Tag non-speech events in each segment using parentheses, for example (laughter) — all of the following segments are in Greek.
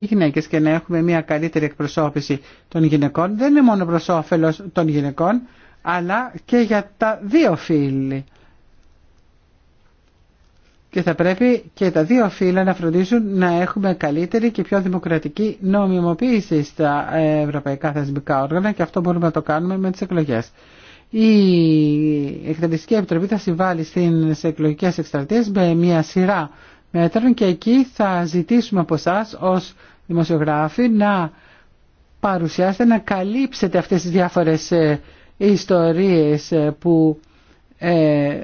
γυναίκες και να έχουμε μια καλύτερη εκπροσώπηση των γυναικών δεν είναι μόνο προς όφελος των γυναικών αλλά και για τα δύο φύλλα. Και θα πρέπει και τα δύο φύλλα να φροντίσουν να έχουμε καλύτερη και πιο δημοκρατική νομιμοποίηση στα ε, ευρωπαϊκά θεσμικά όργανα και αυτό μπορούμε να το κάνουμε με τις εκλογές. Η Εκτελεστική Επιτροπή θα συμβάλλει στις εκλογικές εκστρατείες με μια σειρά μέτρων και εκεί θα ζητήσουμε από εσά ως δημοσιογράφοι να παρουσιάσετε, να καλύψετε αυτές τις διάφορες ε, ιστορίες ε, που ε,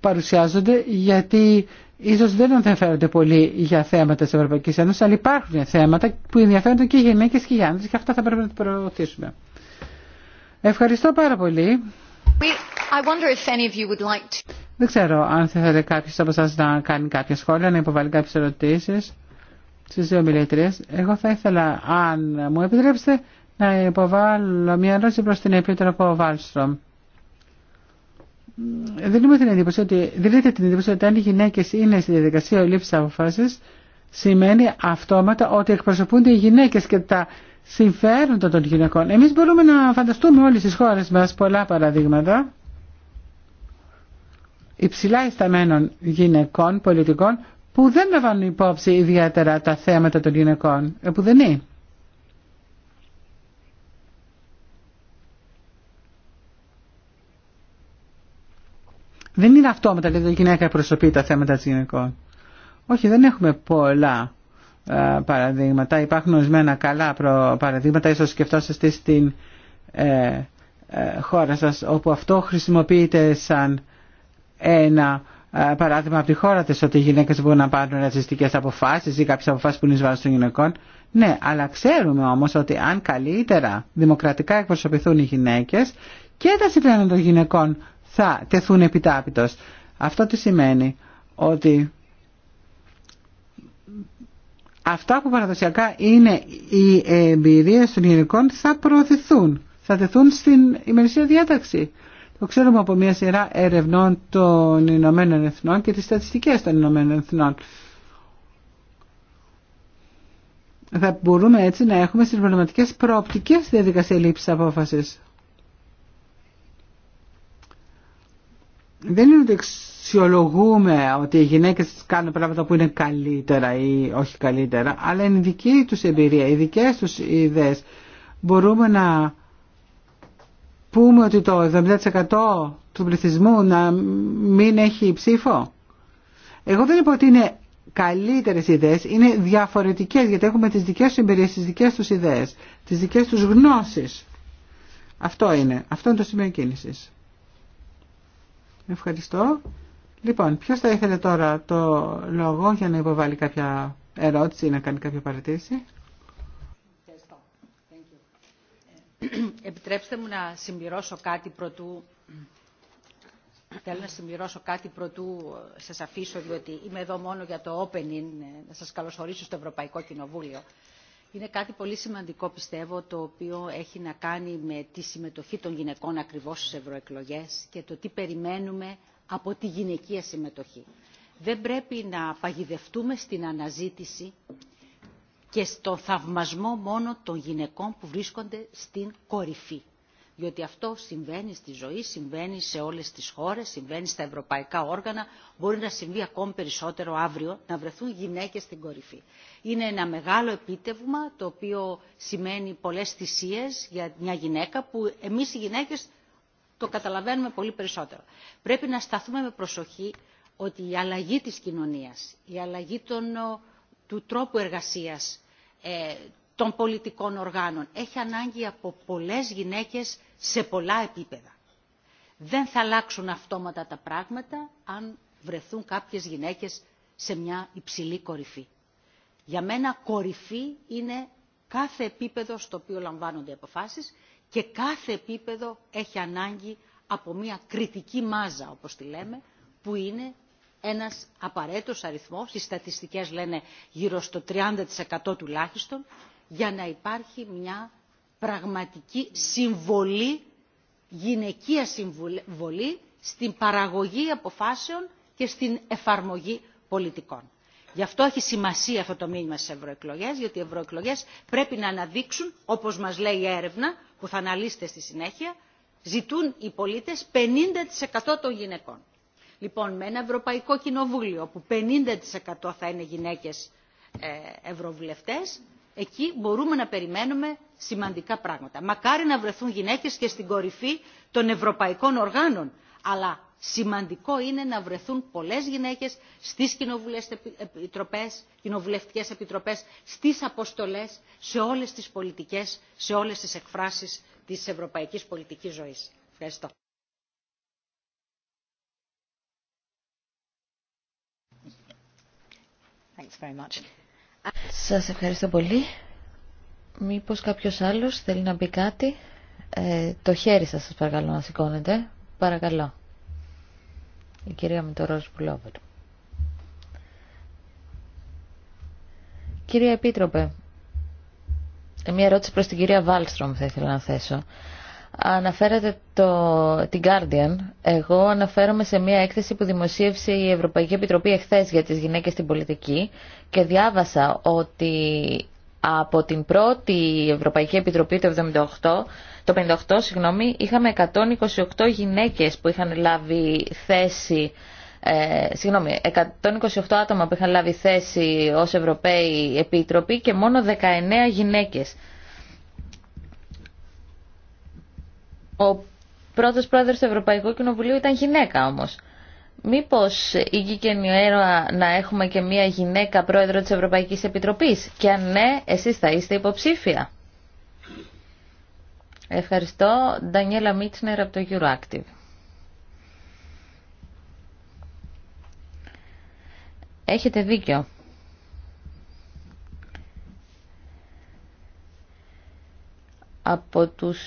παρουσιάζονται γιατί ίσως δεν ενδιαφέρονται πολύ για θέματα της Ευρωπαϊκής Ένωσης αλλά υπάρχουν θέματα που ενδιαφέρονται και οι γυναίκες και οι άνδρες και αυτά θα πρέπει να τα προωθήσουμε. Ευχαριστώ πάρα πολύ. I like to... Δεν ξέρω αν θέλετε κάποιος από εσάς να κάνει κάποια σχόλια, να υποβάλει κάποιες ερωτήσεις στις δύο μιλήτριες. Εγώ θα ήθελα, αν μου επιτρέψετε, να υποβάλω μια ερώτηση προς την Επίτροπο Βάλστρομ. Δίνουμε την εντύπωση ότι, δίνετε την εντύπωση ότι αν οι γυναίκες είναι στη διαδικασία λήψης αποφάσεις, σημαίνει αυτόματα ότι εκπροσωπούνται οι γυναίκες και τα συμφέροντα των γυναικών. Εμείς μπορούμε να φανταστούμε όλες τις χώρες μας πολλά παραδείγματα υψηλά ισταμένων γυναικών πολιτικών που δεν λαμβάνουν υπόψη ιδιαίτερα τα θέματα των γυναικών, ε, που δεν είναι. Δεν είναι αυτό μετά, δηλαδή η γυναίκα προσωπεί τα θέματα της γυναικών. Όχι, δεν έχουμε πολλά ε, παραδείγματα. Υπάρχουν ορισμένα καλά προ, παραδείγματα, ίσως σκεφτόσαστε στην ε, ε, χώρα σας, όπου αυτό χρησιμοποιείται σαν ένα ε, παράδειγμα από τη χώρα της ότι οι γυναίκες μπορούν να πάρουν ρατσιστικές αποφάσεις ή κάποιες αποφάσεις που είναι εις των γυναικών. Ναι, αλλά ξέρουμε όμως ότι αν καλύτερα δημοκρατικά εκπροσωπηθούν οι γυναίκες και τα συμφέροντα των γυναικών θα τεθούν επιτάπητος. Αυτό τι σημαίνει ότι αυτά που παραδοσιακά είναι οι εμπειρίες των γυναικών θα προωθηθούν, θα τεθούν στην ημερησία διάταξη. Το ξέρουμε από μια σειρά ερευνών των Ηνωμένων Εθνών και τις στατιστικές των Ηνωμένων Εθνών. Θα μπορούμε έτσι να έχουμε συμπληρωματικές προοπτικές διαδικασία λήψης απόφασης. Δεν είναι ότι αξιολογούμε ότι οι γυναίκες κάνουν πράγματα που είναι καλύτερα ή όχι καλύτερα, αλλά είναι η δική τους εμπειρία, οι δικές τους ιδέες. Μπορούμε να πούμε ότι το 70% του πληθυσμού να μην έχει ψήφο. Εγώ δεν είπα ότι είναι καλύτερες ιδέες, είναι διαφορετικές γιατί έχουμε τις δικές τους εμπειρίες, τις δικές τους ιδέες, τις δικές τους γνώσεις. Αυτό είναι, αυτό είναι το σημείο κίνησης. Ευχαριστώ. Λοιπόν, ποιος θα ήθελε τώρα το λόγο για να υποβάλει κάποια ερώτηση ή να κάνει κάποια παρατήρηση. Επιτρέψτε μου να συμπληρώσω κάτι πρωτού. Θέλω να συμπληρώσω κάτι πρωτού σας αφήσω, διότι είμαι εδώ μόνο για το opening, ε, να σας καλωσορίσω στο Ευρωπαϊκό Κοινοβούλιο. Είναι κάτι πολύ σημαντικό, πιστεύω, το οποίο έχει να κάνει με τη συμμετοχή των γυναικών ακριβώς στις ευρωεκλογές και το τι περιμένουμε από τη γυναικεία συμμετοχή. Δεν πρέπει να παγιδευτούμε στην αναζήτηση και στον θαυμασμό μόνο των γυναικών που βρίσκονται στην κορυφή. Διότι αυτό συμβαίνει στη ζωή, συμβαίνει σε όλες τις χώρες, συμβαίνει στα ευρωπαϊκά όργανα, μπορεί να συμβεί ακόμη περισσότερο αύριο, να βρεθούν γυναίκες στην κορυφή. Είναι ένα μεγάλο επίτευγμα, το οποίο σημαίνει πολλές θυσίες για μια γυναίκα, που εμείς οι γυναίκες το καταλαβαίνουμε πολύ περισσότερο. Πρέπει να σταθούμε με προσοχή ότι η αλλαγή της κοινωνίας, η αλλαγή των, του τρόπου εργασίας, ε, των πολιτικών οργάνων. Έχει ανάγκη από πολλές γυναίκες σε πολλά επίπεδα. Δεν θα αλλάξουν αυτόματα τα πράγματα αν βρεθούν κάποιες γυναίκες σε μια υψηλή κορυφή. Για μένα κορυφή είναι κάθε επίπεδο στο οποίο λαμβάνονται αποφάσεις και κάθε επίπεδο έχει ανάγκη από μια κριτική μάζα, όπως τη λέμε, που είναι ένας απαραίτητος αριθμός, οι στατιστικές λένε γύρω στο 30% τουλάχιστον, για να υπάρχει μια πραγματική συμβολή, γυναικεία συμβολή στην παραγωγή αποφάσεων και στην εφαρμογή πολιτικών. Γι' αυτό έχει σημασία αυτό το μήνυμα στι ευρωεκλογέ, γιατί οι ευρωεκλογέ πρέπει να αναδείξουν, όπω μα λέει η έρευνα που θα αναλύσετε στη συνέχεια, ζητούν οι πολίτε 50% των γυναικών. Λοιπόν, με ένα Ευρωπαϊκό Κοινοβούλιο που 50% θα είναι γυναίκες ε, ευρωβουλευτές, εκεί μπορούμε να περιμένουμε σημαντικά πράγματα. Μακάρι να βρεθούν γυναίκες και στην κορυφή των ευρωπαϊκών οργάνων, αλλά σημαντικό είναι να βρεθούν πολλές γυναίκες στις επιτροπές, κοινοβουλευτικές επιτροπές, στις αποστολές, σε όλες τις πολιτικές, σε όλες τις εκφράσεις της ευρωπαϊκής πολιτικής ζωής. Ευχαριστώ. Thanks Σας ευχαριστώ πολύ. Μήπως κάποιος άλλος θέλει να πει κάτι. Ε, το χέρι σας σας παρακαλώ να σηκώνετε. Παρακαλώ. Η κυρία ροζ Πουλόβερ. Κυρία Επίτροπε, ε, μια ερώτηση προς την κυρία Βάλστρομ θα ήθελα να θέσω. Αναφέρατε το, την Guardian. Εγώ αναφέρομαι σε μια έκθεση που δημοσίευσε η Ευρωπαϊκή Επιτροπή εχθές για τις γυναίκες στην πολιτική και διάβασα ότι από την πρώτη Ευρωπαϊκή Επιτροπή το 1958 το 58, συγγνώμη, είχαμε 128 γυναίκες που είχαν λάβει θέση ε, συγγνώμη, 128 άτομα που είχαν λάβει θέση ως Ευρωπαίοι Επίτροποι και μόνο 19 γυναίκες. Ο πρώτος πρόεδρος του Ευρωπαϊκού Κοινοβουλίου ήταν γυναίκα όμως. Μήπως ήγη και να έχουμε και μία γυναίκα πρόεδρο της Ευρωπαϊκής Επιτροπής και αν ναι, εσείς θα είστε υποψήφια. Ευχαριστώ. Ντανιέλα Μίτσνερ από το Euroactive. Έχετε δίκιο. Από τους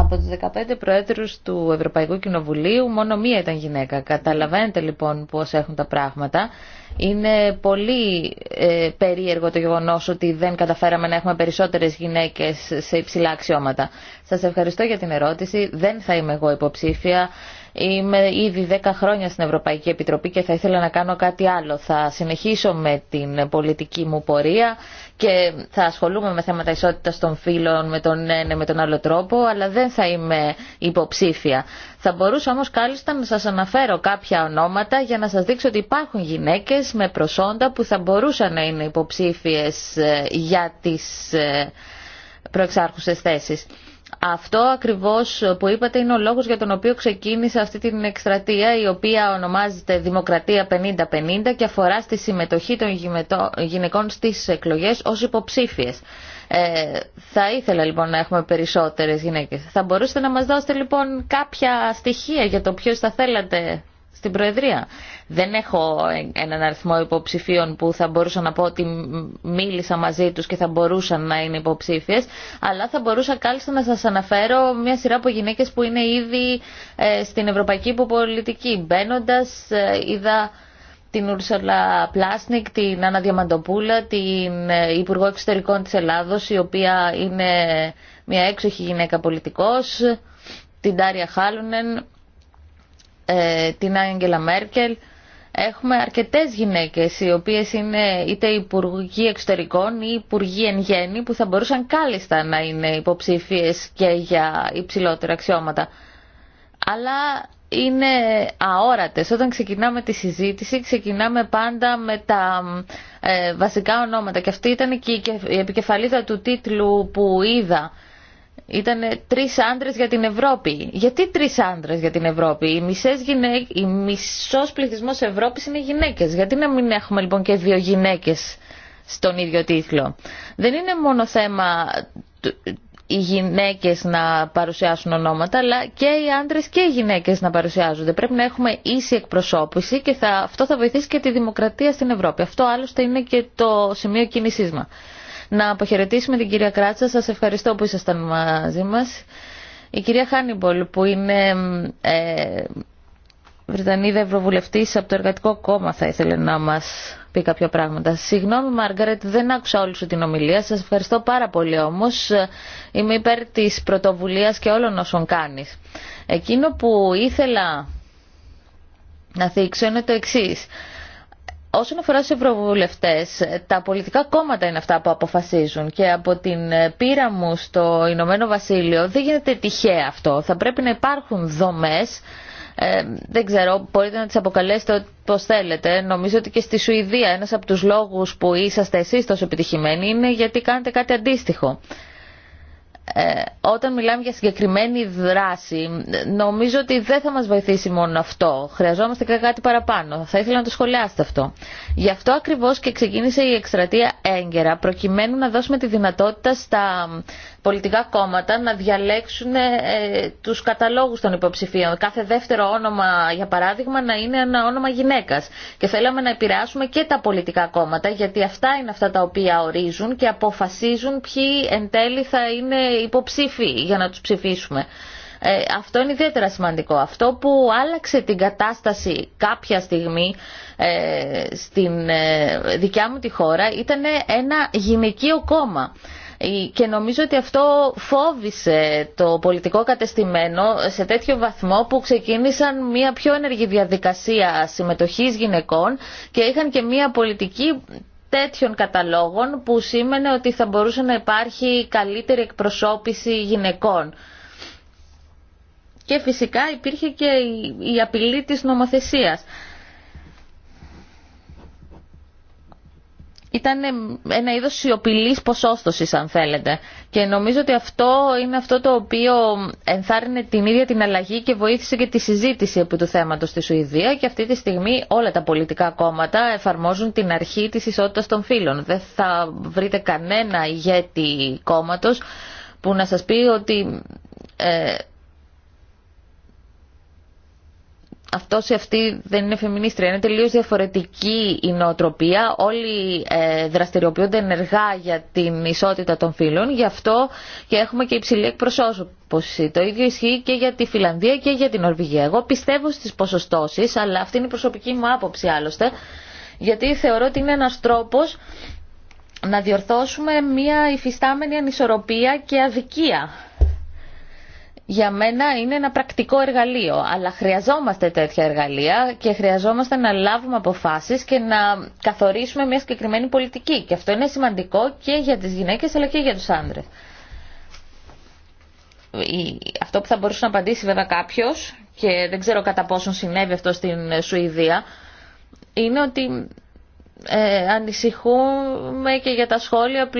Από τους 15 Προέδρους του Ευρωπαϊκού Κοινοβουλίου μόνο μία ήταν γυναίκα. Καταλαβαίνετε λοιπόν πώς έχουν τα πράγματα. Είναι πολύ ε, περίεργο το γεγονός ότι δεν καταφέραμε να έχουμε περισσότερες γυναίκες σε υψηλά αξιώματα. Σας ευχαριστώ για την ερώτηση. Δεν θα είμαι εγώ υποψήφια. Είμαι ήδη 10 χρόνια στην Ευρωπαϊκή Επιτροπή και θα ήθελα να κάνω κάτι άλλο. Θα συνεχίσω με την πολιτική μου πορεία και θα ασχολούμαι με θέματα ισότητας των φύλων με τον ένα με τον άλλο τρόπο, αλλά δεν θα είμαι υποψήφια. Θα μπορούσα όμως κάλλιστα να σας αναφέρω κάποια ονόματα για να σας δείξω ότι υπάρχουν γυναίκες με προσόντα που θα μπορούσαν να είναι υποψήφιες ε, για τις ε, προεξάρχουσες θέσεις. Αυτό ακριβώς που είπατε είναι ο λόγος για τον οποίο ξεκίνησε αυτή την εκστρατεία η οποία ονομάζεται Δημοκρατία 50-50 και αφορά στη συμμετοχή των γυναικών στις εκλογές ως υποψήφιες. Ε, θα ήθελα λοιπόν να έχουμε περισσότερες γυναίκες. Θα μπορούσατε να μας δώσετε λοιπόν κάποια στοιχεία για το ποιος θα θέλατε στην Προεδρία. Δεν έχω έναν αριθμό υποψηφίων που θα μπορούσα να πω ότι μίλησα μαζί τους και θα μπορούσαν να είναι υποψήφιες, αλλά θα μπορούσα κάλλιστα να σας αναφέρω μια σειρά από γυναίκες που είναι ήδη ε, στην ευρωπαϊκή πολιτική. Μπαίνοντα, ε, είδα την Ούρσολα Πλάσνικ, την Άννα Διαμαντοπούλα, την ε, Υπουργό Εξωτερικών της Ελλάδος, η οποία είναι μια έξοχη γυναίκα πολιτικός, την Τάρια Χάλουνεν, ε, την Άγγελα Μέρκελ. Έχουμε αρκετές γυναίκες οι οποίες είναι είτε υπουργοί εξωτερικών ή υπουργοί εν γέννη που θα μπορούσαν κάλλιστα να είναι υποψήφιες και για υψηλότερα αξιώματα. Αλλά είναι αόρατες. Όταν ξεκινάμε τη συζήτηση ξεκινάμε πάντα με τα ε, βασικά ονόματα. Και αυτή ήταν και η επικεφαλίδα του τίτλου που είδα ήταν τρει άντρε για την Ευρώπη. Γιατί τρει άντρε για την Ευρώπη. Οι, μισές γυναίκες, η μισός πληθυσμός Ευρώπης είναι γυναίκε. Γιατί να μην έχουμε λοιπόν και δύο γυναίκε στον ίδιο τίτλο. Δεν είναι μόνο θέμα οι γυναίκες να παρουσιάσουν ονόματα, αλλά και οι άντρες και οι γυναίκες να παρουσιάζονται. Πρέπει να έχουμε ίση εκπροσώπηση και αυτό θα βοηθήσει και τη δημοκρατία στην Ευρώπη. Αυτό άλλωστε είναι και το σημείο κίνησής να αποχαιρετήσουμε την κυρία Κράτσα. Σας ευχαριστώ που ήσασταν μαζί μας. Η κυρία Χάνιμπολ που είναι ε, Βρετανίδα Ευρωβουλευτής από το Εργατικό Κόμμα θα ήθελε να μας πει κάποια πράγματα. Συγγνώμη Μάργαρετ, δεν άκουσα όλη σου την ομιλία. Σας ευχαριστώ πάρα πολύ όμως. Είμαι υπέρ της πρωτοβουλίας και όλων όσων κάνεις. Εκείνο που ήθελα να θίξω είναι το εξής. Όσον αφορά στους ευρωβουλευτές, τα πολιτικά κόμματα είναι αυτά που αποφασίζουν και από την πείρα μου στο Ηνωμένο Βασίλειο δεν γίνεται τυχαία αυτό. Θα πρέπει να υπάρχουν δομές, ε, δεν ξέρω, μπορείτε να τις αποκαλέσετε πώς θέλετε. Νομίζω ότι και στη Σουηδία ένας από τους λόγους που είσαστε εσείς τόσο επιτυχημένοι είναι γιατί κάνετε κάτι αντίστοιχο. Ε, όταν μιλάμε για συγκεκριμένη δράση, νομίζω ότι δεν θα μας βοηθήσει μόνο αυτό. Χρειαζόμαστε και κάτι παραπάνω. Θα ήθελα να το σχολιάσετε αυτό. Γι' αυτό ακριβώς και ξεκίνησε η εκστρατεία έγκαιρα, προκειμένου να δώσουμε τη δυνατότητα στα πολιτικά κόμματα να διαλέξουν ε, τους καταλόγους των υποψηφίων. Κάθε δεύτερο όνομα, για παράδειγμα, να είναι ένα όνομα γυναίκας. Και θέλαμε να επηρεάσουμε και τα πολιτικά κόμματα, γιατί αυτά είναι αυτά τα οποία ορίζουν και αποφασίζουν ποιοι εν τέλει θα είναι υποψήφοι για να τους ψηφίσουμε. Ε, αυτό είναι ιδιαίτερα σημαντικό. Αυτό που άλλαξε την κατάσταση κάποια στιγμή ε, στην δικιά μου τη χώρα ήταν ένα γυναικείο κόμμα. Ε, και νομίζω ότι αυτό φόβησε το πολιτικό κατεστημένο σε τέτοιο βαθμό που ξεκίνησαν μια πιο ενεργή διαδικασία συμμετοχής γυναικών και είχαν και μια πολιτική τέτοιων καταλόγων που σήμαινε ότι θα μπορούσε να υπάρχει καλύτερη εκπροσώπηση γυναικών. Και φυσικά υπήρχε και η απειλή της νομοθεσίας. ήταν ένα είδος σιωπηλή ποσόστοσης αν θέλετε και νομίζω ότι αυτό είναι αυτό το οποίο ενθάρρυνε την ίδια την αλλαγή και βοήθησε και τη συζήτηση επί του θέματος στη Σουηδία και αυτή τη στιγμή όλα τα πολιτικά κόμματα εφαρμόζουν την αρχή της ισότητας των φύλων. Δεν θα βρείτε κανένα ηγέτη κόμματος που να σας πει ότι ε, Αυτό η νοοτροπία. Όλοι ε, δραστηριοποιούνται ενεργά για την ισότητα των φύλων, γι' αυτό και έχουμε και υψηλή εκπροσώπηση. Το ίδιο ισχύει και για τη Φιλανδία και για την Νορβηγία. Εγώ πιστεύω στις ποσοστώσεις, αλλά αυτή είναι η προσωπική μου άποψη άλλωστε, γιατί θεωρώ ότι είναι ένα τρόπο να διορθώσουμε μια υφιστάμενη ανισορροπία και αδικία για μένα είναι ένα πρακτικό εργαλείο, αλλά χρειαζόμαστε τέτοια εργαλεία και χρειαζόμαστε να λάβουμε αποφάσεις και να καθορίσουμε μια συγκεκριμένη πολιτική. Και αυτό είναι σημαντικό και για τις γυναίκες αλλά και για τους άνδρες. Αυτό που θα μπορούσε να απαντήσει βέβαια κάποιος και δεν ξέρω κατά πόσον συνέβη αυτό στην Σουηδία είναι ότι ε, ανησυχούμε και για τα σχόλια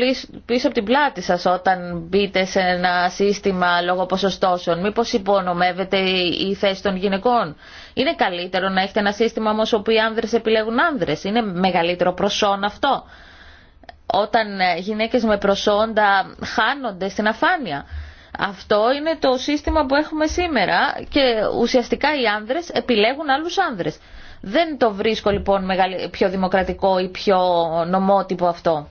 πίσω από την πλάτη σας όταν μπείτε σε ένα σύστημα λόγω ποσοστώσεων. Μήπως υπονομεύεται η θέση των γυναικών. Είναι καλύτερο να έχετε ένα σύστημα όμως όπου οι άνδρες επιλέγουν άνδρες. Είναι μεγαλύτερο προσόν αυτό. Όταν ε, γυναίκες με προσόντα χάνονται στην αφάνεια. Αυτό είναι το σύστημα που έχουμε σήμερα και ουσιαστικά οι άνδρες επιλέγουν άλλους άνδρες. Δεν το βρίσκω λοιπόν πιο δημοκρατικό ή πιο νομότυπο αυτό.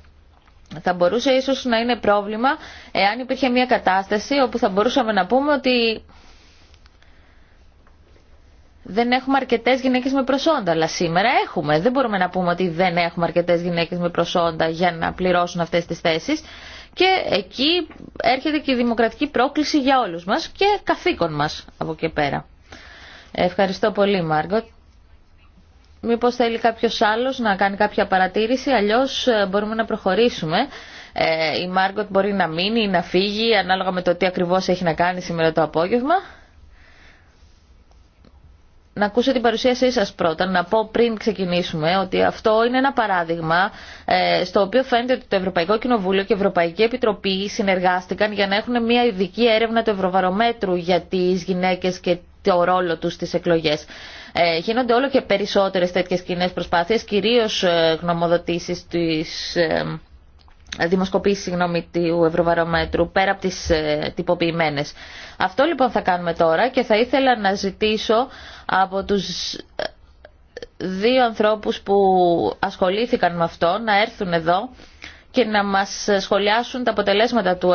Θα μπορούσε ίσως να είναι πρόβλημα εάν υπήρχε μια κατάσταση όπου θα μπορούσαμε να πούμε ότι δεν έχουμε αρκετέ γυναίκε με προσόντα. Αλλά σήμερα έχουμε. Δεν μπορούμε να πούμε ότι δεν έχουμε αρκετέ γυναίκε με προσόντα για να πληρώσουν αυτέ τι θέσει. Και εκεί έρχεται και η δημοκρατική πρόκληση για όλου μα και καθήκον μα από εκεί πέρα. Ευχαριστώ πολύ, Μάργκοτ. Μήπως θέλει κάποιος άλλος να κάνει κάποια παρατήρηση, αλλιώς ε, μπορούμε να προχωρήσουμε. Ε, η Μάργκοτ μπορεί να μείνει ή να φύγει, ανάλογα με το τι ακριβώς έχει να κάνει σήμερα το απόγευμα. Να ακούσω την παρουσίασή σας πρώτα, να πω πριν ξεκινήσουμε ότι αυτό είναι ένα παράδειγμα ε, στο οποίο φαίνεται ότι το Ευρωπαϊκό Κοινοβούλιο και η Ευρωπαϊκή Επιτροπή συνεργάστηκαν για να έχουν μια ειδική έρευνα του Ευρωβαρομέτρου για τις γυναίκες και το ρόλο τους στις εκλογές. Ε, γίνονται όλο και περισσότερες τέτοιες κοινέ προσπάθειες, κυρίως ε, γνωμοδοτήσεις της ε, δημοσκοπήσεις συγγνώμη, του Ευρωβαρομέτρου πέρα από τις ε, τυποποιημένες. Αυτό λοιπόν θα κάνουμε τώρα και θα ήθελα να ζητήσω από τους δύο ανθρώπους που ασχολήθηκαν με αυτό να έρθουν εδώ και να μας σχολιάσουν τα αποτελέσματα του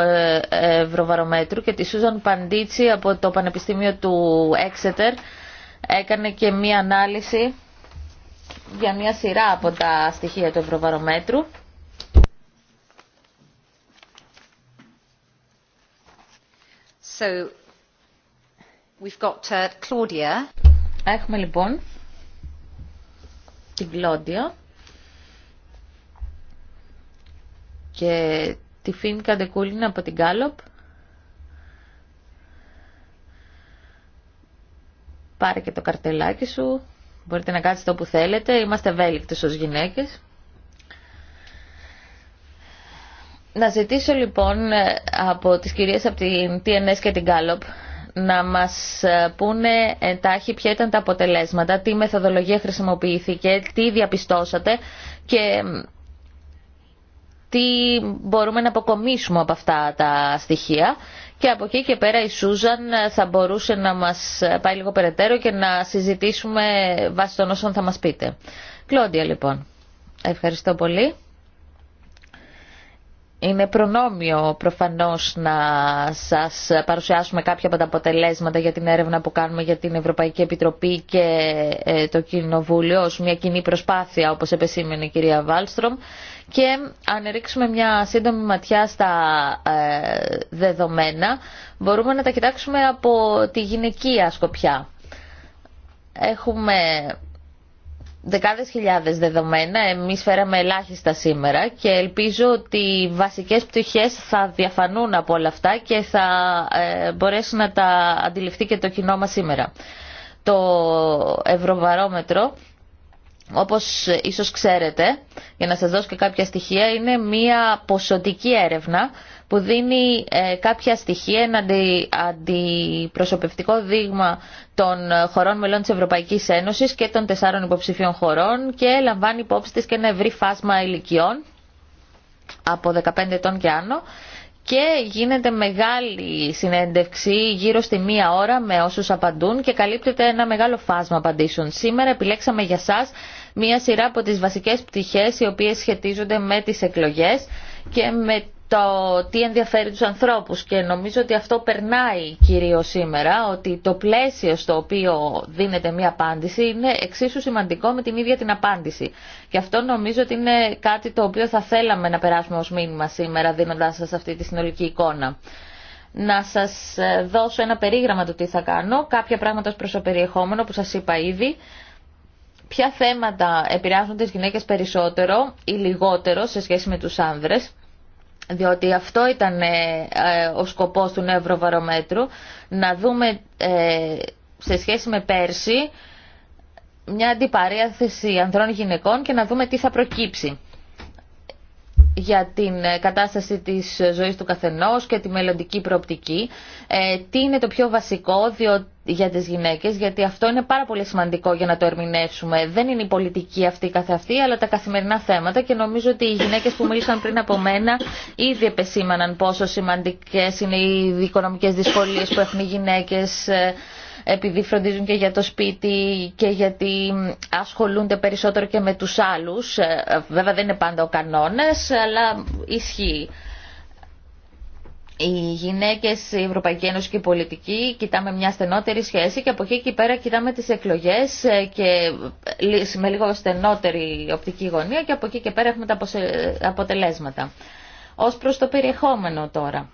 Ευρωβαρομέτρου και τη Σούζαν Παντίτσι από το Πανεπιστήμιο του Έξετερ έκανε και μία ανάλυση για μία σειρά από τα στοιχεία του Ευρωβαρομέτρου. Uh, Έχουμε λοιπόν την Κλόντια και τη Φίνκα Ντεκούλιν από την Κάλοπ. Πάρε και το καρτελάκι σου. Μπορείτε να κάτσετε όπου θέλετε. Είμαστε ευέλικτες ως γυναίκες. Να ζητήσω λοιπόν ε, από τις κυρίες από την TNS και την Gallup να μας ε, πούνε εντάχει ποια ήταν τα αποτελέσματα, τι μεθοδολογία χρησιμοποιήθηκε, τι διαπιστώσατε και τι μπορούμε να αποκομίσουμε από αυτά τα στοιχεία και από εκεί και πέρα η Σούζαν θα μπορούσε να μας πάει λίγο περαιτέρω και να συζητήσουμε βάσει των όσων θα μας πείτε. Κλόντια λοιπόν, ευχαριστώ πολύ. Είναι προνόμιο προφανώς να σας παρουσιάσουμε κάποια από τα αποτελέσματα για την έρευνα που κάνουμε για την Ευρωπαϊκή Επιτροπή και ε, το Κοινοβούλιο ως μια κοινή προσπάθεια όπως επεσήμενε η κυρία Βάλστρομ και αν ρίξουμε μια σύντομη ματιά στα ε, δεδομένα μπορούμε να τα κοιτάξουμε από τη γυναικεία σκοπιά. Έχουμε δεκάδες χιλιάδες δεδομένα, εμείς φέραμε ελάχιστα σήμερα και ελπίζω ότι οι βασικές πτυχές θα διαφανούν από όλα αυτά και θα ε, να τα αντιληφθεί και το κοινό μας σήμερα. Το Ευρωβαρόμετρο όπως ίσως ξέρετε, για να σας δώσω και κάποια στοιχεία, είναι μία ποσοτική έρευνα που δίνει ε, κάποια στοιχεία, ένα αντι, αντιπροσωπευτικό δείγμα των χωρών μελών της Ευρωπαϊκής Ένωσης και των τεσσάρων υποψηφίων χωρών και λαμβάνει υπόψη της και ένα ευρύ φάσμα ηλικιών από 15 ετών και άνω και γίνεται μεγάλη συνέντευξη γύρω στη μία ώρα με όσους απαντούν και καλύπτεται ένα μεγάλο φάσμα απαντήσεων. Σήμερα επιλέξαμε για σας μία σειρά από τις βασικές πτυχές οι οποίες σχετίζονται με τις εκλογές και με το τι ενδιαφέρει τους ανθρώπους και νομίζω ότι αυτό περνάει κυρίω σήμερα, ότι το πλαίσιο στο οποίο δίνεται μια απάντηση είναι εξίσου σημαντικό με την ίδια την απάντηση. Και αυτό νομίζω ότι είναι κάτι το οποίο θα θέλαμε να περάσουμε ως μήνυμα σήμερα δίνοντάς σας αυτή τη συνολική εικόνα. Να σας ε, δώσω ένα περίγραμμα του τι θα κάνω, κάποια πράγματα ως περιεχόμενο που σας είπα ήδη, ποια θέματα επηρεάζουν τις γυναίκες περισσότερο ή λιγότερο σε σχέση με τους άνδρες, διότι αυτό ήταν ε, ε, ο σκοπός του νευροβαρομέτρου, να δούμε ε, σε σχέση με πέρσι μια αντιπαρεθεση ανδρών γυναικών και να δούμε τι θα προκύψει για την κατάσταση της ζωής του καθενός και τη μελλοντική προοπτική. Τι είναι το πιο βασικό, διότι για τις γυναίκες, γιατί αυτό είναι πάρα πολύ σημαντικό για να το ερμηνεύσουμε. Δεν είναι η πολιτική αυτή αυτή, αλλά τα καθημερινά θέματα και νομίζω ότι οι γυναίκες που μίλησαν πριν από μένα ήδη επεσήμαναν πόσο σημαντικές είναι οι οικονομικές δυσκολίες που έχουν οι γυναίκες ε, επειδή φροντίζουν και για το σπίτι και γιατί ασχολούνται περισσότερο και με τους άλλους. Ε, βέβαια δεν είναι πάντα ο κανόνας, αλλά ισχύει οι γυναίκες, η Ευρωπαϊκή Ένωση και η πολιτική κοιτάμε μια στενότερη σχέση και από εκεί και πέρα κοιτάμε τις εκλογές ε, και ε, με λίγο στενότερη οπτική γωνία και από εκεί και πέρα έχουμε τα αποτελέσματα. Ως προς το περιεχόμενο τώρα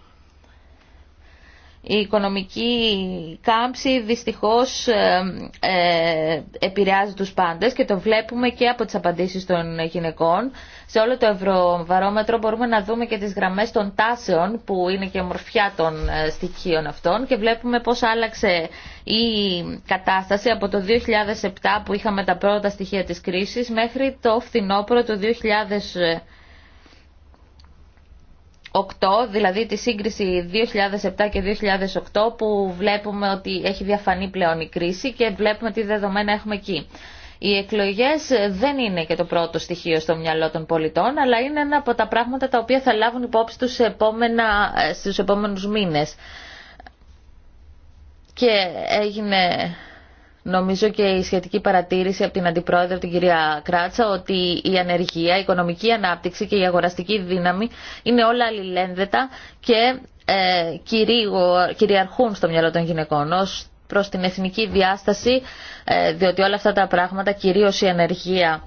η οικονομική κάμψη δυστυχώς ε, ε, επηρεάζει τους πάντες και το βλέπουμε και από τις απαντήσεις των γυναικών. Σε όλο το ευρωβαρόμετρο μπορούμε να δούμε και τις γραμμές των τάσεων που είναι και ομορφιά των ε, στοιχείων αυτών και βλέπουμε πώς άλλαξε η κατάσταση από το 2007 που είχαμε τα πρώτα στοιχεία της κρίσης μέχρι το φθινόπωρο του 2000 δηλαδή τη σύγκριση 2007 και 2008 που βλέπουμε ότι έχει διαφανεί πλέον η κρίση και βλέπουμε τι δεδομένα έχουμε εκεί. Οι εκλογές δεν είναι και το πρώτο στοιχείο στο μυαλό των πολιτών, αλλά είναι ένα από τα πράγματα τα οποία θα λάβουν υπόψη τους επόμενα, ε, στους επόμενους μήνες. Και έγινε Νομίζω και η σχετική παρατήρηση από την Αντιπρόεδρο, την κυρία Κράτσα, ότι η ανεργία, η οικονομική ανάπτυξη και η αγοραστική δύναμη είναι όλα αλληλένδετα και ε, κυριαρχούν στο μυαλό των γυναικών. Ως προς την εθνική διάσταση, ε, διότι όλα αυτά τα πράγματα, κυρίως η ανεργία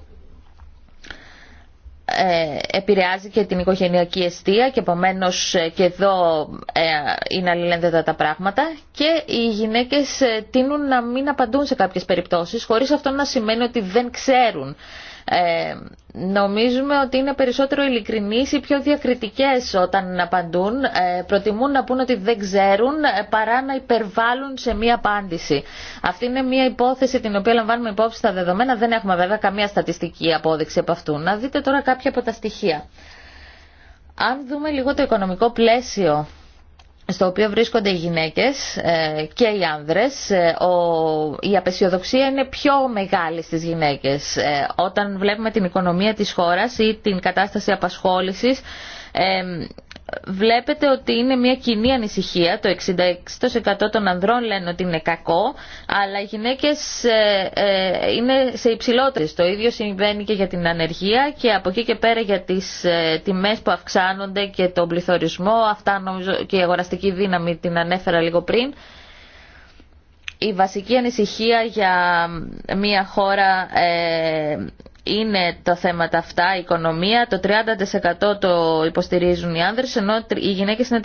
ε, επηρεάζει και την οικογενειακή αιστεία και επομένω ε, και εδώ ε, είναι αλληλένδετα τα πράγματα και οι γυναίκες τείνουν να μην απαντούν σε κάποιες περιπτώσεις χωρίς αυτό να σημαίνει ότι δεν ξέρουν ε, νομίζουμε ότι είναι περισσότερο ειλικρινείς ή πιο διακριτικές όταν απαντούν. Ε, προτιμούν να πούν ότι δεν ξέρουν ε, παρά να υπερβάλλουν σε μία απάντηση. Αυτή είναι μία υπόθεση την οποία λαμβάνουμε υπόψη στα δεδομένα. Δεν έχουμε βέβαια καμία στατιστική απόδειξη από αυτού. Να δείτε τώρα κάποια από τα στοιχεία. Αν δούμε λίγο το οικονομικό πλαίσιο στο οποίο βρίσκονται οι γυναίκες ε, και οι άνδρες, ε, η απεσιοδοξία είναι πιο μεγάλη στις γυναίκες. Ε, όταν βλέπουμε την οικονομία της χώρας ή την κατάσταση απασχόλησης, βλέπετε ότι είναι μια κοινή ανησυχία. Το 66% των ανδρών λένε ότι είναι κακό, αλλά οι γυναίκες ε, ε, είναι σε υψηλότερες. Το ίδιο συμβαίνει και για την ανεργία και από εκεί και πέρα για τις ε, τιμές που αυξάνονται και τον πληθωρισμό. Αυτά νομίζω και η αγοραστική δύναμη την ανέφερα λίγο πριν. Η βασική ανησυχία για μια χώρα είναι τα θέματα αυτά, η οικονομία, το 30% το υποστηρίζουν οι άνδρες, ενώ οι γυναίκες είναι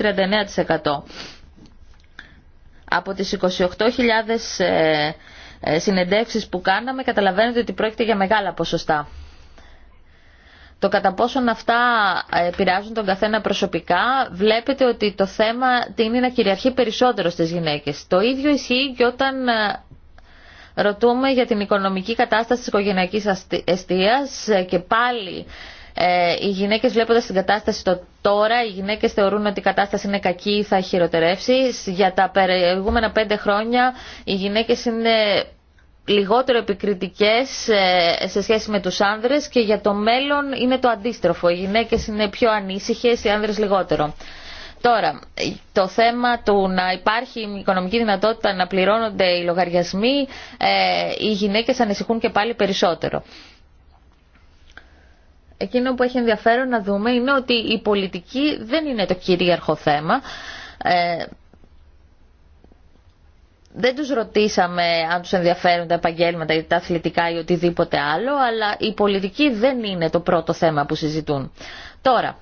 39%. Από τις 28.000 ε, ε, συνεντεύξεις που κάναμε καταλαβαίνετε ότι πρόκειται για μεγάλα ποσοστά. Το κατά πόσον αυτά ε, επηρεάζουν τον καθένα προσωπικά, βλέπετε ότι το θέμα είναι να κυριαρχεί περισσότερο στις γυναίκες. Το ίδιο ισχύει και όταν Ρωτούμε για την οικονομική κατάσταση της οικογενειακής αιστείας ε, και πάλι ε, οι γυναίκες βλέποντας την κατάσταση το τώρα, οι γυναίκες θεωρούν ότι η κατάσταση είναι κακή ή θα χειροτερεύσει. Για τα προηγούμενα πέντε χρόνια οι γυναίκες είναι λιγότερο επικριτικές ε, σε σχέση με τους άνδρες και για το μέλλον είναι το αντίστροφο. Οι γυναίκες είναι πιο ανήσυχες, οι άνδρες λιγότερο. Τώρα, το θέμα του να υπάρχει η οικονομική δυνατότητα να πληρώνονται οι λογαριασμοί, ε, οι γυναίκες ανησυχούν και πάλι περισσότερο. Εκείνο που έχει ενδιαφέρον να δούμε είναι ότι η πολιτική δεν είναι το κυρίαρχο θέμα. Ε, δεν τους ρωτήσαμε αν τους ενδιαφέρουν τα επαγγέλματα ή τα αθλητικά ή οτιδήποτε άλλο, αλλά η πολιτική δεν είναι το πρώτο θέμα που συζητούν. Τώρα,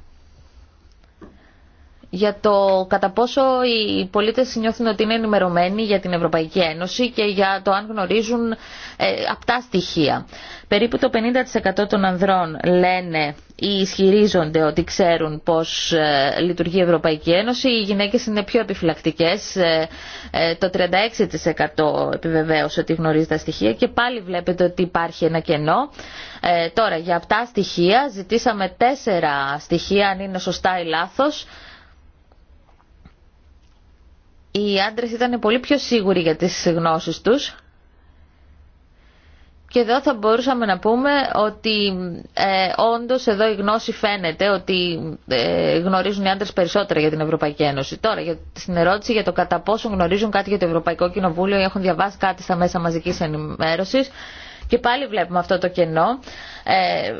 για το κατά πόσο οι πολίτες νιώθουν ότι είναι ενημερωμένοι για την Ευρωπαϊκή Ένωση και για το αν γνωρίζουν ε, απτά στοιχεία. Περίπου το 50% των ανδρών λένε ή ισχυρίζονται ότι ξέρουν πώς ε, λειτουργεί η ισχυριζονται οτι ξερουν πως Ένωση. Οι γυναίκες είναι πιο επιφυλακτικές. Ε, ε, το 36% επιβεβαίωσε ότι γνωρίζει τα στοιχεία και πάλι βλέπετε ότι υπάρχει ένα κενό. Ε, τώρα, για αυτά στοιχεία ζητήσαμε τέσσερα στοιχεία αν είναι σωστά ή λάθος οι άντρες ήταν πολύ πιο σίγουροι για τις γνώσεις τους και εδώ θα μπορούσαμε να πούμε ότι ε, όντως εδώ η γνώση φαίνεται ότι ε, γνωρίζουν οι άντρες περισσότερα για την Ευρωπαϊκή Ένωση. Τώρα, για, στην ερώτηση για το κατά πόσο γνωρίζουν κάτι για το Ευρωπαϊκό Κοινοβούλιο ή έχουν διαβάσει κάτι στα μέσα μαζικής ενημέρωσης, και πάλι βλέπουμε αυτό το κενό. Ε,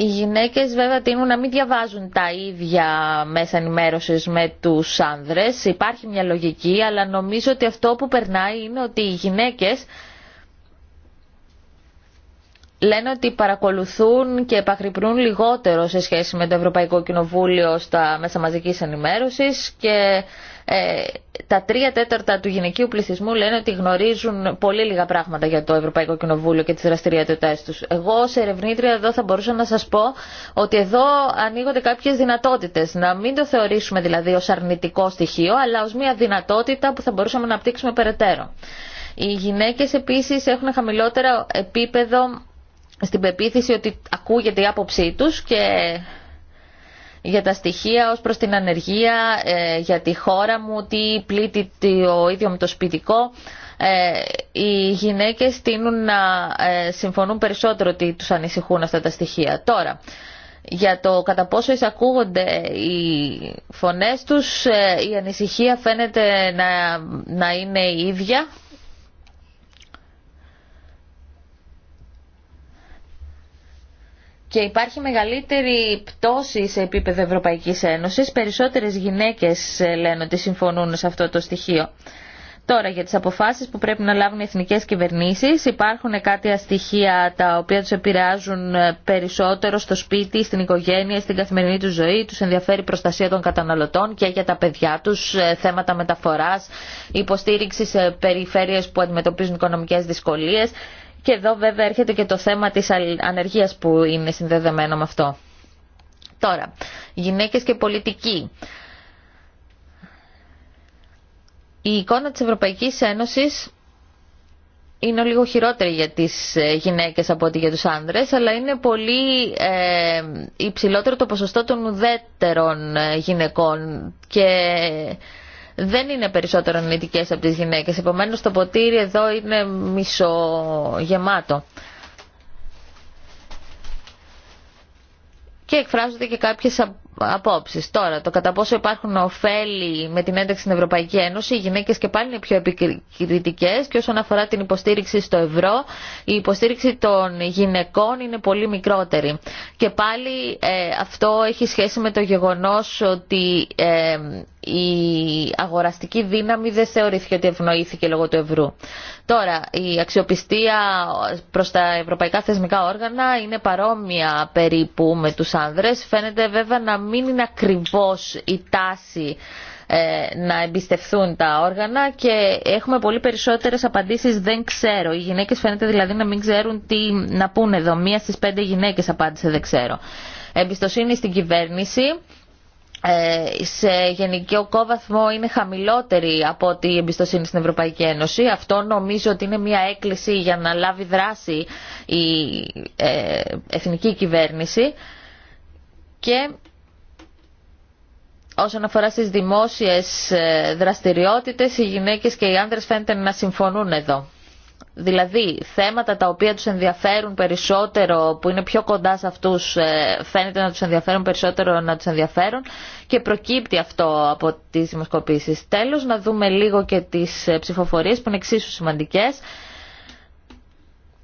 οι γυναίκες βέβαια τείνουν να μην διαβάζουν τα ίδια μέσα ενημέρωσης με τους άνδρες. Υπάρχει μια λογική, αλλά νομίζω ότι αυτό που περνάει είναι ότι οι γυναίκες λένε ότι παρακολουθούν και επακρυπνούν λιγότερο σε σχέση με το Ευρωπαϊκό Κοινοβούλιο στα μέσα μαζικής ενημέρωσης και ε, τα τρία τέταρτα του γυναικείου πληθυσμού λένε ότι γνωρίζουν πολύ λίγα πράγματα για το Ευρωπαϊκό Κοινοβούλιο και τις δραστηριότητές τους. Εγώ ω ερευνήτρια εδώ θα μπορούσα να σας πω ότι εδώ ανοίγονται κάποιες δυνατότητες. Να μην το θεωρήσουμε δηλαδή ως αρνητικό στοιχείο, αλλά ως μια δυνατότητα που θα μπορούσαμε να απτύξουμε περαιτέρω. Οι γυναίκε επίση έχουν χαμηλότερο επίπεδο στην πεποίθηση ότι ακούγεται η άποψή του. και για τα στοιχεία ως προς την ανεργία, ε, για τη χώρα μου, τι πλήττει το ίδιο με το σπιτικό. Ε, οι γυναίκες τείνουν να ε, συμφωνούν περισσότερο ότι τους ανησυχούν αυτά τα στοιχεία. Τώρα, για το κατά πόσο εισακούγονται οι φωνές τους, η ανησυχία φαίνεται να, να είναι η ίδια και υπάρχει μεγαλύτερη πτώση σε επίπεδο Ευρωπαϊκής Ένωσης. Περισσότερες γυναίκες ε, λένε ότι συμφωνούν σε αυτό το στοιχείο. Τώρα για τις αποφάσεις που πρέπει να λάβουν οι εθνικές κυβερνήσεις υπάρχουν κάποια στοιχεία τα οποία τους επηρεάζουν ε, περισσότερο στο σπίτι, στην οικογένεια, στην καθημερινή τους ζωή, τους ενδιαφέρει προστασία των καταναλωτών και για τα παιδιά τους, ε, θέματα μεταφοράς, υποστήριξη σε περιφέρειες που αντιμετωπίζουν οικονομικές δυσκολίες. Και εδώ βέβαια έρχεται και το θέμα της ανεργίας που είναι συνδεδεμένο με αυτό. Τώρα, γυναίκες και πολιτική. Η εικόνα της Ευρωπαϊκής Ένωσης είναι λίγο χειρότερη για τις ε, γυναίκες από ότι για τους άνδρες, αλλά είναι πολύ ε, υψηλότερο το ποσοστό των ουδέτερων ε, γυναικών και δεν είναι περισσότερο αρνητικέ από τις γυναίκες. Επομένως το ποτήρι εδώ είναι μισογεμάτο. Και εκφράζονται και κάποιες απόψεις. Τώρα, το κατά πόσο υπάρχουν ωφέλη με την ένταξη στην Ευρωπαϊκή Ένωση, οι γυναίκες και πάλι είναι πιο επικριτικές και όσον αφορά την υποστήριξη στο ευρώ, η υποστήριξη των γυναικών είναι πολύ μικρότερη. Και πάλι ε, αυτό έχει σχέση με το γεγονός ότι ε, η αγοραστική δύναμη δεν θεωρήθηκε ότι ευνοήθηκε λόγω του ευρώ. Τώρα, η αξιοπιστία προς τα ευρωπαϊκά θεσμικά όργανα είναι παρόμοια περίπου με τους άνδρες. Φαίνεται βέβαια να μην είναι ακριβώς η τάση ε, να εμπιστευθούν τα όργανα και έχουμε πολύ περισσότερες απαντήσεις δεν ξέρω. Οι γυναίκες φαίνεται δηλαδή να μην ξέρουν τι να πούνε εδώ. Μία στις πέντε γυναίκες απάντησε δεν ξέρω. Εμπιστοσύνη στην κυβέρνηση ε, σε γενικό βαθμό είναι χαμηλότερη από ότι η εμπιστοσύνη στην Ευρωπαϊκή Ένωση. Αυτό νομίζω ότι είναι μια στις πεντε γυναικες απαντησε δεν ξερω εμπιστοσυνη στην κυβερνηση σε γενικο κοβαθμο ειναι χαμηλοτερη απο οτι η εμπιστοσυνη στην ευρωπαικη ενωση αυτο νομιζω οτι ειναι μια εκκληση για να λάβει δράση η ε, εθνική κυβέρνηση και όσον αφορά στις δημόσιες ε, δραστηριότητες, οι γυναίκες και οι άνδρες φαίνεται να συμφωνούν εδώ. Δηλαδή, θέματα τα οποία τους ενδιαφέρουν περισσότερο, που είναι πιο κοντά σε αυτούς, ε, φαίνεται να τους ενδιαφέρουν περισσότερο να τους ενδιαφέρουν και προκύπτει αυτό από τις δημοσκοπήσεις. Τέλος, να δούμε λίγο και τις ε, ψηφοφορίες που είναι εξίσου σημαντικές.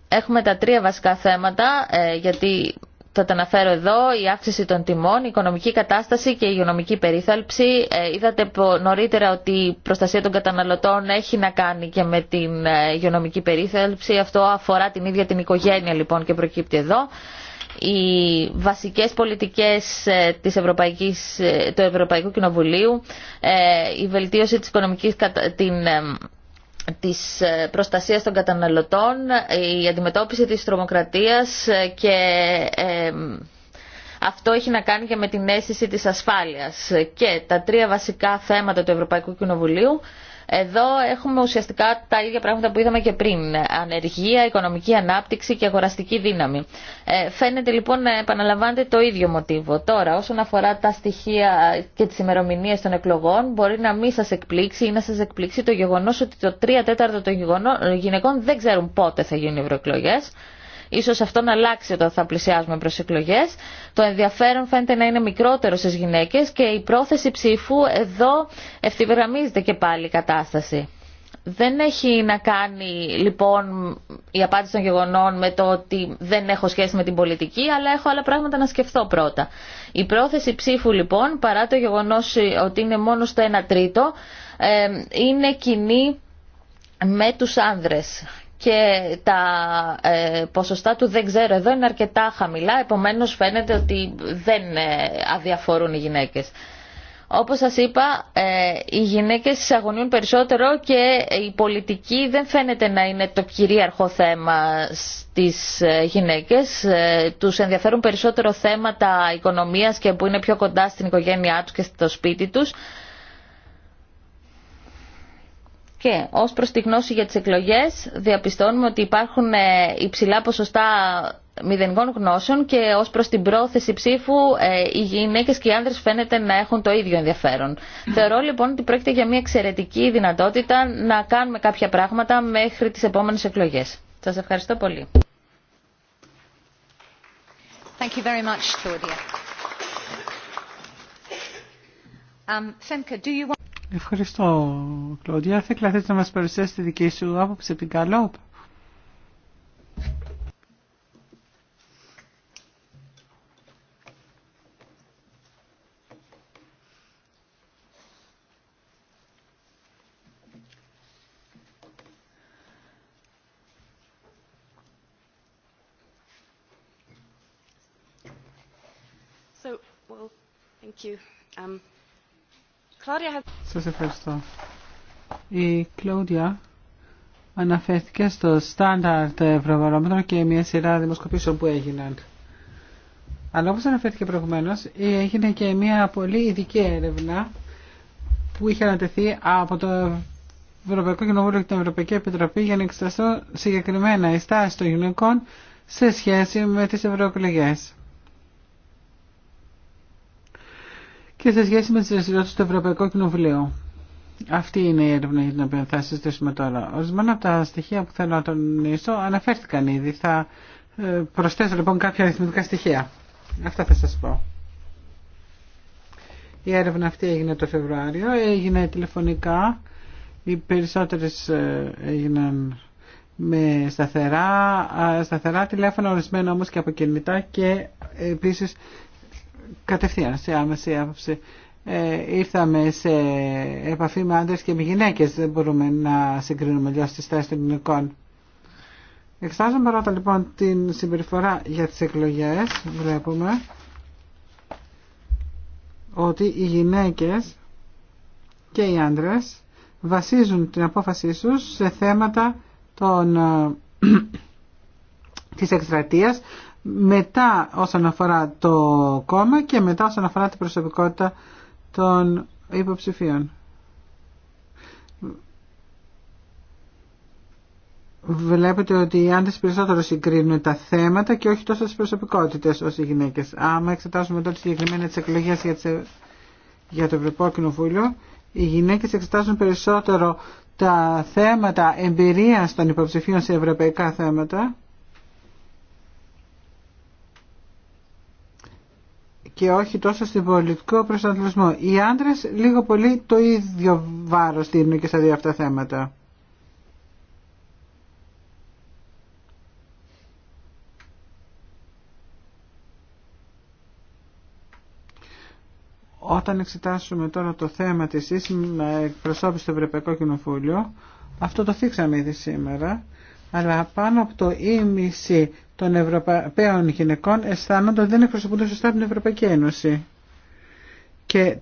Έχουμε τα τρία βασικά θέματα, γιατί θα τα αναφέρω εδώ, η αύξηση των τιμών, η οικονομική κατάσταση και η υγειονομική περίθαλψη. Ε, είδατε νωρίτερα ότι η προστασία των καταναλωτών έχει να κάνει και με την ε, υγειονομική περίθαλψη. Αυτό αφορά την ίδια την οικογένεια λοιπόν και προκύπτει εδώ. Οι βασικές πολιτικές ε, της Ευρωπαϊκής, του Ευρωπαϊκού Κοινοβουλίου, η βελτίωση της οικονομικής, την της ε, προστασίας των καταναλωτών, η αντιμετώπιση της τρομοκρατίας ε, και ε, αυτό έχει να κάνει και με την αίσθηση της ασφάλειας. Και τα τρία βασικά θέματα του Ευρωπαϊκού Κοινοβουλίου εδώ έχουμε ουσιαστικά τα ίδια πράγματα που είδαμε και πριν. Ανεργία, οικονομική ανάπτυξη και αγοραστική δύναμη. Ε, φαίνεται λοιπόν να ε, επαναλαμβάνεται το ίδιο μοτίβο. Τώρα, όσον αφορά τα στοιχεία και τι ημερομηνίε των εκλογών, μπορεί να μην σα εκπλήξει ή να σα εκπλήξει το γεγονό ότι το 3 τέταρτο των γυναικών δεν ξέρουν πότε θα γίνουν οι ευρωεκλογέ. Ίσως αυτό να αλλάξει όταν θα πλησιάζουμε προς εκλογές. Το ενδιαφέρον φαίνεται να είναι μικρότερο στις γυναίκες και η πρόθεση ψήφου εδώ ευθυγραμμίζεται και πάλι η κατάσταση. Δεν έχει να κάνει λοιπόν η απάντηση των γεγονών με το ότι δεν έχω σχέση με την πολιτική, αλλά έχω άλλα πράγματα να σκεφτώ πρώτα. Η πρόθεση ψήφου λοιπόν, παρά το γεγονός ότι είναι μόνο στο 1 τρίτο, ε, είναι κοινή με τους άνδρες και τα ε, ποσοστά του δεν ξέρω εδώ είναι αρκετά χαμηλά, επομένως φαίνεται ότι δεν ε, αδιαφορούν οι γυναίκες. Όπως σας είπα, ε, οι γυναίκες αγωνιούν περισσότερο και η πολιτική δεν φαίνεται να είναι το κυρίαρχο θέμα στις γυναίκες. Τους ενδιαφέρουν περισσότερο θέματα οικονομίας και που είναι πιο κοντά στην οικογένειά τους και στο σπίτι τους. Και ως προς τη γνώση για τις εκλογές διαπιστώνουμε ότι υπάρχουν ε, υψηλά ποσοστά μηδενικών γνώσεων και ως προς την πρόθεση ψήφου ε, οι γυναίκες και οι άνδρες φαίνεται να έχουν το ίδιο ενδιαφέρον. Θεωρώ λοιπόν ότι πρόκειται για μια εξαιρετική δυνατότητα να κάνουμε κάποια πράγματα μέχρι τις επόμενες εκλογές. Σας ευχαριστώ πολύ. Thank you very much, Ευχαριστώ, Κλώδια. Θα ήθελα να μας παρουσιάσει τη δική σου άποψη από την Καλόπ. So, well, um, σας ευχαριστώ. Η Κλώδια αναφέρθηκε στο στάνταρτ ευρωβαρόμετρο και μια σειρά δημοσκοπήσεων που έγιναν. Αλλά όπως αναφέρθηκε προηγουμένως, έγινε και μια πολύ ειδική έρευνα που είχε ανατεθεί από το Ευρωπαϊκό Κοινοβούλιο και την Ευρωπαϊκή Επιτροπή για να εξεταστώ συγκεκριμένα οι στάσεις των γυναικών σε σχέση με τις ευρωεκλογές. και σε σχέση με τι δραστηριότητε του Ευρωπαϊκού Κοινοβουλίου. Αυτή είναι η έρευνα για την οποία θα συζητήσουμε τώρα. Ορισμένα από τα στοιχεία που θέλω να τονίσω αναφέρθηκαν ήδη. Θα ε, προσθέσω λοιπόν κάποια αριθμητικά στοιχεία. Αυτά θα σας πω. Η έρευνα αυτή έγινε το Φεβρουάριο, έγινε τηλεφωνικά, οι περισσότερε ε, έγιναν με σταθερά, σταθερά τηλέφωνα, ορισμένα όμως και από κινητά και επίσης κατευθείαν σε άμεση άποψη. Ε, ήρθαμε σε επαφή με άντρες και με γυναίκες. Δεν μπορούμε να συγκρίνουμε αλλιώς τις θέσεις των γυναικών. Εξάζουμε πρώτα λοιπόν την συμπεριφορά για τις εκλογές. Βλέπουμε ότι οι γυναίκες και οι άντρες βασίζουν την απόφασή τους σε θέματα των, ε, (clears throat) της εκστρατείας μετά όσον αφορά το κόμμα και μετά όσον αφορά την προσωπικότητα των υποψηφίων. Βλέπετε ότι οι άντρες περισσότερο συγκρίνουν τα θέματα και όχι τόσο τις προσωπικότητες ως οι γυναίκες. Άμα εξετάσουμε τότε συγκεκριμένα τις εκλογέ για, για το Ευρωπαϊκό Κοινοβούλιο, οι γυναίκες εξετάζουν περισσότερο τα θέματα εμπειρία των υποψηφίων σε ευρωπαϊκά θέματα και όχι τόσο στην πολιτικό προσανατολισμό. Οι άντρε λίγο πολύ το ίδιο βάρο δίνουν και στα δύο αυτά θέματα. Όταν εξετάσουμε τώρα το θέμα της εκπροσώπησης στο Ευρωπαϊκό Κοινοβούλιο, αυτό το θίξαμε ήδη σήμερα, αλλά πάνω από το ίμιση των Ευρωπαίων γυναικών αισθάνονται ότι δεν εκπροσωπούνται σωστά από την Ευρωπαϊκή Ένωση. Και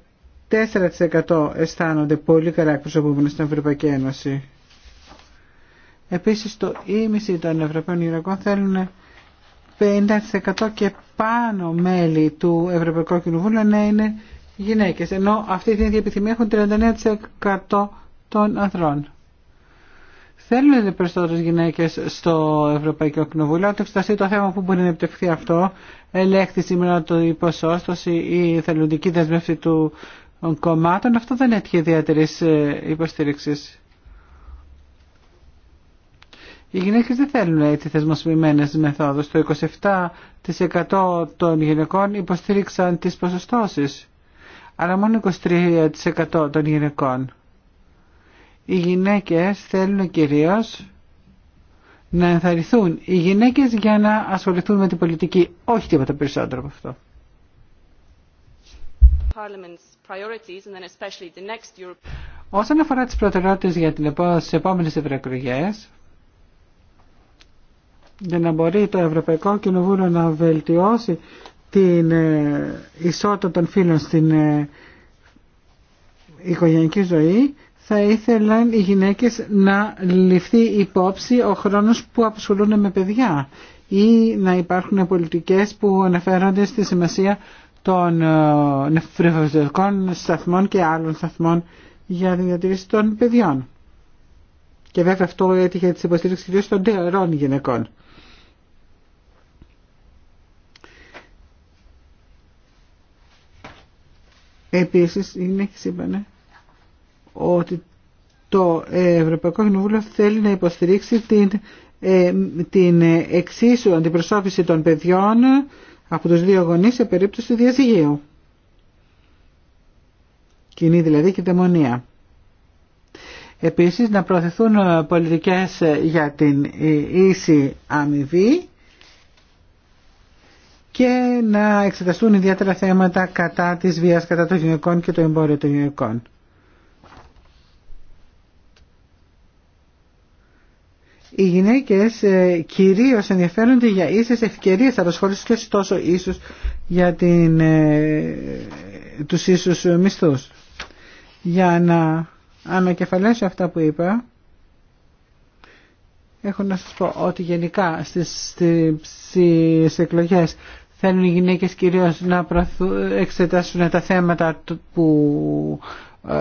4% αισθάνονται πολύ καλά εκπροσωπούμενοι στην Ευρωπαϊκή Ένωση. Επίσης το ίμιση των Ευρωπαίων γυναικών θέλουν 50% και πάνω μέλη του Ευρωπαϊκού Κοινοβούλου να είναι γυναίκες, ενώ αυτή την ίδια επιθυμία έχουν 39% των ανδρών θέλουν περισσότερε γυναίκε στο Ευρωπαϊκό Κοινοβούλιο. το εξεταστεί το θέμα που μπορεί να επιτευχθεί αυτό, ελέγχθη σήμερα το η η θελοντική δεσμεύση του κομμάτων, αυτό δεν έτυχε ιδιαίτερη ε, υποστήριξη. Οι γυναίκες δεν θέλουν έτσι θεσμοσυμημένες μεθόδους. Το 27% των γυναικών υποστήριξαν τις ποσοστώσεις, αλλά μόνο 23% των γυναικών οι γυναίκες θέλουν κυρίως να ενθαρρυνθούν οι γυναίκες για να ασχοληθούν με την πολιτική, όχι τίποτα περισσότερο από αυτό. Όσον αφορά τις προτεραιότητες για τις επόμενες ευρωεκλογές, για να μπορεί το Ευρωπαϊκό Κοινοβούλιο να βελτιώσει την ε, ισότητα των φίλων στην ε, οικογενική ζωή, θα ήθελαν οι γυναίκες να ληφθεί υπόψη ο χρόνος που απασχολούν με παιδιά ή να υπάρχουν πολιτικές που αναφέρονται στη σημασία των ε, νευροφυσικών σταθμών και άλλων σταθμών για τη διατηρήση των παιδιών. Και βέβαια αυτό έτυχε τη υποστήριξη κυρίως των τεωρών γυναικών. Επίσης, οι γυναίκες είπανε ότι το ε, Ευρωπαϊκό Κοινοβούλιο θέλει να υποστηρίξει την, ε, την εξίσου αντιπροσώπηση των παιδιών από τους δύο γονείς σε περίπτωση διαζυγίου. Κοινή δηλαδή και δαιμονία. Επίσης να προωθηθούν ε, πολιτικές για την ε, ίση αμοιβή και να εξεταστούν ιδιαίτερα θέματα κατά της βίας, κατά των γυναικών και το εμπόριο των γυναικών. οι γυναίκες ε, κυρίως ενδιαφέρονται για ίσες ευκαιρίες απασχόληση και τόσο ίσως για την, ε, τους ίσους μισθούς. Για να ανακεφαλέσω αυτά που είπα, έχω να σας πω ότι γενικά στις, εκλογέ θέλουν οι γυναίκες κυρίως να εξετάσουν τα θέματα που, ε,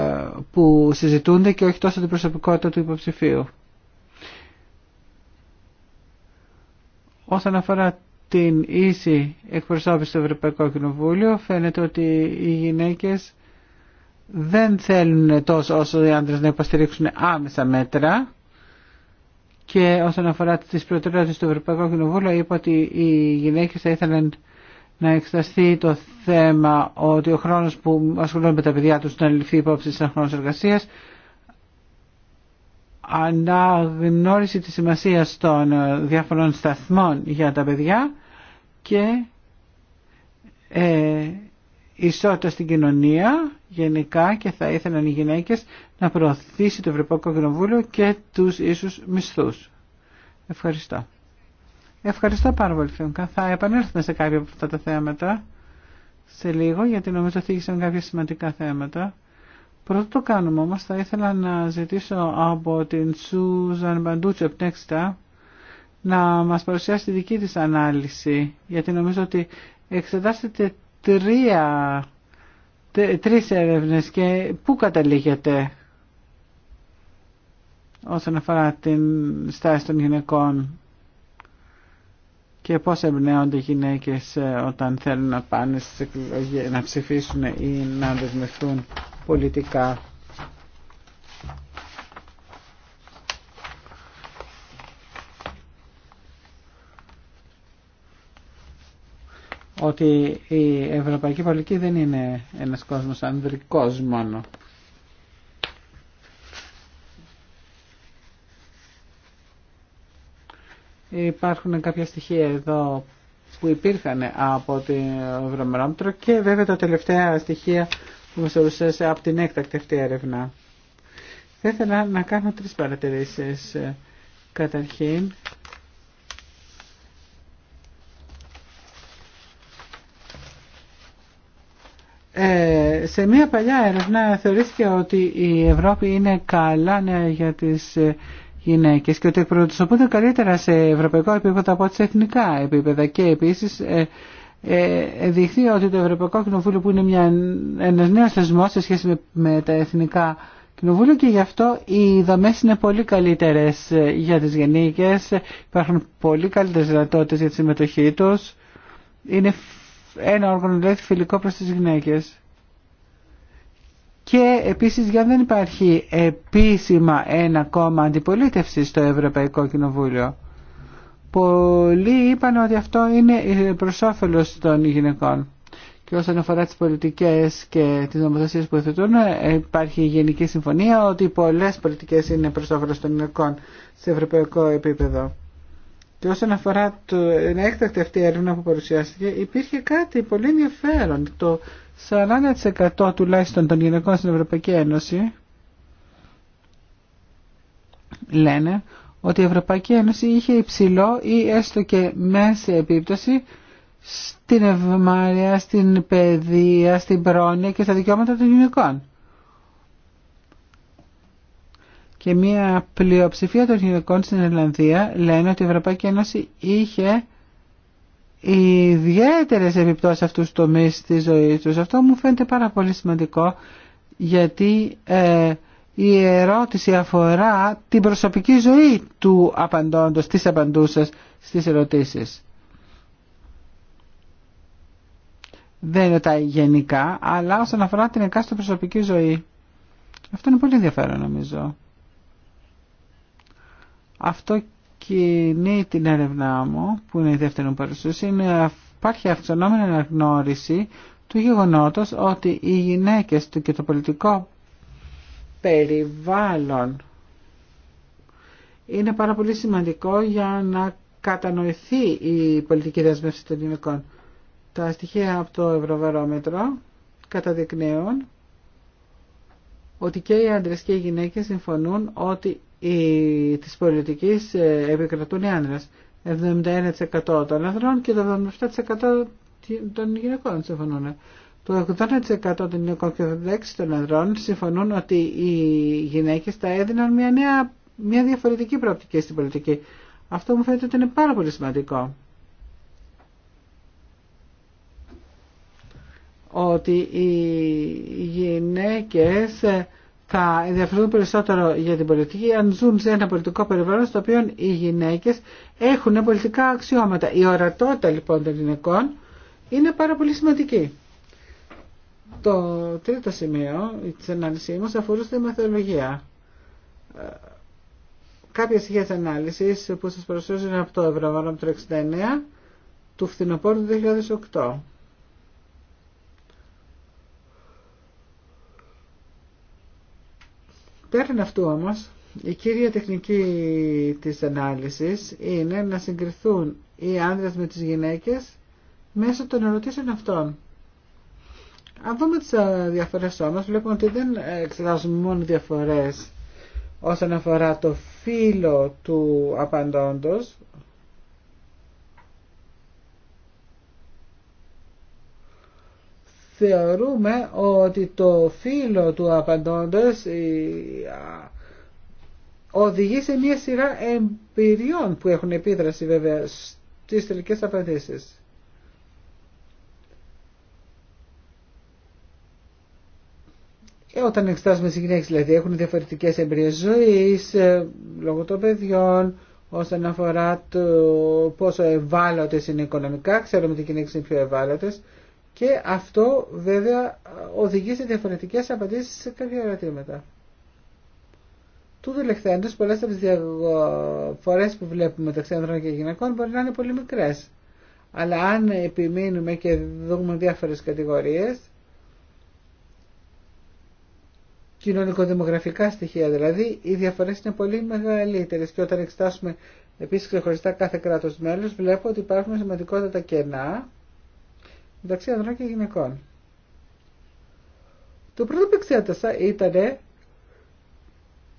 που συζητούνται και όχι τόσο την προσωπικότητα του υποψηφίου. Όσον αφορά την ίση εκπροσώπηση στο Ευρωπαϊκό Κοινοβούλιο φαίνεται ότι οι γυναίκες δεν θέλουν τόσο όσο οι άντρες να υποστηρίξουν άμεσα μέτρα και όσον αφορά τις προτεραιότητες του Ευρωπαϊκού Κοινοβούλου είπα ότι οι γυναίκες θα ήθελαν να εξεταστεί το θέμα ότι ο χρόνος που ασχολούνται με τα παιδιά τους να ληφθεί υπόψη σαν χρόνος εργασίας αναγνώριση της σημασίας των ε, διάφορων σταθμών για τα παιδιά και ε, ισότητα στην κοινωνία γενικά και θα ήθελαν οι γυναίκες να προωθήσει το Ευρωπαϊκό Κοινοβούλιο και τους ίσους μισθούς. Ευχαριστώ. Ευχαριστώ πάρα πολύ Φιούγκα. Θα επανέλθουμε σε κάποια από αυτά τα θέματα σε λίγο γιατί νομίζω θίγησαν κάποια σημαντικά θέματα. Πρώτο το κάνουμε όμως θα ήθελα να ζητήσω από την Σούζαν Μπαντούτσο Επνέξτα να μας παρουσιάσει τη δική της ανάλυση γιατί νομίζω ότι εξετάσετε τρία, τρεις έρευνες και πού καταλήγετε όσον αφορά την στάση των γυναικών και πώς εμπνέονται οι γυναίκες ε, όταν θέλουν να πάνε να ψηφίσουν ή να δεσμευτούν πολιτικά. ότι η ευρωπαϊκή πολιτική δεν είναι ένας κόσμος ανδρικός μόνο. Υπάρχουν κάποια στοιχεία εδώ που υπήρχαν από την Ευρωμερόμετρο και βέβαια τα τελευταία στοιχεία που από την έκτακτη αυτή έρευνα. Θα ήθελα να κάνω τρεις παρατηρήσεις. Καταρχήν, ε, σε μια παλιά έρευνα θεωρήθηκε ότι η Ευρώπη είναι καλά νέα για τις ε, γυναίκες και ότι εκπροσωπούνται καλύτερα σε ευρωπαϊκό επίπεδο από ό,τι εθνικά επίπεδα και επίσης ε, ε, δείχνει ότι το Ευρωπαϊκό Κοινοβούλιο που είναι μια, ένας νέος θεσμός σε σχέση με, τα εθνικά κοινοβούλια και γι' αυτό οι δομές είναι πολύ καλύτερες ε, για τις γενίκες, υπάρχουν πολύ καλύτερες δυνατότητες για τη συμμετοχή τους, είναι ένα όργανο δηλαδή φιλικό προς τις γυναίκες. Και επίσης για δεν υπάρχει επίσημα ένα κόμμα αντιπολίτευση στο Ευρωπαϊκό Κοινοβούλιο. Πολλοί είπαν ότι αυτό είναι ε, προς όφελος των γυναικών. Και όσον αφορά τις πολιτικές και τις νομοθεσίες που εθετούν, ε, υπάρχει γενική συμφωνία ότι πολλές πολιτικές είναι προς όφελος των γυναικών σε ευρωπαϊκό επίπεδο. Και όσον αφορά την έκτακτη αυτή έρευνα που παρουσιάστηκε, υπήρχε κάτι πολύ ενδιαφέρον. Το 40% τουλάχιστον των γυναικών στην Ευρωπαϊκή Ένωση λένε ότι η Ευρωπαϊκή Ένωση είχε υψηλό ή έστω και μέση επίπτωση στην ευμάρεια, στην παιδεία, στην πρόνοια και στα δικαιώματα των γυναικών. Και μία πλειοψηφία των γυναικών στην Ελλανδία λένε ότι η Ευρωπαϊκή Ένωση είχε ιδιαίτερε επιπτώσεις αυτούς του τομείς της ζωής τους. Αυτό μου φαίνεται πάρα πολύ σημαντικό γιατί ε, η ερώτηση αφορά την προσωπική ζωή του απαντώντος, της απαντούσας στις ερωτήσεις. Δεν είναι τα γενικά, αλλά όσον αφορά την εκάστοτε προσωπική ζωή. Αυτό είναι πολύ ενδιαφέρον νομίζω. Αυτό κινεί την έρευνά μου, που είναι η δεύτερη μου παρουσίαση, είναι υπάρχει αυξανόμενη αναγνώριση του γεγονότος ότι οι γυναίκες και το πολιτικό περιβάλλον. Είναι πάρα πολύ σημαντικό για να κατανοηθεί η πολιτική δέσμευση των γυναικών. Τα στοιχεία από το Ευρωβαρόμετρο καταδεικνύουν ότι και οι άντρες και οι γυναίκες συμφωνούν ότι οι, της πολιτικής ε, επικρατούν οι άντρες. 71% των ανδρών και το 77% των γυναικών συμφωνούν. Το 80% των γυναικών και το 86% των ανδρών συμφωνούν ότι οι γυναίκες θα έδιναν μια, νέα, μια διαφορετική προοπτική στην πολιτική. Αυτό μου φαίνεται ότι είναι πάρα πολύ σημαντικό. Ότι οι γυναίκες θα ενδιαφερθούν περισσότερο για την πολιτική αν ζουν σε ένα πολιτικό περιβάλλον στο οποίο οι γυναίκες έχουν πολιτικά αξιώματα. Η ορατότητα λοιπόν των γυναικών είναι πάρα πολύ σημαντική. Το τρίτο σημείο της ανάλυσης μας αφορούσε τη μεθοδολογία. Ε, κάποιες στοιχεία της ανάλυσης που σας παρουσιάζω είναι από το Ευρωβαρόμετρο 69 του φθινοπόρου του 2008. Πέραν αυτού όμως, η κύρια τεχνική της ανάλυσης είναι να συγκριθούν οι άνδρες με τις γυναίκες μέσω των ερωτήσεων αυτών. Αν δούμε τις ε, διαφορές όμως βλέπουμε ότι δεν εξετάζουμε μόνο διαφορές όσον αφορά το φύλλο του απαντώντος θεωρούμε ότι το φύλλο του απαντώντος οδηγεί σε μια σειρά εμπειριών που έχουν επίδραση βέβαια στις τελικές απαντήσεις. Ε, όταν εξετάζουμε γυναίκες δηλαδή έχουν διαφορετικές εμπειρίες ζωής ε, λόγω των παιδιών όσον αφορά το πόσο ευάλωτες είναι οικονομικά ξέρουμε ότι οι γυναίκες είναι πιο ευάλωτες και αυτό βέβαια οδηγεί σε διαφορετικές απαντήσεις σε κάποια ερωτήματα. Τούτου λεχθέντως πολλές από τις διαφορές που βλέπουμε μεταξύ ανδρών και γυναικών μπορεί να είναι πολύ μικρές. Αλλά αν επιμείνουμε και δούμε διάφορες κατηγορίες κοινωνικοδημογραφικά στοιχεία. Δηλαδή οι διαφορές είναι πολύ μεγαλύτερες και όταν εξετάσουμε επίσης ξεχωριστά κάθε κράτος μέλος βλέπω ότι υπάρχουν σημαντικότατα κενά μεταξύ ανδρών και γυναικών. Το πρώτο που εξέτασα ήταν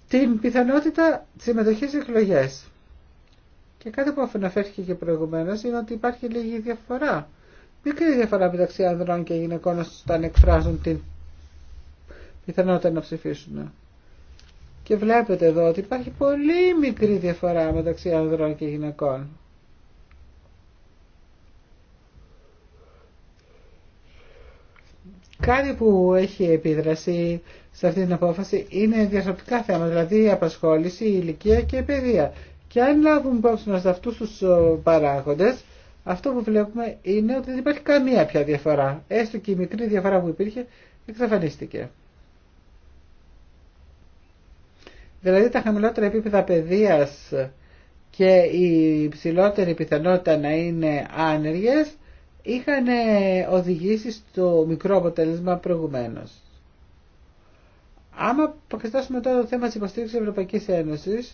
την πιθανότητα συμμετοχή σε εκλογές. Και κάτι που αναφέρθηκε και προηγουμένως είναι ότι υπάρχει λίγη διαφορά. Μικρή διαφορά μεταξύ ανδρών και γυναικών όταν εκφράζουν την πιθανότητα να ψηφίσουν. Και βλέπετε εδώ ότι υπάρχει πολύ μικρή διαφορά μεταξύ ανδρών και γυναικών. Κάτι που έχει επίδραση σε αυτή την απόφαση είναι διαφορετικά θέματα, δηλαδή η απασχόληση, η ηλικία και η παιδεία. Και αν λάβουμε υπόψη μας αυτούς τους παράγοντες, αυτό που βλέπουμε είναι ότι δεν υπάρχει καμία πια διαφορά. Έστω και η μικρή διαφορά που υπήρχε εξαφανίστηκε. Δηλαδή τα χαμηλότερα επίπεδα παιδείας και η υψηλότερη πιθανότητα να είναι άνεργες είχαν ε, οδηγήσει στο μικρό αποτέλεσμα προηγουμένως. Άμα προκριστάσουμε τώρα το θέμα της υποστήριξης της Ευρωπαϊκής Ένωσης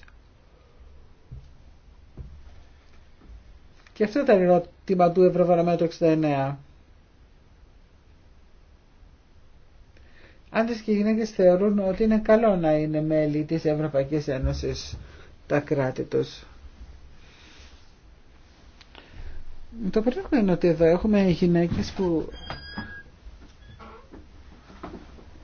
και αυτό ήταν ερώτημα του Ευρωβαρομέτρου 69 Άντρες και γυναίκες θεωρούν ότι είναι καλό να είναι μέλη της Ευρωπαϊκής Ένωσης τα κράτη τους. Το πρόβλημα είναι ότι εδώ έχουμε γυναίκες που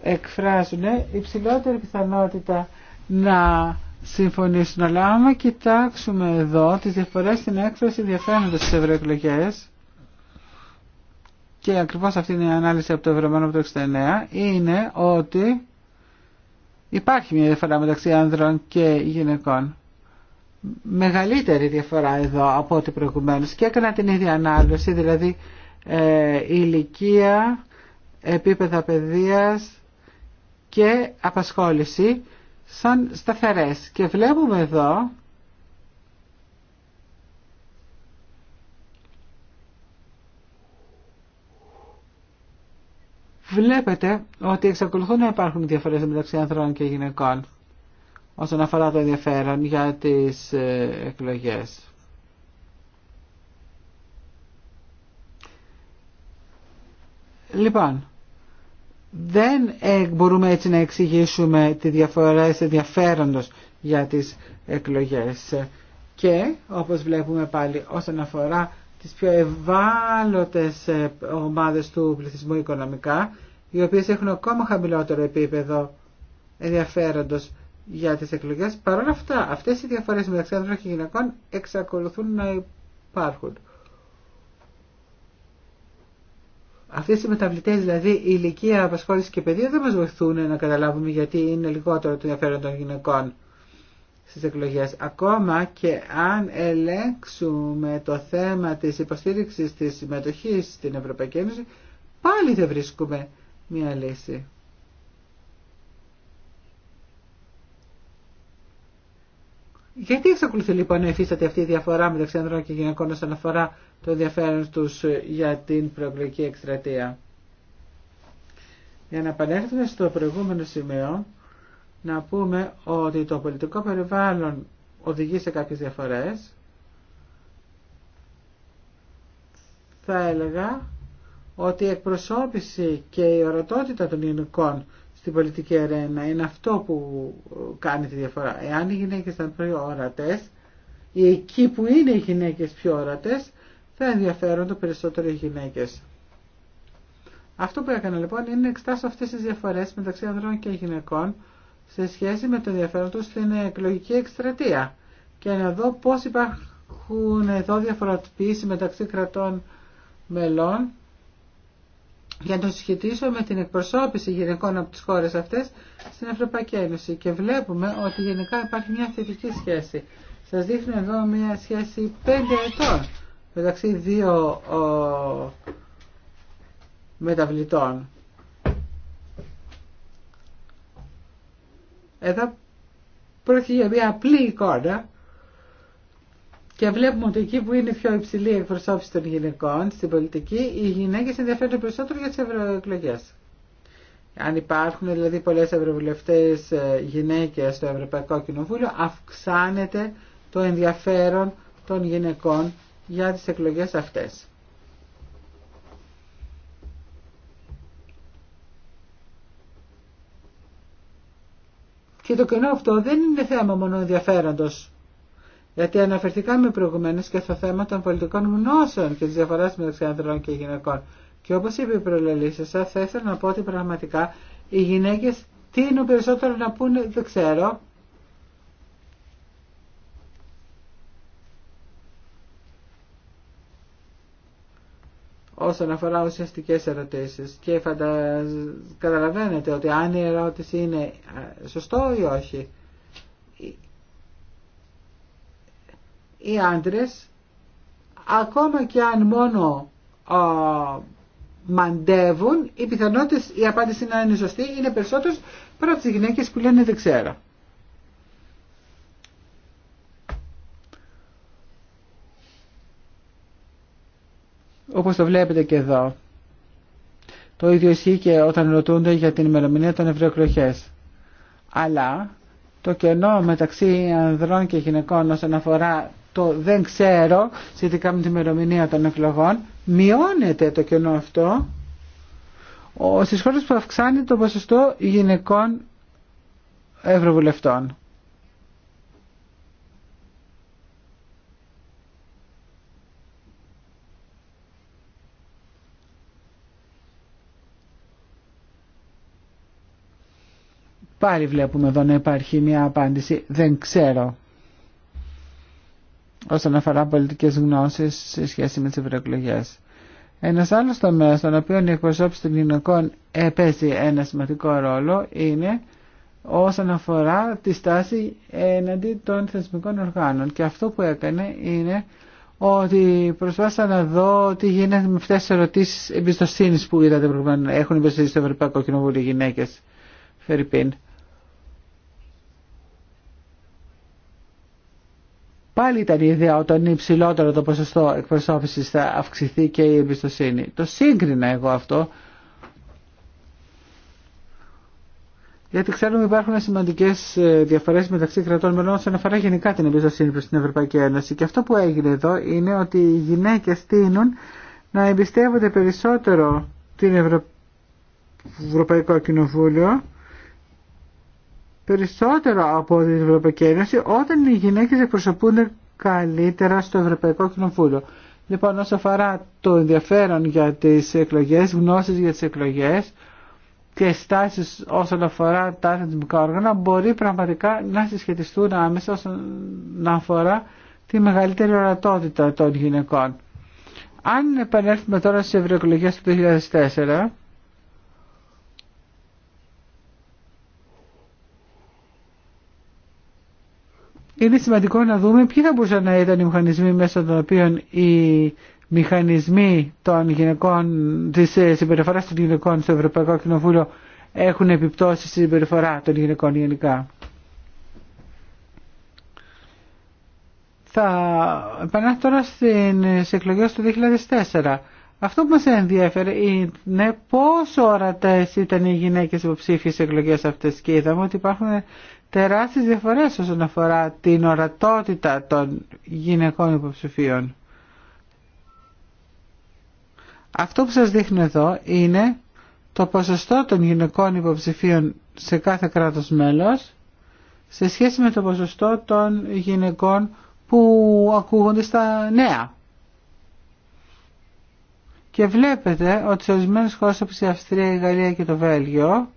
εκφράζουν υψηλότερη πιθανότητα να συμφωνήσουν. Αλλά άμα κοιτάξουμε εδώ τις διαφορές στην έκφραση διαφέροντος στις ευρωεκλογές, και ακριβώς αυτή είναι η ανάλυση από το Ευρωμένο από το είναι ότι υπάρχει μια διαφορά μεταξύ άνδρων και γυναικών. Μεγαλύτερη διαφορά εδώ από ό,τι προηγουμένως και έκανα την ίδια ανάλυση, δηλαδή ε, ηλικία, επίπεδα παιδείας και απασχόληση σαν σταθερές. Και βλέπουμε εδώ βλέπετε ότι εξακολουθούν να υπάρχουν διαφορές μεταξύ ανθρώπων και γυναικών όσον αφορά το ενδιαφέρον για τις ε, εκλογές. Λοιπόν, δεν μπορούμε έτσι να εξηγήσουμε τη διαφορά ενδιαφέροντος για τις εκλογές. Και, όπως βλέπουμε πάλι, όσον αφορά τις πιο ευάλωτες ε, ομάδες του πληθυσμού οικονομικά, οι οποίες έχουν ακόμα χαμηλότερο επίπεδο ενδιαφέροντος για τις εκλογές. Παρ' όλα αυτά, αυτές οι διαφορές μεταξύ άνδρων και γυναικών εξακολουθούν να υπάρχουν. Αυτές οι μεταβλητές, δηλαδή η ηλικία, απασχόληση και παιδεία δεν μας βοηθούν να καταλάβουμε γιατί είναι λιγότερο το ενδιαφέρον των γυναικών στις εκλογές. Ακόμα και αν ελέγξουμε το θέμα της υποστήριξης της συμμετοχής στην Ευρωπαϊκή Ένωση, πάλι δεν βρίσκουμε μία λύση. Γιατί εξακολουθεί λοιπόν να υφίσταται αυτή η διαφορά μεταξύ ανδρών και γυναικών όσον αφορά το ενδιαφέρον του για την προεκλογική εκστρατεία. Για να επανέλθουμε στο προηγούμενο σημείο, να πούμε ότι το πολιτικό περιβάλλον οδηγεί σε κάποιες διαφορές, θα έλεγα ότι η εκπροσώπηση και η ορατότητα των γυναικών στην πολιτική αρένα είναι αυτό που ε, κάνει τη διαφορά. Εάν οι γυναίκες ήταν πιο ορατές, ή εκεί που είναι οι γυναίκες πιο ορατές, θα ενδιαφέρονται περισσότερο οι γυναίκες. Αυτό που έκανα λοιπόν είναι να εξτάσω αυτές τις διαφορές μεταξύ ανδρών και γυναικών, σε σχέση με το ενδιαφέρον του στην εκλογική εκστρατεία και να δω πώς υπάρχουν εδώ διαφοροποιήσεις μεταξύ κρατών μελών για να το συσχετήσω με την εκπροσώπηση γυναικών από τις χώρες αυτές στην Ευρωπαϊκή Ένωση. Και βλέπουμε ότι γενικά υπάρχει μια θετική σχέση. Σας δείχνω εδώ μια σχέση 5 ετών μεταξύ δύο μεταβλητών. Εδώ πρόκειται για μια απλή εικόνα και βλέπουμε ότι εκεί που είναι πιο υψηλή η εκπροσώπηση των γυναικών στην πολιτική, οι γυναίκε ενδιαφέρονται περισσότερο για τι ευρωεκλογέ. Αν υπάρχουν δηλαδή πολλέ ευρωβουλευτέ ε, γυναίκε στο Ευρωπαϊκό Κοινοβούλιο, αυξάνεται το ενδιαφέρον των γυναικών για τι εκλογέ αυτές. Και το κενό αυτό δεν είναι θέμα μόνο ενδιαφέροντος. Γιατί αναφερθήκαμε προηγουμένω και στο θέμα των πολιτικών γνώσεων και τη διαφορά μεταξύ ανδρών και γυναικών. Και όπω είπε η προλαλή σα, θα ήθελα να πω ότι πραγματικά οι γυναίκε τι είναι περισσότερο να πούνε, δεν ξέρω. όσον αφορά ουσιαστικέ ερωτήσει. και φανταζ... καταλαβαίνετε ότι αν η ερώτηση είναι σωστό ή όχι οι άντρε, ακόμα και αν μόνο ο, μαντεύουν οι πιθανότητε η απάντηση να είναι σωστή είναι περισσότερος παρά τις γυναίκες που λένε δεν ξέρω όπως το βλέπετε και εδώ. Το ίδιο ισχύει και όταν ρωτούνται για την ημερομηνία των ευρωεκλογέ. Αλλά το κενό μεταξύ ανδρών και γυναικών όσον αφορά το δεν ξέρω σχετικά με την ημερομηνία των εκλογών μειώνεται το κενό αυτό στις χώρες που αυξάνει το ποσοστό γυναικών ευρωβουλευτών. Πάλι βλέπουμε εδώ να υπάρχει μια απάντηση. Δεν ξέρω. Όσον αφορά πολιτικές γνώσεις σε σχέση με τις ευρωεκλογέ. Ένας άλλος τομέας στον οποίο η εκπροσώπηση των γυναικών παίζει ένα σημαντικό ρόλο είναι όσον αφορά τη στάση εναντί των θεσμικών οργάνων. Και αυτό που έκανε είναι ότι προσπάθησα να δω τι γίνεται με αυτέ τι ερωτήσει εμπιστοσύνη που είδατε προηγουμένω. Έχουν εμπιστοσύνη στο Ευρωπαϊκό Κοινοβούλιο οι γυναίκε, Φερρυπίν. Πάλι ήταν η ιδέα όταν υψηλότερο το ποσοστό εκπροσώπησης θα αυξηθεί και η εμπιστοσύνη. Το σύγκρινα εγώ αυτό. Γιατί ξέρουμε υπάρχουν σημαντικέ ε, διαφορέ μεταξύ κρατών μελών όσον αφορά γενικά την εμπιστοσύνη προ την Ευρωπαϊκή Ένωση. Και αυτό που έγινε εδώ είναι ότι οι γυναίκε τείνουν να εμπιστεύονται περισσότερο την Ευρω... Ευρωπαϊκό Κοινοβούλιο περισσότερο από την Ευρωπαϊκή Ένωση όταν οι γυναίκες εκπροσωπούν καλύτερα στο Ευρωπαϊκό Κοινοβούλιο. Λοιπόν, όσο αφορά το ενδιαφέρον για τις εκλογές, γνώσεις για τις εκλογές και στάσεις όσον αφορά τα θεσμικά όργανα, μπορεί πραγματικά να συσχετιστούν άμεσα όσον αφορά τη μεγαλύτερη ορατότητα των γυναικών. Αν επανέλθουμε τώρα στις ευρωεκλογές του 2004, είναι σημαντικό να δούμε ποιοι θα μπορούσαν να ήταν οι μηχανισμοί μέσα των οποίων οι μηχανισμοί των γυναικών, της ε, συμπεριφοράς των γυναικών στο Ευρωπαϊκό Κοινοβούλιο έχουν επιπτώσει στη συμπεριφορά των γυναικών γενικά. Θα επανέλθω τώρα στις εκλογές του 2004. Αυτό που μας ενδιαφέρει είναι πόσο ορατές ήταν οι γυναίκες υποψήφιες εκλογές αυτές και είδαμε ότι υπάρχουν τεράστιες διαφορές όσον αφορά την ορατότητα των γυναικών υποψηφίων. Αυτό που σας δείχνω εδώ είναι το ποσοστό των γυναικών υποψηφίων σε κάθε κράτος μέλος σε σχέση με το ποσοστό των γυναικών που ακούγονται στα νέα. Και βλέπετε ότι σε ορισμένε χώρε όπω η Αυστρία, η Γαλλία και το Βέλγιο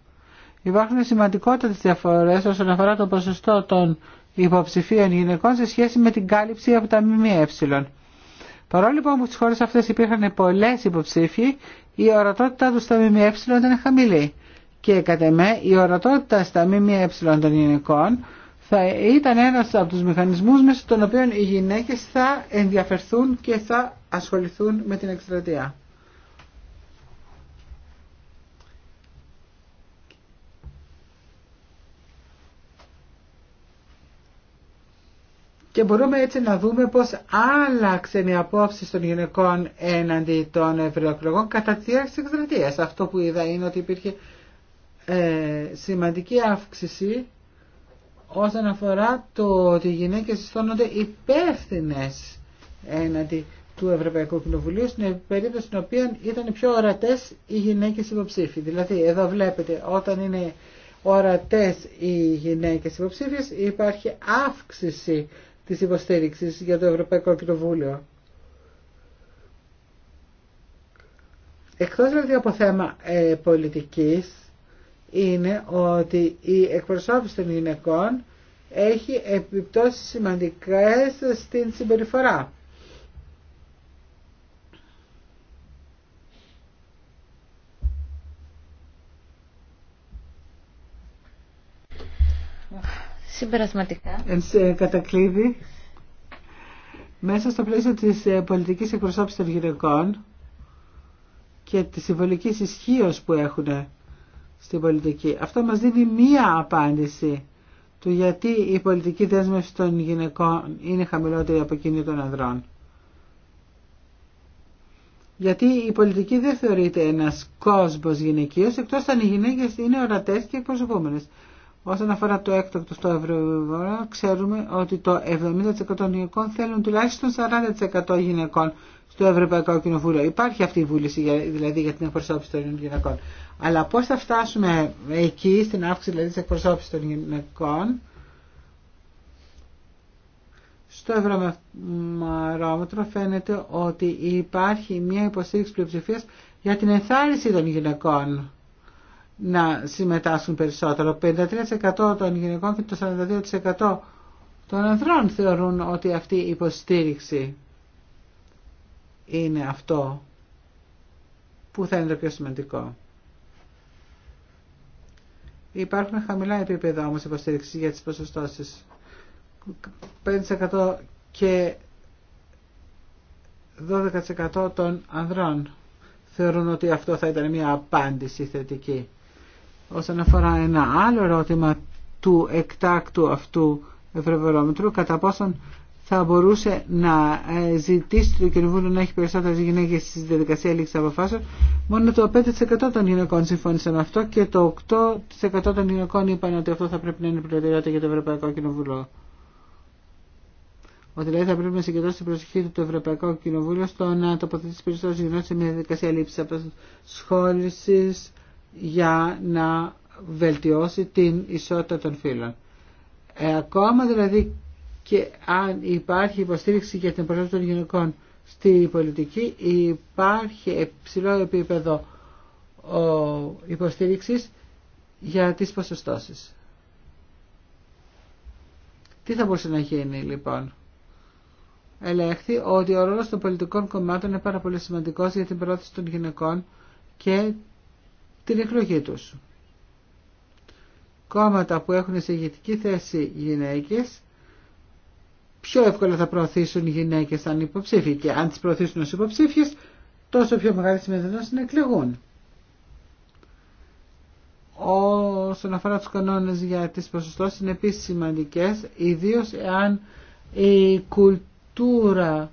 Υπάρχουν σημαντικότερε διαφορές όσον αφορά το ποσοστό των υποψηφίων γυναικών σε σχέση με την κάλυψη από τα ΜΜΕ. Παρόλο λοιπόν που στις χώρες αυτές υπήρχαν πολλές υποψήφοι, η ορατότητά του στα ΜΜΕ ήταν χαμηλή. Και κατά εμέ η ορατότητα στα ΜΜΕ των γυναικών θα ήταν ένας από τους μηχανισμούς μέσα των οποίων οι γυναίκες θα ενδιαφερθούν και θα ασχοληθούν με την εκστρατεία. και μπορούμε έτσι να δούμε πώς άλλαξαν οι απόψει των γυναικών έναντι των ευρωεκλογών κατά τη διάρκεια της εκδρατείας. Αυτό που είδα είναι ότι υπήρχε ε, σημαντική αύξηση όσον αφορά το ότι οι γυναίκες αισθάνονται υπεύθυνε έναντι του Ευρωπαϊκού Κοινοβουλίου στην περίπτωση στην οποία ήταν πιο ορατές οι γυναίκες υποψήφοι. Δηλαδή εδώ βλέπετε όταν είναι ορατές οι γυναίκες υποψήφιες υπάρχει αύξηση της υποστήριξης για το Ευρωπαϊκό Κοινοβούλιο. Εκτός δηλαδή από θέμα ε, πολιτικής είναι ότι η εκπροσώπηση των γυναικών έχει επιπτώσεις σημαντικές στην συμπεριφορά. Συμπερασματικά. Σε κατακλείδη, μέσα στο πλαίσιο της ε, πολιτικής εκπροσώπησης των γυναικών και της συμβολική ισχύω που έχουν ε, στην πολιτική, αυτό μας δίνει μία απάντηση του γιατί η πολιτική δέσμευση των γυναικών είναι χαμηλότερη από εκείνη των ανδρών. Γιατί η πολιτική δεν θεωρείται ένας κόσμος γυναικείος, εκτός αν οι γυναίκες είναι ορατές και εκπροσωπούμενες. Όσον αφορά το έκτακτο στο ευρωβουλευτικό, ξέρουμε ότι το 70% των γυναικών θέλουν τουλάχιστον 40% γυναικών στο Ευρωπαϊκό Κοινοβούλιο. Υπάρχει αυτή η βούληση δηλαδή για την εκπροσώπηση των γυναικών. Αλλά πώ θα φτάσουμε εκεί, στην αύξηση δηλαδή της εκπροσώπησης των γυναικών, στο ευρωμαρόμετρο φαίνεται ότι υπάρχει μια υποστήριξη πλειοψηφία για την ενθάρρυνση των γυναικών να συμμετάσχουν περισσότερο. 53% των γυναικών και το 42% των ανδρών θεωρούν ότι αυτή η υποστήριξη είναι αυτό που θα είναι το πιο σημαντικό. Υπάρχουν χαμηλά επίπεδα όμως υποστήριξη για τις ποσοστώσεις. 5% και 12% των ανδρών θεωρούν ότι αυτό θα ήταν μια απάντηση θετική όσον αφορά ένα άλλο ερώτημα του εκτάκτου αυτού ευρωβερόμετρου, κατά πόσον θα μπορούσε να ε, ζητήσει το Κοινοβούλιο να έχει περισσότερε γυναίκε στη διαδικασία λήξη αποφάσεων. Μόνο το 5% των γυναικών συμφώνησαν με αυτό και το 8% των γυναικών είπαν ότι αυτό θα πρέπει να είναι προτεραιότητα για το Ευρωπαϊκό Κοινοβούλιο. Ότι δηλαδή θα πρέπει να συγκεντρώσει την προσοχή του το Ευρωπαϊκό Κοινοβούλιο στο να τοποθετήσει περισσότερε γυναίκε σε μια διαδικασία λήψη απασχόληση για να βελτιώσει την ισότητα των φύλων. Ε, ακόμα δηλαδή και αν υπάρχει υποστήριξη για την πρόσθεση των γυναικών στη πολιτική, υπάρχει υψηλό επίπεδο υποστήριξης για τις ποσοστώσεις. Τι θα μπορούσε να γίνει λοιπόν. Ελέγχθη ότι ο ρόλος των πολιτικών κομμάτων είναι πάρα πολύ σημαντικός για την πρόθεση των γυναικών και την εκλογή τους. Κόμματα που έχουν σε ηγετική θέση γυναίκες πιο εύκολα θα προωθήσουν γυναίκες σαν υποψήφοι και αν τις προωθήσουν ως υποψήφιες τόσο πιο μεγάλη συμμετοχή να εκλεγούν. Όσον αφορά τους κανόνες για τις ποσοστώσεις είναι επίσης σημαντικές, ιδίως εάν η κουλτούρα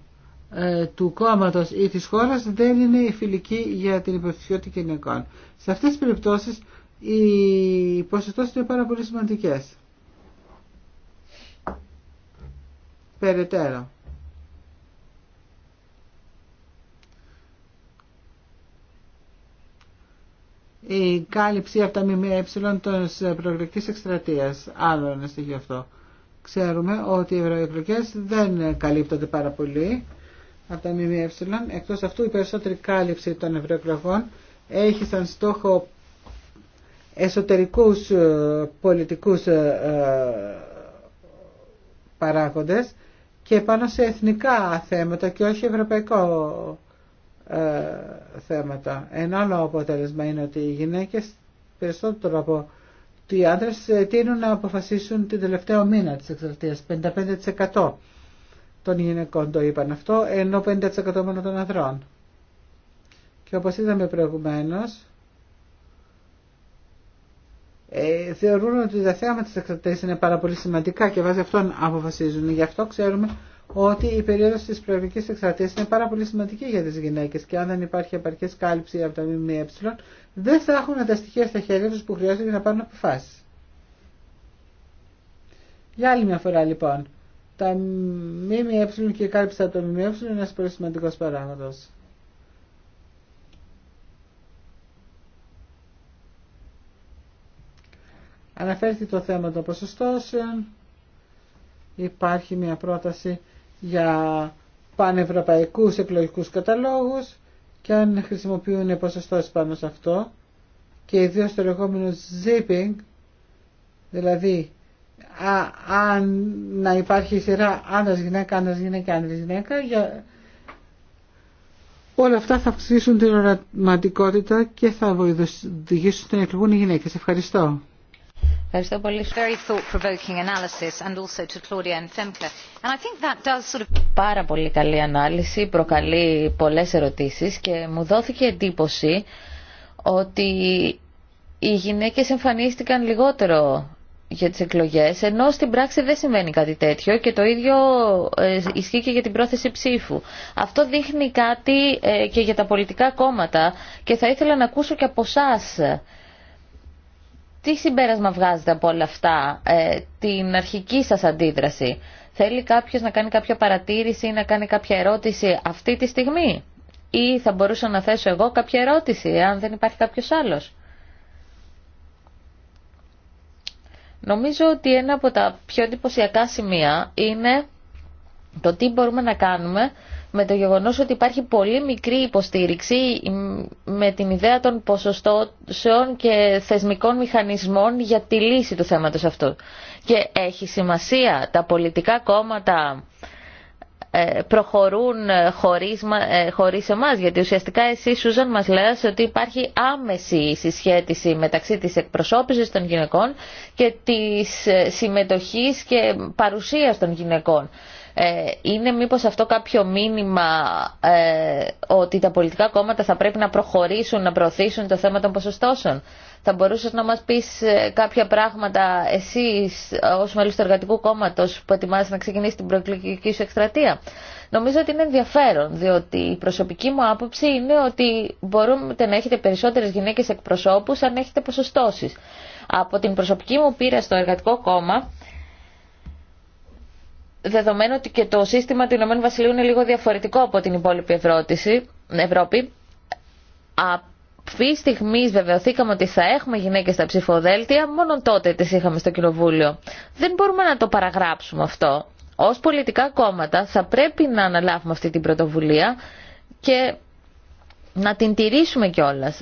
ε, του κόμματος ή της χώρας δεν είναι φιλική για την υποψηφιότητα Σε αυτές τις περιπτώσεις οι ποσοστό είναι πάρα πολύ σημαντικές. Περαιτέρω. Η κάλυψη από τα ΜΜΕ των προεκλογικής εκστρατείας. Άλλο ένα στοιχείο αυτό. Ξέρουμε ότι οι ευρωεκλογές δεν καλύπτονται πάρα πολύ από τα ΜΜΕ. Εκτός αυτού η περισσότερη κάλυψη των ευρωεκλογών έχει σαν στόχο εσωτερικούς ε, πολιτικούς ε, ε, παράγοντες και πάνω σε εθνικά θέματα και όχι ευρωπαϊκό θέματα. Ένα άλλο αποτέλεσμα είναι ότι οι γυναίκες περισσότερο από οι άντρες τείνουν να αποφασίσουν την τελευταία μήνα της εξαρτίας, 55% των γυναικών το είπαν αυτό, ενώ 50% μόνο των ανδρών. Και όπως είδαμε προηγουμένως, ε, θεωρούν ότι τα θέματα της εκτατές είναι πάρα πολύ σημαντικά και βάσει αυτών αποφασίζουν. Γι' αυτό ξέρουμε ότι η περίοδος της προεδρικής εξαρτίας είναι πάρα πολύ σημαντική για τις γυναίκες και αν δεν υπάρχει επαρκής κάλυψη από τα ΜΜΕ δεν θα έχουν τα στοιχεία στα χέρια τους που χρειάζονται για να πάρουν αποφάσεις. Για άλλη μια φορά λοιπόν, τα ΜΜΕ και η κάλυψη από το ΜΜΕ είναι ένας πολύ σημαντικός παράγοντας. Αναφέρθηκε το θέμα των ποσοστώσεων. Υπάρχει μια πρόταση για πανευρωπαϊκούς εκλογικούς καταλόγους και αν χρησιμοποιούν ποσοστώσεις πάνω σε αυτό και ιδίως το λεγόμενο zipping, δηλαδή αν να υπάρχει σειρά άνδρας γυναίκα, άνδρας γυναίκα, άνδρας γυναίκα για... όλα αυτά θα αυξήσουν την οραματικότητα και θα βοηθήσουν να εκλογούν οι γυναίκες. Ευχαριστώ. Ευχαριστώ πολύ. Πάρα πολύ καλή ανάλυση, προκαλεί πολλές ερωτήσεις και μου δόθηκε εντύπωση ότι οι γυναίκες εμφανίστηκαν λιγότερο για τις εκλογές, ενώ στην πράξη δεν συμβαίνει κάτι τέτοιο και το ίδιο ε, ισχύει και για την πρόθεση ψήφου. Αυτό δείχνει κάτι ε, και για τα πολιτικά κόμματα και θα ήθελα να ακούσω και από εσά. Τι συμπέρασμα βγάζετε από όλα αυτά, ε, την αρχική σας αντίδραση. Θέλει κάποιος να κάνει κάποια παρατήρηση ή να κάνει κάποια ερώτηση αυτή τη στιγμή. Ή θα μπορούσα να θέσω εγώ κάποια ερώτηση, αν δεν υπάρχει κάποιος άλλος. Νομίζω ότι ένα από τα πιο εντυπωσιακά σημεία είναι το τι μπορούμε να κάνουμε με το γεγονός ότι υπάρχει πολύ μικρή υποστήριξη με την ιδέα των ποσοστώσεων και θεσμικών μηχανισμών για τη λύση του θέματος αυτού. Και έχει σημασία τα πολιτικά κόμματα ε, προχωρούν ε, χωρίς, ε, χωρίς εμάς. Γιατί ουσιαστικά εσύ, Σούζαν, μας λέτε ότι υπάρχει άμεση συσχέτιση μεταξύ της εκπροσώπησης των γυναικών και της συμμετοχής και παρουσίας των γυναικών. Είναι μήπως αυτό κάποιο μήνυμα ε, ότι τα πολιτικά κόμματα θα πρέπει να προχωρήσουν, να προωθήσουν το θέμα των ποσοστώσεων. Θα μπορούσες να μας πεις ε, κάποια πράγματα εσύ ε, ως μέλος του Εργατικού Κόμματος που ετοιμάζει να ξεκινήσει την προεκλογική σου εκστρατεία. Νομίζω ότι είναι ενδιαφέρον, διότι η προσωπική μου άποψη είναι ότι μπορούμε να έχετε περισσότερες γυναίκες εκπροσώπους αν έχετε ποσοστώσεις. Από την προσωπική μου πείρα στο Εργατικό Κόμμα, δεδομένου ότι και το σύστημα του Ηνωμένου Βασιλείου είναι λίγο διαφορετικό από την υπόλοιπη Ευρώπη, τη στιγμή βεβαιωθήκαμε ότι θα έχουμε γυναίκε στα ψηφοδέλτια, μόνο τότε τι είχαμε στο Κοινοβούλιο. Δεν μπορούμε να το παραγράψουμε αυτό. Ω πολιτικά κόμματα θα πρέπει να αναλάβουμε αυτή την πρωτοβουλία και να την τηρήσουμε κιόλα.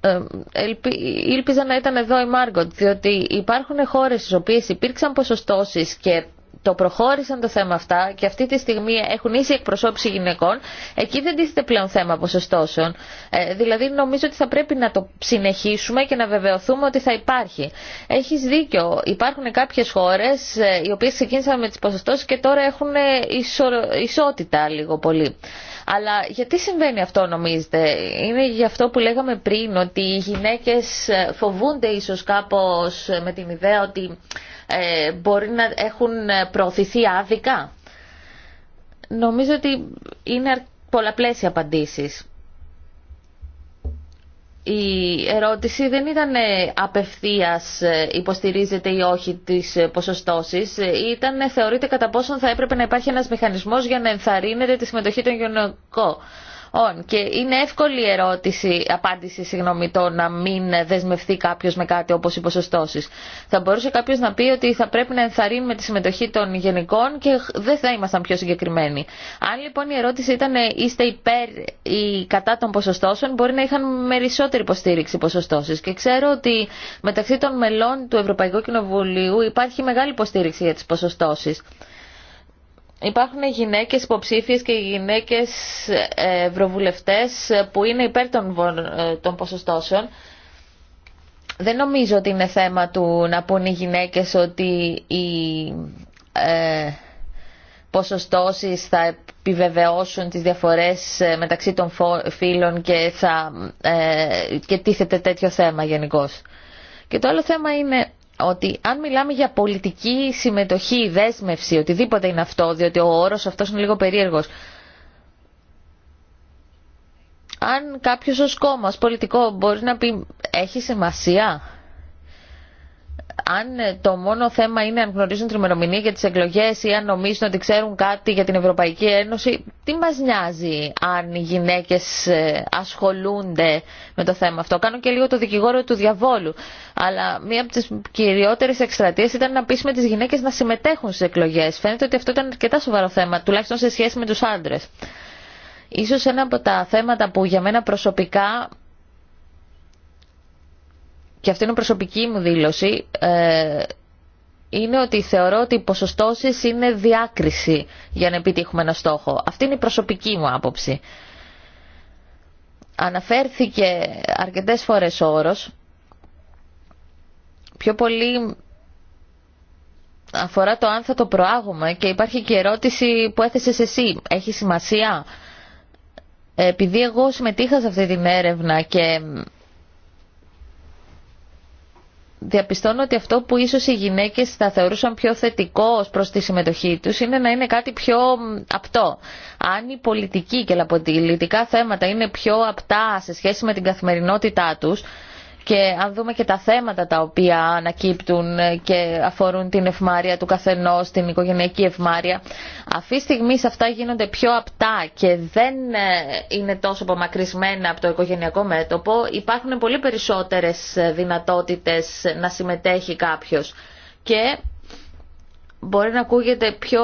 Ε, ελπι... Ήλπιζα να ήταν εδώ η Μάργκοτ, διότι υπάρχουν χώρες στι οποίε υπήρξαν ποσοστώσει και το προχώρησαν το θέμα αυτά και αυτή τη στιγμή έχουν ίση εκπροσώπηση γυναικών, εκεί δεν τίθεται πλέον θέμα ποσοστώσεων. Ε, δηλαδή νομίζω ότι θα πρέπει να το συνεχίσουμε και να βεβαιωθούμε ότι θα υπάρχει. Έχεις δίκιο, υπάρχουν κάποιες χώρες ε, οι οποίες ξεκίνησαν με τις ποσοστώσεις και τώρα έχουν ε, ισότητα λίγο πολύ. Αλλά γιατί συμβαίνει αυτό νομίζετε. Είναι γι' αυτό που λέγαμε πριν ότι οι γυναίκες ε, φοβούνται ίσως κάπως ε, με την ιδέα ότι ε, μπορεί να έχουν προωθηθεί άδικα. Νομίζω ότι είναι πολλαπλές οι απαντήσεις η ερώτηση δεν ήταν ε, απευθείας ε, υποστηρίζεται ή όχι τις ε, ποσοστώσεις, ήταν θεωρείται κατά πόσον θα έπρεπε να υπάρχει ένας μηχανισμός για να ενθαρρύνεται τη συμμετοχή των γυναικών. Λοιπόν, και είναι εύκολη η ερώτηση, απάντηση συγγνώμη, το να μην δεσμευτεί κάποιο με κάτι όπω οι ποσοστώσει. Θα μπορούσε κάποιο να πει ότι θα πρέπει να ενθαρρύνουμε τη συμμετοχή των γενικών και δεν θα ήμασταν πιο συγκεκριμένοι. Αν λοιπόν η ερώτηση ήταν ε, είστε υπέρ ή κατά των ποσοστώσεων, μπορεί να είχαν περισσότερη υποστήριξη ποσοστώσει. Και ξέρω ότι μεταξύ των μελών του Ευρωπαϊκού Κοινοβουλίου υπάρχει μεγάλη υποστήριξη για τι ποσοστώσει υπάρχουν γυναίκες υποψήφιες και γυναίκες ε, ευρωβουλευτές που είναι υπέρ των, ε, των ποσοστώσεων. Δεν νομίζω ότι είναι θέμα του να πούν οι γυναίκες ότι οι ε, ποσοστώσεις θα επιβεβαιώσουν τις διαφορές ε, μεταξύ των φύλων και, ε, και τίθεται τέτοιο θέμα γενικώ. Και το άλλο θέμα είναι ότι αν μιλάμε για πολιτική συμμετοχή, δέσμευση, οτιδήποτε είναι αυτό, διότι ο όρος αυτός είναι λίγο περίεργος, αν κάποιος ως κόμμα, πολιτικό μπορεί να πει έχει σημασία αν ε, το μόνο θέμα είναι αν γνωρίζουν την ημερομηνία για τις εκλογές ή αν νομίζουν ότι ξέρουν κάτι για την Ευρωπαϊκή Ένωση, τι μας νοιάζει αν οι γυναίκες ε, ασχολούνται με το θέμα αυτό. Κάνω και λίγο το δικηγόρο του διαβόλου. Αλλά μία από τις κυριότερες εκστρατείες ήταν να πείσουμε τις γυναίκες να συμμετέχουν στις εκλογές. Φαίνεται ότι αυτό ήταν αρκετά σοβαρό θέμα, τουλάχιστον σε σχέση με τους άντρες. Ίσως ένα από τα θέματα που για μένα προσωπικά και αυτή είναι η προσωπική μου δήλωση, ε, είναι ότι θεωρώ ότι οι ποσοστώσεις είναι διάκριση για να επιτύχουμε ένα στόχο. Αυτή είναι η προσωπική μου άποψη. Αναφέρθηκε αρκετές φορές ο όρος, πιο πολύ αφορά το αν θα το προάγουμε και υπάρχει και ερώτηση που έθεσες εσύ. Έχει σημασία. Επειδή εγώ συμμετείχα σε αυτή την έρευνα και διαπιστώνω ότι αυτό που ίσως οι γυναίκες θα θεωρούσαν πιο θετικό ως προς τη συμμετοχή τους είναι να είναι κάτι πιο απτό. Αν οι πολιτικοί και λαποτηλητικά θέματα είναι πιο απτά σε σχέση με την καθημερινότητά τους, και αν δούμε και τα θέματα τα οποία ανακύπτουν και αφορούν την ευμάρεια του καθενός, την οικογενειακή ευμάρεια, αυτή τη στιγμή αυτά γίνονται πιο απτά και δεν ε, είναι τόσο απομακρυσμένα από το οικογενειακό μέτωπο, υπάρχουν πολύ περισσότερες ε, δυνατότητες να συμμετέχει κάποιος. Και μπορεί να ακούγεται πιο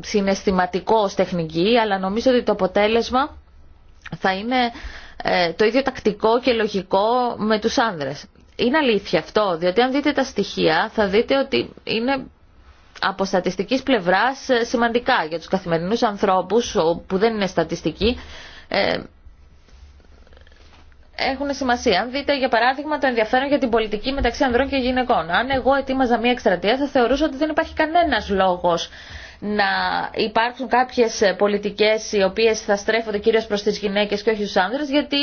συναισθηματικό ως τεχνική, αλλά νομίζω ότι το αποτέλεσμα θα είναι ε, το ίδιο τακτικό και λογικό με τους άνδρες. Είναι αλήθεια αυτό, διότι αν δείτε τα στοιχεία θα δείτε ότι είναι από στατιστικής πλευράς ε, σημαντικά για τους καθημερινούς ανθρώπους που δεν είναι στατιστικοί ε, έχουν σημασία. Αν δείτε, για παράδειγμα, το ενδιαφέρον για την πολιτική μεταξύ ανδρών και γυναικών. Αν εγώ ετοίμαζα μία εκστρατεία, θα θεωρούσα ότι δεν υπάρχει κανένα λόγο να υπάρξουν κάποιες πολιτικές οι οποίες θα στρέφονται κυρίως προς τις γυναίκες και όχι στους άνδρες γιατί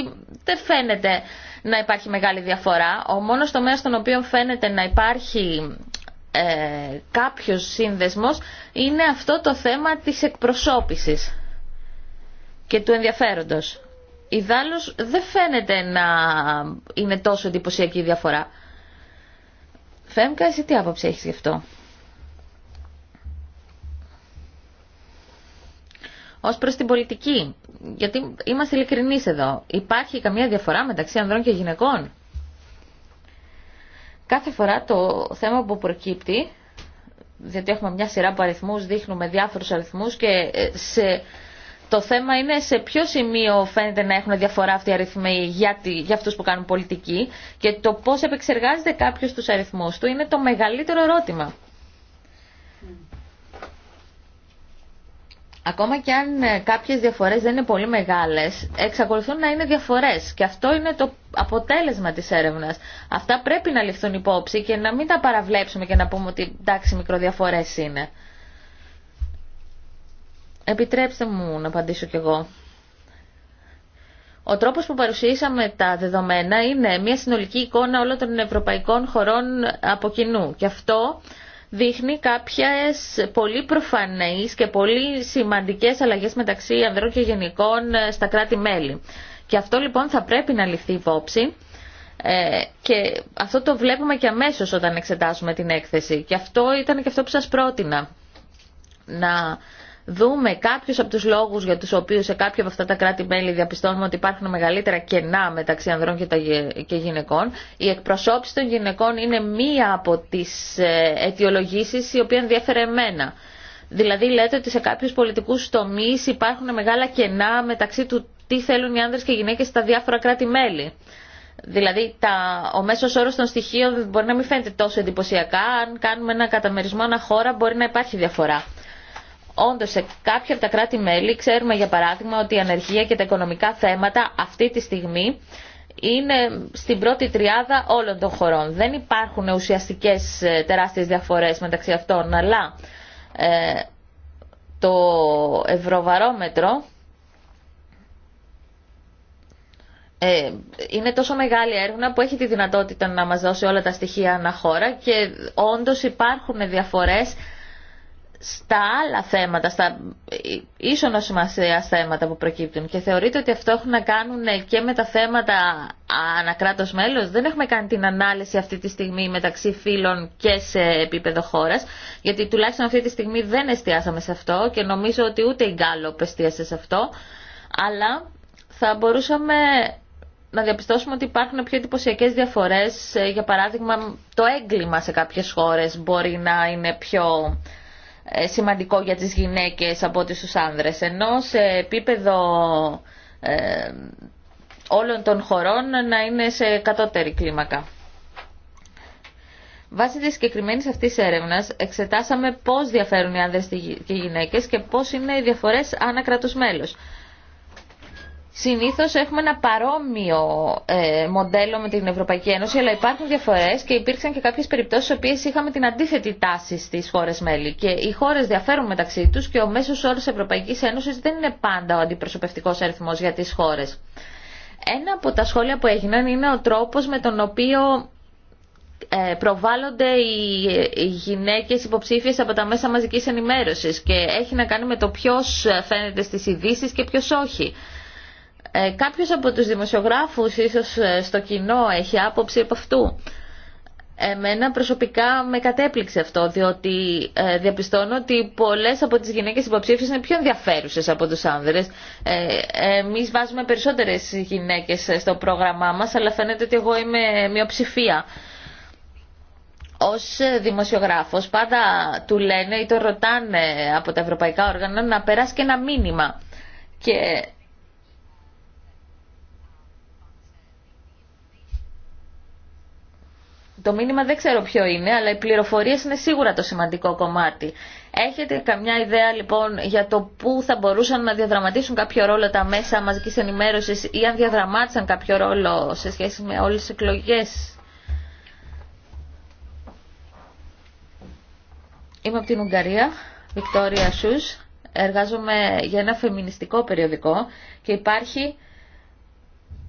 δεν φαίνεται να υπάρχει μεγάλη διαφορά. Ο μόνος τομέας στον οποίο φαίνεται να υπάρχει ε, κάποιος σύνδεσμος είναι αυτό το θέμα της εκπροσώπησης και του ενδιαφέροντος. Ιδάλλως δεν φαίνεται να είναι τόσο εντυπωσιακή η διαφορά. Φέμκα, εσύ τι άποψη γι' αυτό. Ω προ την πολιτική, γιατί είμαστε ειλικρινεί εδώ, υπάρχει καμία διαφορά μεταξύ ανδρών και γυναικών. Κάθε φορά το θέμα που προκύπτει, διότι έχουμε μια σειρά από αριθμού, δείχνουμε διάφορους αριθμού. και ε, σε το θέμα είναι σε ποιο σημείο φαίνεται να έχουν διαφορά αυτοί οι αριθμοί για, τη, για αυτούς που κάνουν πολιτική και το πώς επεξεργάζεται κάποιος τους αριθμούς του είναι το μεγαλύτερο ερώτημα. Ακόμα και αν ε, κάποιες διαφορές δεν είναι πολύ μεγάλες, εξακολουθούν να είναι διαφορές και αυτό είναι το αποτέλεσμα της έρευνας. Αυτά πρέπει να ληφθούν υπόψη και να μην τα παραβλέψουμε και να πούμε ότι εντάξει μικροδιαφορές είναι. Επιτρέψτε μου να απαντήσω κι εγώ. Ο τρόπος που παρουσιάσαμε τα δεδομένα είναι μια συνολική εικόνα όλων των ευρωπαϊκών χωρών από κοινού. Και αυτό δείχνει κάποιες πολύ προφανείς και πολύ σημαντικές αλλαγές μεταξύ ανδρών και γενικών ε, στα κράτη-μέλη. Και αυτό λοιπόν θα πρέπει να ληφθεί υπόψη ε, και αυτό το βλέπουμε και αμέσως όταν εξετάζουμε την έκθεση. Και αυτό ήταν και αυτό που σας πρότεινα. Να δούμε κάποιους από τους λόγους για τους οποίους σε κάποια από αυτά τα κράτη-μέλη διαπιστώνουμε ότι υπάρχουν μεγαλύτερα κενά μεταξύ ανδρών και, τα, και γυναικών, η εκπροσώπηση των γυναικών είναι μία από τις ε, αιτιολογήσεις η οποία ενδιαφέρει εμένα. Δηλαδή λέτε ότι σε κάποιους πολιτικούς τομείς υπάρχουν μεγάλα κενά μεταξύ του τι θέλουν οι άνδρες και οι γυναίκες στα διάφορα κράτη-μέλη. Δηλαδή τα, ο μέσο όρο των στοιχείων μπορεί να μην φαίνεται τόσο εντυπωσιακά. Αν κάνουμε ένα καταμερισμό ανά χώρα μπορεί να υπάρχει διαφορά. Όντω, σε κάποια από τα κράτη-μέλη ξέρουμε, για παράδειγμα, ότι η ανεργία και τα οικονομικά θέματα αυτή τη στιγμή είναι στην πρώτη τριάδα όλων των χωρών. Δεν υπάρχουν ουσιαστικές ε, τεράστιες διαφορές μεταξύ αυτών, αλλά ε, το ευρωβαρόμετρο ε, είναι τόσο μεγάλη έρευνα που έχει τη δυνατότητα να μας δώσει όλα τα στοιχεία ανά χώρα και όντως υπάρχουν διαφορές στα άλλα θέματα, στα ίσονα σημασία θέματα που προκύπτουν και θεωρείτε ότι αυτό έχουν να κάνουν και με τα θέματα ανακράτος μέλος. Δεν έχουμε κάνει την ανάλυση αυτή τη στιγμή μεταξύ φίλων και σε επίπεδο χώρας, γιατί τουλάχιστον αυτή τη στιγμή δεν εστιάσαμε σε αυτό και νομίζω ότι ούτε η Γκάλοπ εστίασε σε αυτό, αλλά θα μπορούσαμε να διαπιστώσουμε ότι υπάρχουν πιο εντυπωσιακέ διαφορές. Ε, για παράδειγμα, το έγκλημα σε κάποιες χώρες μπορεί να είναι πιο ε, σημαντικό για τις γυναίκες από ό,τι στους άνδρες. Ενώ σε επίπεδο ε, όλων των χωρών να είναι σε κατώτερη κλίμακα. Βάσει της συγκεκριμένη αυτής έρευνας εξετάσαμε πώς διαφέρουν οι άνδρες και οι γυναίκες και πώς είναι οι διαφορές ανά μέλος. Συνήθως έχουμε ένα παρόμοιο ε, μοντέλο με την Ευρωπαϊκή Ένωση, αλλά υπάρχουν διαφορές και υπήρξαν και κάποιες περιπτώσεις στις οποίες είχαμε την αντίθετη τάση στις χώρες μέλη. Και οι χώρες διαφέρουν μεταξύ τους και ο μέσος όρος Ευρωπαϊκής Ένωσης δεν είναι πάντα ο αντιπροσωπευτικός αριθμό για τις χώρες. Ένα από τα σχόλια που έγιναν είναι ο τρόπος με τον οποίο ε, προβάλλονται οι γυναίκες υποψήφιες από τα μέσα μαζικής ενημέρωσης και έχει να κάνει με το ποιο φαίνεται στις ειδήσει και ποιο όχι. Ε, κάποιος από τους δημοσιογράφους ίσως ε, στο κοινό έχει άποψη από αυτού. Εμένα προσωπικά με κατέπληξε αυτό, διότι ε, διαπιστώνω ότι πολλές από τις γυναίκες υποψήφιες είναι πιο ενδιαφέρουσες από τους άνδρες. Ε, εμείς βάζουμε περισσότερες γυναίκες ε, στο πρόγραμμά μας, αλλά φαίνεται ότι εγώ είμαι μειοψηφία. Ως δημοσιογράφος πάντα του λένε ή το ρωτάνε από τα ευρωπαϊκά όργανα να περάσει και ένα μήνυμα. Και Το μήνυμα δεν ξέρω ποιο είναι, αλλά οι πληροφορίες είναι σίγουρα το σημαντικό κομμάτι. Έχετε καμιά ιδέα λοιπόν για το πού θα μπορούσαν να διαδραματίσουν κάποιο ρόλο τα μέσα μαζικής ενημέρωσης ή αν διαδραμάτισαν κάποιο ρόλο σε σχέση με όλες τις εκλογές. Είμαι από την Ουγγαρία, Βικτόρια Σούς. Εργάζομαι για ένα φεμινιστικό περιοδικό και υπάρχει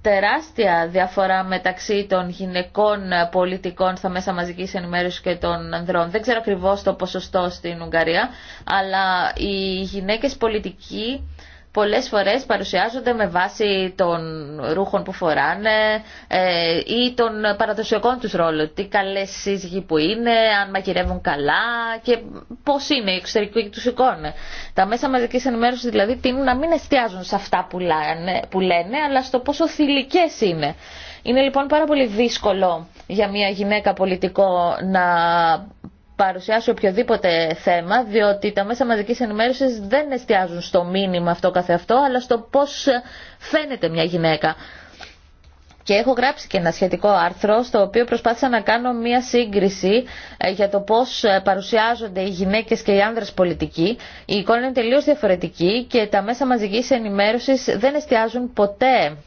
τεράστια διαφορά μεταξύ των γυναικών πολιτικών στα μέσα μαζικής ενημέρωσης και των ανδρών. Δεν ξέρω ακριβώς το ποσοστό στην Ουγγαρία, αλλά οι γυναίκες πολιτικοί πολλές φορές παρουσιάζονται με βάση των ρούχων που φοράνε ε, ή των παραδοσιακών τους ρόλων. Τι καλές σύζυγοι που είναι, αν μαγειρεύουν καλά και πώς είναι η εξωτερική τους εικόνα. Τα μέσα μαζικής ενημέρωσης δηλαδή τείνουν να μην εστιάζουν σε αυτά που λένε, που λένε αλλά στο πόσο θηλυκές είναι. Είναι λοιπόν πάρα πολύ δύσκολο για μια γυναίκα πολιτικό να παρουσιάσω οποιοδήποτε θέμα, διότι τα μέσα μαζικής ενημέρωσης δεν εστιάζουν στο μήνυμα αυτό καθεαυτό, αλλά στο πώς φαίνεται μια γυναίκα. Και έχω γράψει και ένα σχετικό άρθρο στο οποίο προσπάθησα να κάνω μία σύγκριση ε, για το πώς ε, παρουσιάζονται οι γυναίκες και οι άνδρες πολιτικοί. Η εικόνα είναι τελείως διαφορετική και τα μέσα μαζικής ενημέρωσης δεν εστιάζουν ποτέ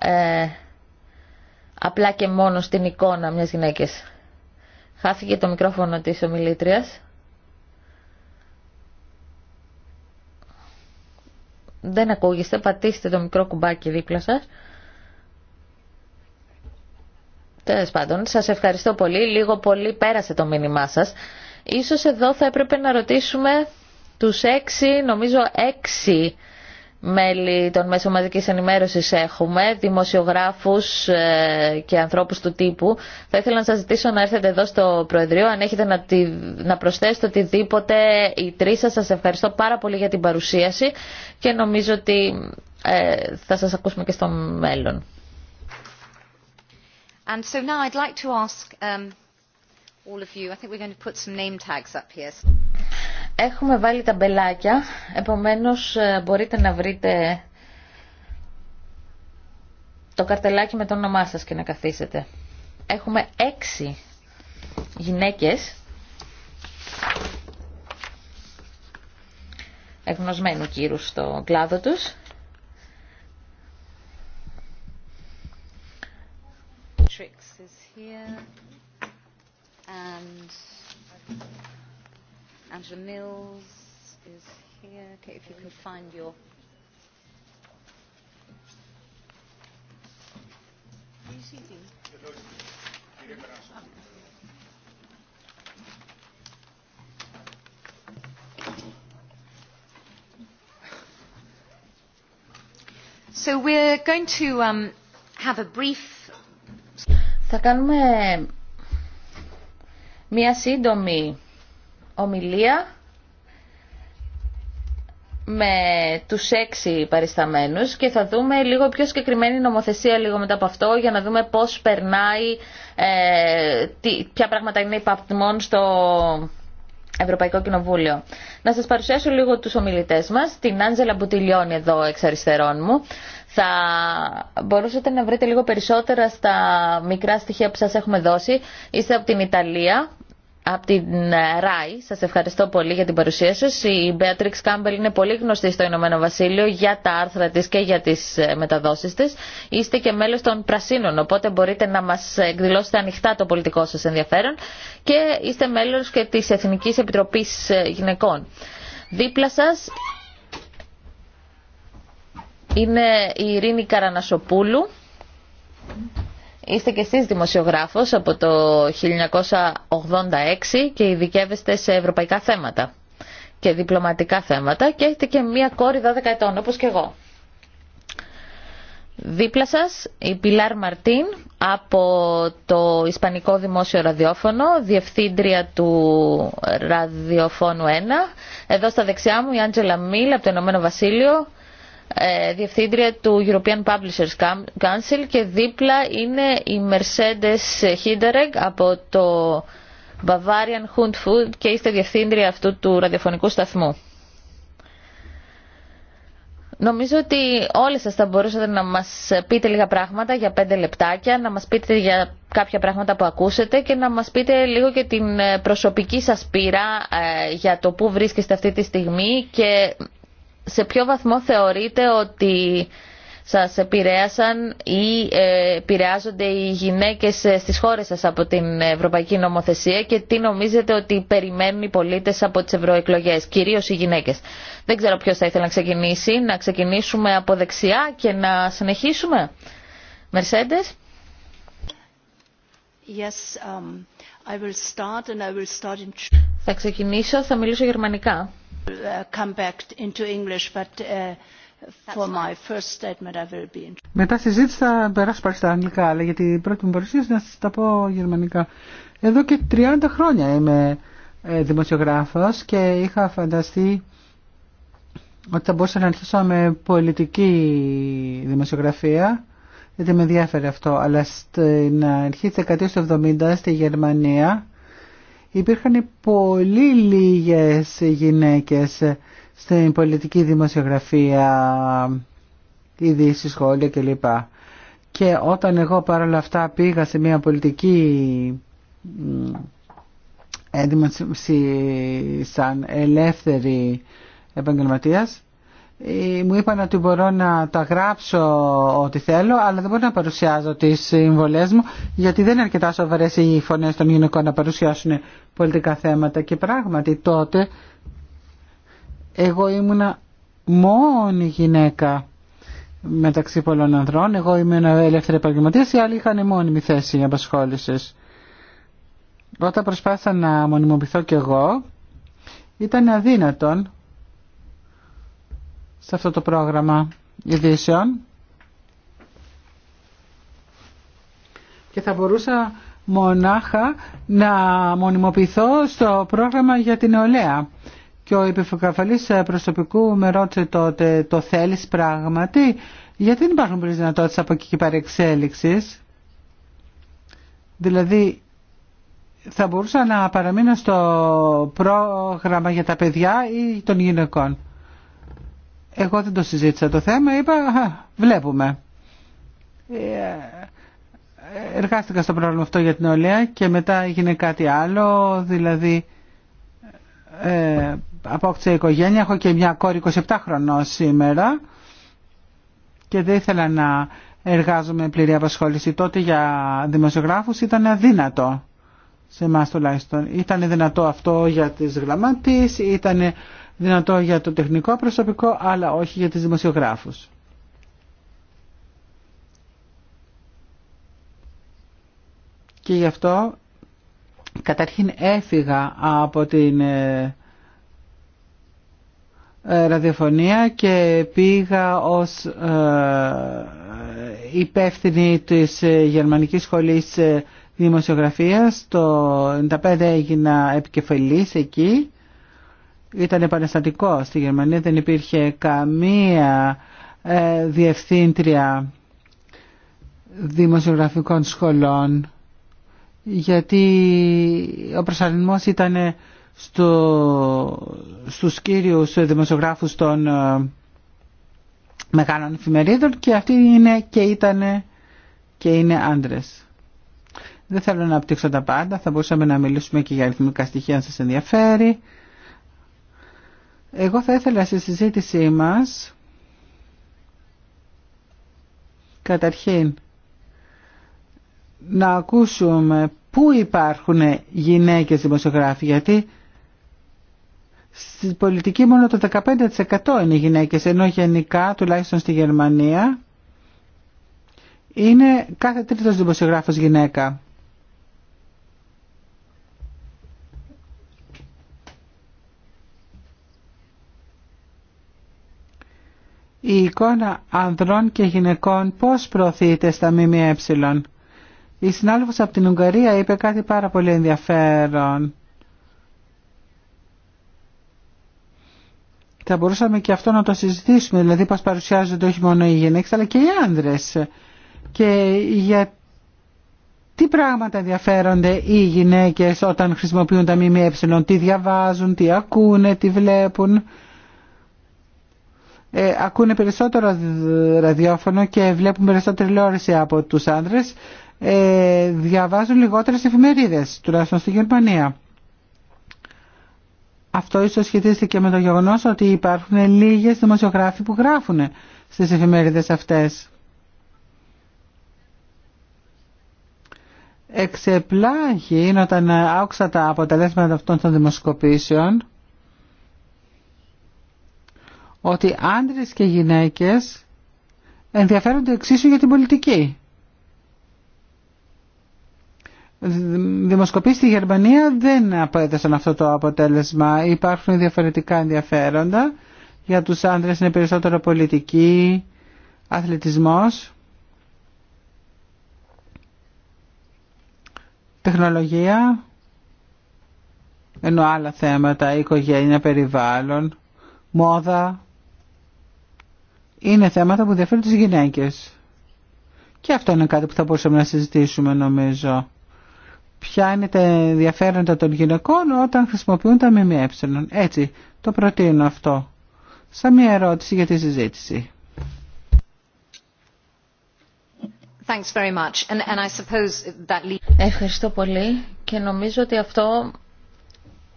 ε, απλά και μόνο στην εικόνα μιας γυναίκας. Χάθηκε το μικρόφωνο της ομιλήτριας. Δεν ακούγεστε, πατήστε το μικρό κουμπάκι δίπλα σας. Τέλος πάντων, σας ευχαριστώ πολύ. Λίγο πολύ πέρασε το μήνυμά σας. Ίσως εδώ θα έπρεπε να ρωτήσουμε τους έξι, νομίζω έξι μέλη των μέσων μαζικής ενημέρωσης έχουμε, δημοσιογράφους ε, και ανθρώπους του τύπου. Θα ήθελα να σας ζητήσω να έρθετε εδώ στο Προεδρείο, αν έχετε να, προσθέσετε οτιδήποτε οι τρεις σας. Σας ευχαριστώ πάρα πολύ για την παρουσίαση και νομίζω ότι ε, θα σας ακούσουμε και στο μέλλον. Έχουμε βάλει τα μπελάκια, επομένως ε, μπορείτε να βρείτε το καρτελάκι με το όνομά σας και να καθίσετε. Έχουμε έξι γυναίκες εγνωσμένου κύρου στο κλάδο τους. Tricks Angela Mills is here. Okay, if you can find your. So we're going to um, have a brief. Θα κάνουμε μια σύντομη ομιλία με τους έξι παρισταμένους και θα δούμε λίγο πιο συγκεκριμένη νομοθεσία λίγο μετά από αυτό για να δούμε πώς περνάει, ε, τι, ποια πράγματα είναι υπαπτυμών στο Ευρωπαϊκό Κοινοβούλιο. Να σας παρουσιάσω λίγο τους ομιλητές μας, την Άντζελα Μπουτιλιόν εδώ εξ αριστερών μου. Θα μπορούσατε να βρείτε λίγο περισσότερα στα μικρά στοιχεία που σας έχουμε δώσει. Είστε από την Ιταλία, από την ε, ΡΑΗ. Σας ευχαριστώ πολύ για την παρουσία σας. Η Μπέατριξ Κάμπελ είναι πολύ γνωστή στο Ηνωμένο Βασίλειο για τα άρθρα της και για τις ε, μεταδόσεις της. Είστε και μέλος των Πρασίνων, οπότε μπορείτε να μας εκδηλώσετε ανοιχτά το πολιτικό σας ενδιαφέρον και είστε μέλος και της Εθνικής Επιτροπής ε, Γυναικών. Δίπλα σας είναι η Ειρήνη Καρανασοπούλου. Είστε και εσείς δημοσιογράφος από το 1986 και ειδικεύεστε σε ευρωπαϊκά θέματα και διπλωματικά θέματα και έχετε και μία κόρη 12 ετών όπως και εγώ. Δίπλα σας η Πιλάρ Μαρτίν από το Ισπανικό Δημόσιο Ραδιόφωνο, διευθύντρια του Ραδιοφώνου 1. Εδώ στα δεξιά μου η Άντζελα Μίλ από το Ηνωμένο Βασίλειο, ε, διευθύντρια του European Publishers Council και δίπλα είναι η Mercedes Hindereg από το Bavarian Hunt Food και είστε διευθύντρια αυτού του ραδιοφωνικού σταθμού. Νομίζω ότι όλες σας θα μπορούσατε να μας πείτε λίγα πράγματα για πέντε λεπτάκια, να μας πείτε για κάποια πράγματα που ακούσετε και να μας πείτε λίγο και την προσωπική σας πείρα ε, για το πού βρίσκεστε αυτή τη στιγμή και σε ποιο βαθμό θεωρείτε ότι σας επηρέασαν ή ε, επηρεάζονται οι γυναίκες ε, στις χώρες σας από την Ευρωπαϊκή Νομοθεσία και τι νομίζετε ότι περιμένουν οι πολίτες από τις ευρωεκλογέ, κυρίως οι γυναίκες. Δεν ξέρω ποιος θα ήθελε να ξεκινήσει, να ξεκινήσουμε από δεξιά και να συνεχίσουμε. Μερσέντες. Yes, um, I will start and I will start in... Θα ξεκινήσω, θα μιλήσω γερμανικά. Μετά συζήτηση θα περάσω πάλι στα αγγλικά, αλλά για την πρώτη μου παρουσίαση να σας τα πω γερμανικά. Εδώ και 30 χρόνια είμαι ε, δημοσιογράφος και είχα φανταστεί ότι θα μπορούσα να αρχίσω με πολιτική δημοσιογραφία, γιατί με ενδιαφέρει αυτό, αλλά στην αρχή της δεκαετίας του 70 στη Γερμανία υπήρχαν πολύ λίγες γυναίκες στην πολιτική δημοσιογραφία, ειδήσει, σχόλια κλπ. Και όταν εγώ παρόλα αυτά πήγα σε μια πολιτική ένδυμαση σαν ελεύθερη επαγγελματίας, μου είπαν ότι μπορώ να τα γράψω ό,τι θέλω, αλλά δεν μπορώ να παρουσιάζω τι συμβολέ μου, γιατί δεν είναι αρκετά σοβαρέ οι φωνέ των γυναικών να παρουσιάσουν πολιτικά θέματα. Και πράγματι τότε εγώ ήμουνα μόνη γυναίκα μεταξύ πολλών ανδρών. Εγώ ένα ελεύθερη επαγγελματία, οι άλλοι είχαν μόνιμη θέση απασχόληση. Όταν προσπάθησα να μονιμοποιηθώ κι εγώ, ήταν αδύνατον σε αυτό το πρόγραμμα ειδήσεων και θα μπορούσα μονάχα να μονιμοποιηθώ στο πρόγραμμα για την νεολαία. Και ο επιφοκαφαλής προσωπικού με ρώτησε τότε το θέλεις πράγματι γιατί δεν υπάρχουν πολλές δυνατότητες από εκεί και Δηλαδή θα μπορούσα να παραμείνω στο πρόγραμμα για τα παιδιά ή των γυναικών. Εγώ δεν το συζήτησα το θέμα, είπα βλέπουμε. Ε, εργάστηκα στο πρόβλημα αυτό για την ολέα και μετά έγινε κάτι άλλο, δηλαδή ε, απόκτησα οικογένεια, έχω και μια κόρη 27 χρονών σήμερα και δεν ήθελα να εργάζομαι πλήρη απασχόληση. Τότε για δημοσιογράφους ήταν αδύνατο, σε εμά τουλάχιστον. Ήταν δυνατό αυτό για τις γραμματείς, ήταν δυνατό για το τεχνικό προσωπικό αλλά όχι για τις δημοσιογράφους. Και γι' αυτό καταρχήν έφυγα από την ε, ε, ραδιοφωνία και πήγα ως ε, υπεύθυνη της Γερμανικής Σχολής Δημοσιογραφίας. Το 1995 έγινα επικεφαλής εκεί ήταν επαναστατικό στη Γερμανία, δεν υπήρχε καμία ε, διευθύντρια δημοσιογραφικών σχολών γιατί ο προσαρμοσμός ήταν στο, στους κύριους δημοσιογράφους των ε, μεγάλων εφημερίδων και αυτοί είναι και ήταν και είναι άντρες. Δεν θέλω να απτύξω τα πάντα, θα μπορούσαμε να μιλήσουμε και για αριθμικά στοιχεία αν σας ενδιαφέρει. Εγώ θα ήθελα στη συζήτησή μας καταρχήν να ακούσουμε πού υπάρχουν γυναίκες δημοσιογράφοι γιατί στην πολιτική μόνο το 15% είναι γυναίκες ενώ γενικά τουλάχιστον στη Γερμανία είναι κάθε τρίτος δημοσιογράφος γυναίκα. η εικόνα ανδρών και γυναικών πώς προωθείται στα ΜΜΕ. Η συνάδελφος από την Ουγγαρία είπε κάτι πάρα πολύ ενδιαφέρον. Θα μπορούσαμε και αυτό να το συζητήσουμε, δηλαδή πώς παρουσιάζονται όχι μόνο οι γυναίκες αλλά και οι άνδρες. Και για τι πράγματα ενδιαφέρονται οι γυναίκες όταν χρησιμοποιούν τα ΜΜΕ, τι διαβάζουν, τι ακούνε, τι βλέπουν. Ε, ακούνε περισσότερο ραδιόφωνο και βλέπουν περισσότερη τηλεόραση από τους άνδρες ε, διαβάζουν λιγότερες εφημερίδες, τουλάχιστον στη Γερμανία. Αυτό ίσως σχετίστηκε με το γεγονός ότι υπάρχουν λίγες δημοσιογράφοι που γράφουν στις εφημερίδες αυτές. Εξεπλάγει όταν ε, άκουσα τα αποτελέσματα αυτών των δημοσκοπήσεων ότι άντρες και γυναίκες ενδιαφέρονται εξίσου για την πολιτική. Δημοσκοπήσεις στη Γερμανία δεν απέδεσαν αυτό το αποτέλεσμα. Υπάρχουν διαφορετικά ενδιαφέροντα. Για τους άντρες είναι περισσότερο πολιτική, αθλητισμός, τεχνολογία, ενώ άλλα θέματα, οικογένεια, περιβάλλον, μόδα, είναι θέματα που διαφέρουν τις γυναίκες. Και αυτό είναι κάτι που θα μπορούσαμε να συζητήσουμε νομίζω. Ποια είναι τα ενδιαφέροντα των γυναικών όταν χρησιμοποιούν τα ΜΜΕ. Έτσι, το προτείνω αυτό. Σαν μια ερώτηση για τη συζήτηση. Ευχαριστώ πολύ και νομίζω ότι αυτό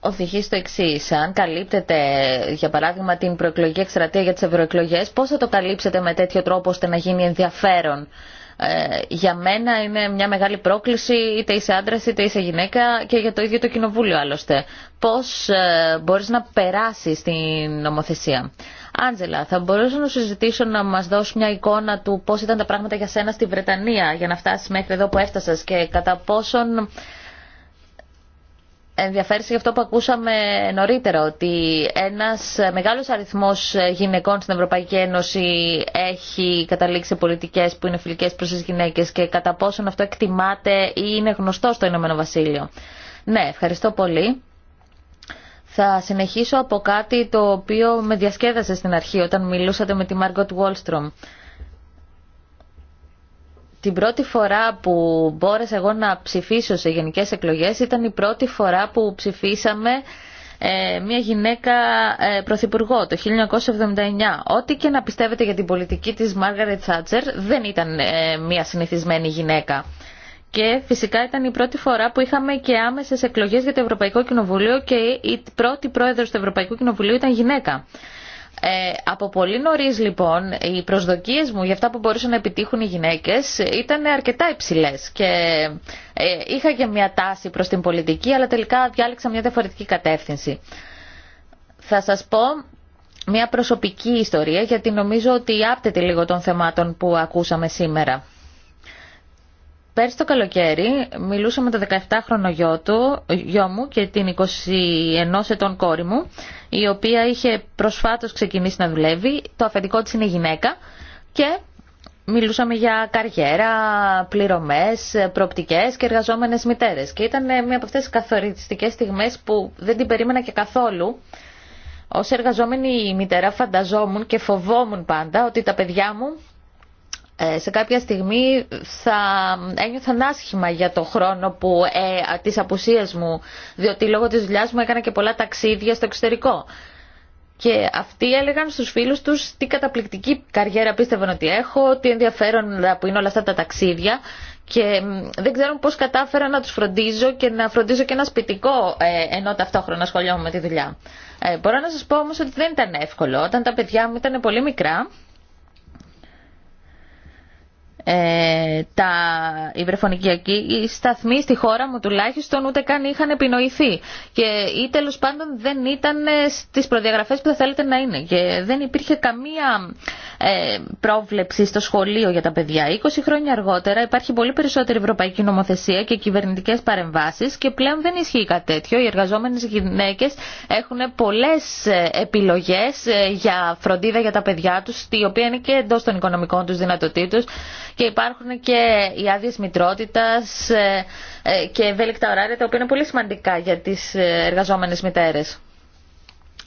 οδηγεί στο εξή. Αν καλύπτεται για παράδειγμα, την προεκλογική εκστρατεία για τι ευρωεκλογέ, πώ θα το καλύψετε με τέτοιο τρόπο ώστε να γίνει ενδιαφέρον. Ε, για μένα είναι μια μεγάλη πρόκληση, είτε είσαι άντρα είτε είσαι γυναίκα και για το ίδιο το κοινοβούλιο άλλωστε. Πώ ε, μπορεί να περάσει την νομοθεσία. Άντζελα, θα μπορούσα να σου ζητήσω να μα δώσει μια εικόνα του πώ ήταν τα πράγματα για σένα στη Βρετανία για να φτάσει μέχρι εδώ που έφτασε και κατά πόσον ενδιαφέρει για αυτό που ακούσαμε νωρίτερα, ότι ένας μεγάλος αριθμός γυναικών στην Ευρωπαϊκή Ένωση έχει καταλήξει σε πολιτικές που είναι φιλικές προς τις γυναίκες και κατά πόσον αυτό εκτιμάται ή είναι γνωστό στο Ηνωμένο Βασίλειο. Ναι, ευχαριστώ πολύ. Θα συνεχίσω από κάτι το οποίο με διασκέδασε στην αρχή όταν μιλούσατε με τη Μάργκοτ Βόλστρομ την πρώτη φορά που μπόρεσα εγώ να ψηφίσω σε γενικές εκλογές ήταν η πρώτη φορά που ψηφίσαμε ε, μια γυναίκα ε, πρωθυπουργό το 1979. Ό,τι και να πιστεύετε για την πολιτική της Μάργαρετ Θάτσερ δεν ήταν ε, μια συνηθισμένη γυναίκα. Και φυσικά ήταν η πρώτη φορά που είχαμε και άμεσες εκλογές για το Ευρωπαϊκό Κοινοβουλίο και η πρώτη πρόεδρος του Ευρωπαϊκού Κοινοβουλίου ήταν γυναίκα. Ε, από πολύ νωρί λοιπόν οι προσδοκίες μου για αυτά που μπορούσαν να επιτύχουν οι γυναίκες ήταν αρκετά υψηλέ. και ε, είχα και μια τάση προς την πολιτική αλλά τελικά διάλεξα μια διαφορετική κατεύθυνση. Θα σας πω μια προσωπική ιστορία γιατί νομίζω ότι άπτεται λίγο των θεμάτων που ακούσαμε σήμερα. Πέρσι το καλοκαίρι μιλούσα με το 17χρονο γιο, του, γιο μου και την 21 ετών κόρη μου, η οποία είχε προσφάτως ξεκινήσει να δουλεύει, το αφεντικό της είναι γυναίκα και μιλούσαμε για καριέρα, πληρωμές, προοπτικές και εργαζόμενες μητέρες. Και ήταν μια από αυτές τις καθοριστικές στιγμές που δεν την περίμενα και καθόλου. Ως εργαζόμενη μητέρα φανταζόμουν και φοβόμουν πάντα ότι τα παιδιά μου ε, σε κάποια στιγμή θα ένιωθαν άσχημα για το χρόνο που, ε, της απουσίας μου, διότι λόγω της δουλειά μου έκανα και πολλά ταξίδια στο εξωτερικό. Και αυτοί έλεγαν στους φίλους τους τι καταπληκτική καριέρα πίστευαν ότι έχω, τι ενδιαφέροντα που είναι όλα αυτά τα ταξίδια και δεν ξέρουν πώς κατάφερα να τους φροντίζω και να φροντίζω και ένα σπιτικό ε, ενώ ταυτόχρονα ασχολιόμαι με τη δουλειά. Ε, μπορώ να σας πω όμως ότι δεν ήταν εύκολο. Όταν τα παιδιά μου ήταν πολύ μικρά, ε, τα υβρεφονικιακοί σταθμοί στη χώρα μου τουλάχιστον ούτε καν είχαν επινοηθεί και ή τέλο πάντων δεν ήταν ε, στις προδιαγραφές που θα θέλετε να είναι και δεν υπήρχε καμία ε, πρόβλεψη στο σχολείο για τα παιδιά. 20 χρόνια αργότερα υπάρχει πολύ περισσότερη ευρωπαϊκή νομοθεσία και κυβερνητικές παρεμβάσεις και πλέον δεν ισχύει κάτι τέτοιο. Οι εργαζόμενες γυναίκες έχουν πολλές ε, επιλογές ε, για φροντίδα για τα παιδιά τους, η οποία είναι και εντός των οικονομικών τους δυνατοτήτων και υπάρχουν και οι άδειε μητρότητα ε, ε, και ευέλικτα ωράρια τα οποία είναι πολύ σημαντικά για τις ε, εργαζόμενες μητέρε.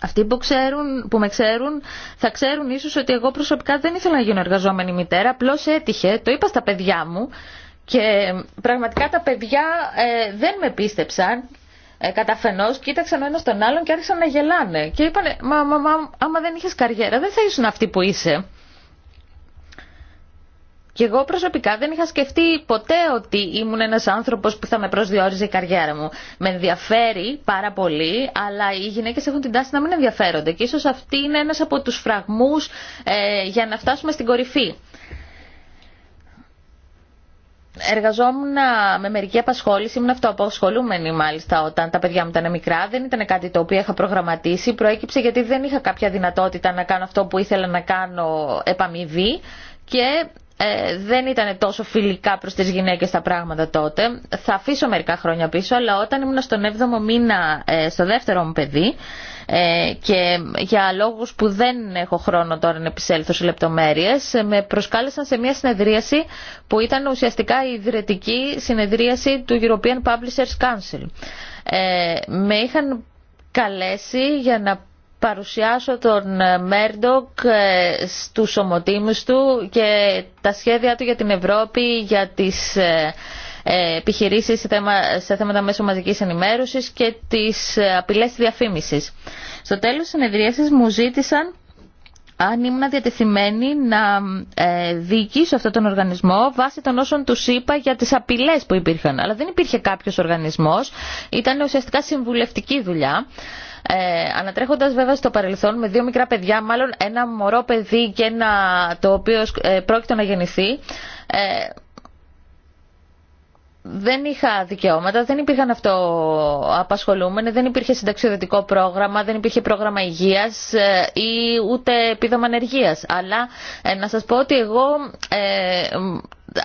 Αυτοί που, ξέρουν, που με ξέρουν θα ξέρουν ίσως ότι εγώ προσωπικά δεν ήθελα να γίνω εργαζόμενη μητέρα, απλώ έτυχε, το είπα στα παιδιά μου και πραγματικά τα παιδιά δεν με πίστεψαν ε, κοίταξαν ο ένας τον άλλον και άρχισαν να γελάνε και είπαν μα, μα, μα άμα δεν είχες καριέρα δεν θα ήσουν αυτή που είσαι. Και εγώ προσωπικά δεν είχα σκεφτεί ποτέ ότι ήμουν ένας άνθρωπος που θα με προσδιορίζει η καριέρα μου. Με ενδιαφέρει πάρα πολύ, αλλά οι γυναίκες έχουν την τάση να μην ενδιαφέρονται. Και ίσως αυτή είναι ένας από τους φραγμούς ε, για να φτάσουμε στην κορυφή. Εργαζόμουν με μερική απασχόληση, ήμουν αυτοαποσχολούμενη μάλιστα όταν τα παιδιά μου ήταν μικρά. Δεν ήταν κάτι το οποίο είχα προγραμματίσει. Προέκυψε γιατί δεν είχα κάποια δυνατότητα να κάνω αυτό που ήθελα να κάνω επαμοιβή και ε, δεν ήταν τόσο φιλικά προς τις γυναίκες τα πράγματα τότε. Θα αφήσω μερικά χρόνια πίσω, αλλά όταν ήμουν στον 7ο μήνα ε, στο δεύτερο μου παιδί ε, και για λόγους που δεν έχω χρόνο τώρα να επισέλθω σε λεπτομέρειες, με προσκάλεσαν σε μια συνεδρίαση που ήταν ουσιαστικά η ιδρυτική συνεδρίαση του European Publishers Council. με είχαν καλέσει για να παρουσιάσω τον ε, Μέρντοκ ε, στους ομοτήμους του και τα σχέδια του για την Ευρώπη, για τις ε, επιχειρήσει σε, θέματα μέσω μαζικής ενημέρωσης και τις απειλές διαφήμισης. Στο τέλος της συνεδρίασης μου ζήτησαν αν ήμουν διατεθειμένη να ε, διοικήσω αυτόν τον οργανισμό βάσει των όσων του είπα για τις απειλές που υπήρχαν. Αλλά δεν υπήρχε κάποιος οργανισμός, ήταν ουσιαστικά συμβουλευτική δουλειά. Ε, ανατρέχοντας βέβαια στο παρελθόν με δύο μικρά παιδιά, μάλλον ένα μωρό παιδί και ένα το οποίο ε, πρόκειται να γεννηθεί, ε, δεν είχα δικαιώματα, δεν υπήρχαν αυτοαπασχολούμενοι, δεν υπήρχε συνταξιοδοτικό πρόγραμμα, δεν υπήρχε πρόγραμμα υγείας ε, ή ούτε επίδομα ενεργείας Αλλά ε, να σας πω ότι εγώ ε,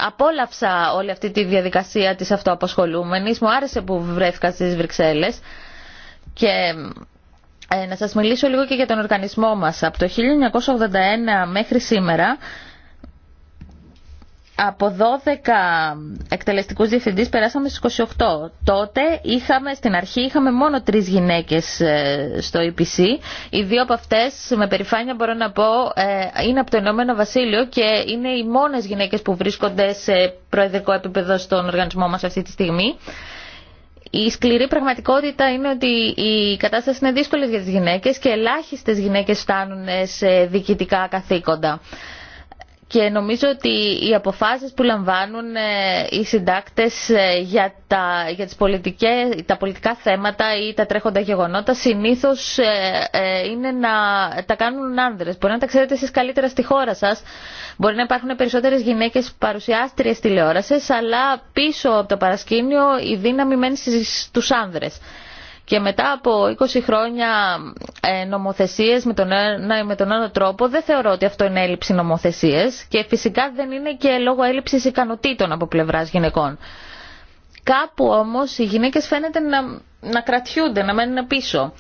απόλαυσα όλη αυτή τη διαδικασία της αυτοαπασχολούμενης, μου άρεσε που βρέθηκα στις Βρυξέλλες. Και ε, να σας μιλήσω λίγο και για τον οργανισμό μας. Από το 1981 μέχρι σήμερα, από 12 εκτελεστικούς διευθυντής περάσαμε στις 28. Τότε είχαμε, στην αρχή είχαμε μόνο τρεις γυναίκες ε, στο EPC. Οι δύο από αυτές, με περηφάνεια μπορώ να πω, ε, είναι από το Ηνωμένο Βασίλειο και είναι οι μόνες γυναίκες που βρίσκονται σε προεδρικό επίπεδο στον οργανισμό μας αυτή τη στιγμή η σκληρή πραγματικότητα είναι ότι η κατάσταση είναι δύσκολη για τις γυναίκες και ελάχιστες γυναίκες φτάνουν σε διοικητικά καθήκοντα και νομίζω ότι οι αποφάσεις που λαμβάνουν ε, οι συντάκτες ε, για, τα, για τις πολιτικές, τα πολιτικά θέματα ή τα τρέχοντα γεγονότα συνήθως ε, είναι να τα κάνουν άνδρες. Μπορεί να τα ξέρετε εσείς καλύτερα στη χώρα σας, μπορεί να υπάρχουν περισσότερες γυναίκες παρουσιάστριες τηλεόρασες, αλλά πίσω από το παρασκήνιο η δύναμη μένει στους άνδρες. Και μετά από 20 χρόνια ε, νομοθεσίες με τον ένα με τον άλλο τρόπο δεν θεωρώ ότι αυτό είναι έλλειψη νομοθεσίες και φυσικά δεν είναι και λόγω έλλειψης ικανοτήτων από πλευράς γυναικών. Κάπου όμως οι γυναίκες φαίνεται να, να κρατιούνται, να μένουν πίσω.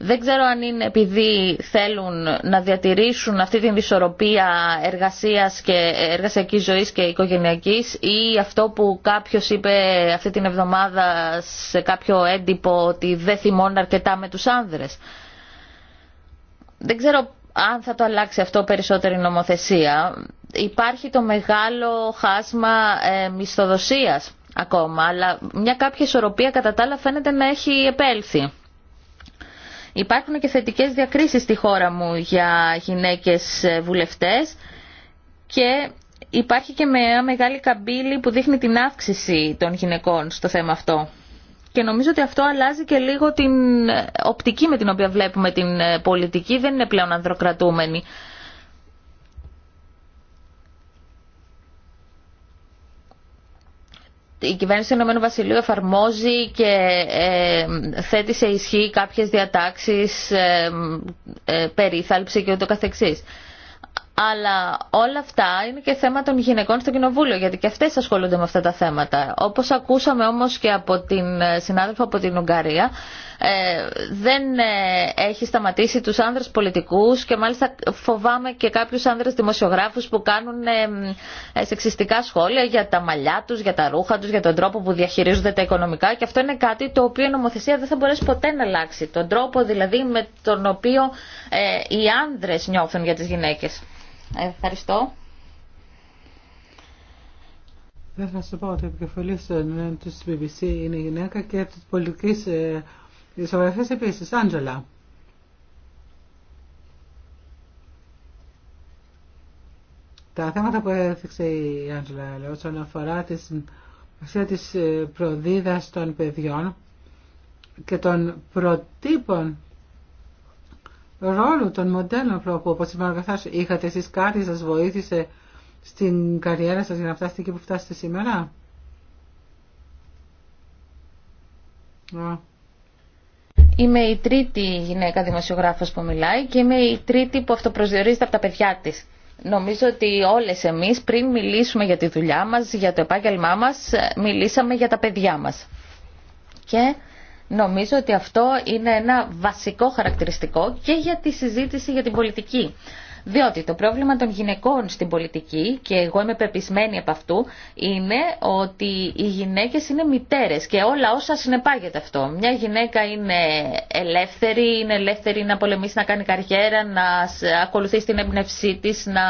Δεν ξέρω αν είναι επειδή θέλουν να διατηρήσουν αυτή την ισορροπία εργασίας και εργασιακής ζωής και οικογενειακής ή αυτό που κάποιος είπε αυτή την εβδομάδα σε κάποιο έντυπο ότι δεν θυμώνουν αρκετά με τους άνδρες. Δεν ξέρω αν θα το αλλάξει αυτό περισσότερη νομοθεσία. Υπάρχει το μεγάλο χάσμα ε, μισθοδοσίας ακόμα, αλλά μια κάποια ισορροπία κατά τα άλλα φαίνεται να έχει επέλθει. Υπάρχουν και θετικές διακρίσεις στη χώρα μου για γυναίκες ε, βουλευτές και υπάρχει και μια μεγάλη καμπύλη που δείχνει την αύξηση των γυναικών στο θέμα αυτό. Και νομίζω ότι αυτό αλλάζει και λίγο την ε, οπτική με την οποία βλέπουμε την ε, πολιτική. Δεν είναι πλέον ανδροκρατούμενη. η κυβέρνηση του Ηνωμένου Βασιλείου εφαρμόζει και ε, θέτει σε ισχύ κάποιες διατάξεις ε, ε, και ούτω καθεξής. Αλλά όλα αυτά είναι και θέμα των γυναικών στο Κοινοβούλιο, γιατί και αυτές ασχολούνται με αυτά τα θέματα. Όπως ακούσαμε όμως και από την ε, συνάδελφα από την Ουγγαρία, ε, δεν ε, έχει σταματήσει τους άνδρες πολιτικούς και μάλιστα φοβάμαι και κάποιους άνδρες δημοσιογράφους που κάνουν σεξιστικά σχόλια για τα μαλλιά τους, για τα ρούχα τους, για τον τρόπο που διαχειρίζονται τα οικονομικά και αυτό είναι κάτι το οποίο η νομοθεσία δεν θα μπορέσει ποτέ να αλλάξει. Τον τρόπο δηλαδή με τον οποίο οι άνδρες νιώθουν για τις γυναίκες. Ευχαριστώ. Δεν θα σου πω ότι η επικεφαλή τη BBC είναι γυναίκα και τη πολιτική πολιτικέ ε, επίση. Άντζελα. Τα θέματα που έδειξε η Άντζελα όσον αφορά τη σημασία τη ε, προδίδα των παιδιών και των προτύπων ρόλου των μοντέλων που όπως είπαμε είχατε εσείς κάτι σας βοήθησε στην καριέρα σας για να φτάσετε εκεί που φτάσετε σήμερα. Είμαι η τρίτη γυναίκα δημοσιογράφος που μιλάει και είμαι η τρίτη που αυτοπροσδιορίζεται από τα παιδιά της. Νομίζω ότι όλες εμείς πριν μιλήσουμε για τη δουλειά μας, για το επάγγελμά μας, μιλήσαμε για τα παιδιά μας. Και Νομίζω ότι αυτό είναι ένα βασικό χαρακτηριστικό και για τη συζήτηση για την πολιτική. Διότι το πρόβλημα των γυναικών στην πολιτική, και εγώ είμαι πεπισμένη από αυτού, είναι ότι οι γυναίκες είναι μητέρες και όλα όσα συνεπάγεται αυτό. Μια γυναίκα είναι ελεύθερη, είναι ελεύθερη να πολεμήσει, να κάνει καριέρα, να ακολουθεί την έμπνευσή της, να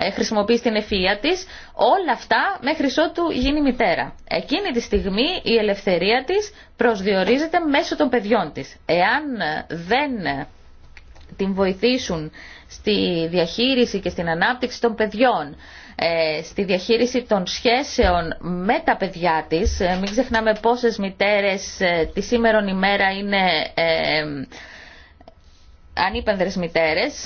ε, χρησιμοποιεί στην ευφυΐα της, όλα αυτά μέχρι ότου γίνει μητέρα. Εκείνη τη στιγμή η ελευθερία της προσδιορίζεται μέσω των παιδιών της. Εάν ε, δεν ε, την βοηθήσουν στη διαχείριση και στην ανάπτυξη των παιδιών, στη διαχείριση των σχέσεων με τα παιδιά της. Μην ξεχνάμε πόσες μητέρες τη σήμερον ημέρα είναι ε, ανήπανδρες μητέρες.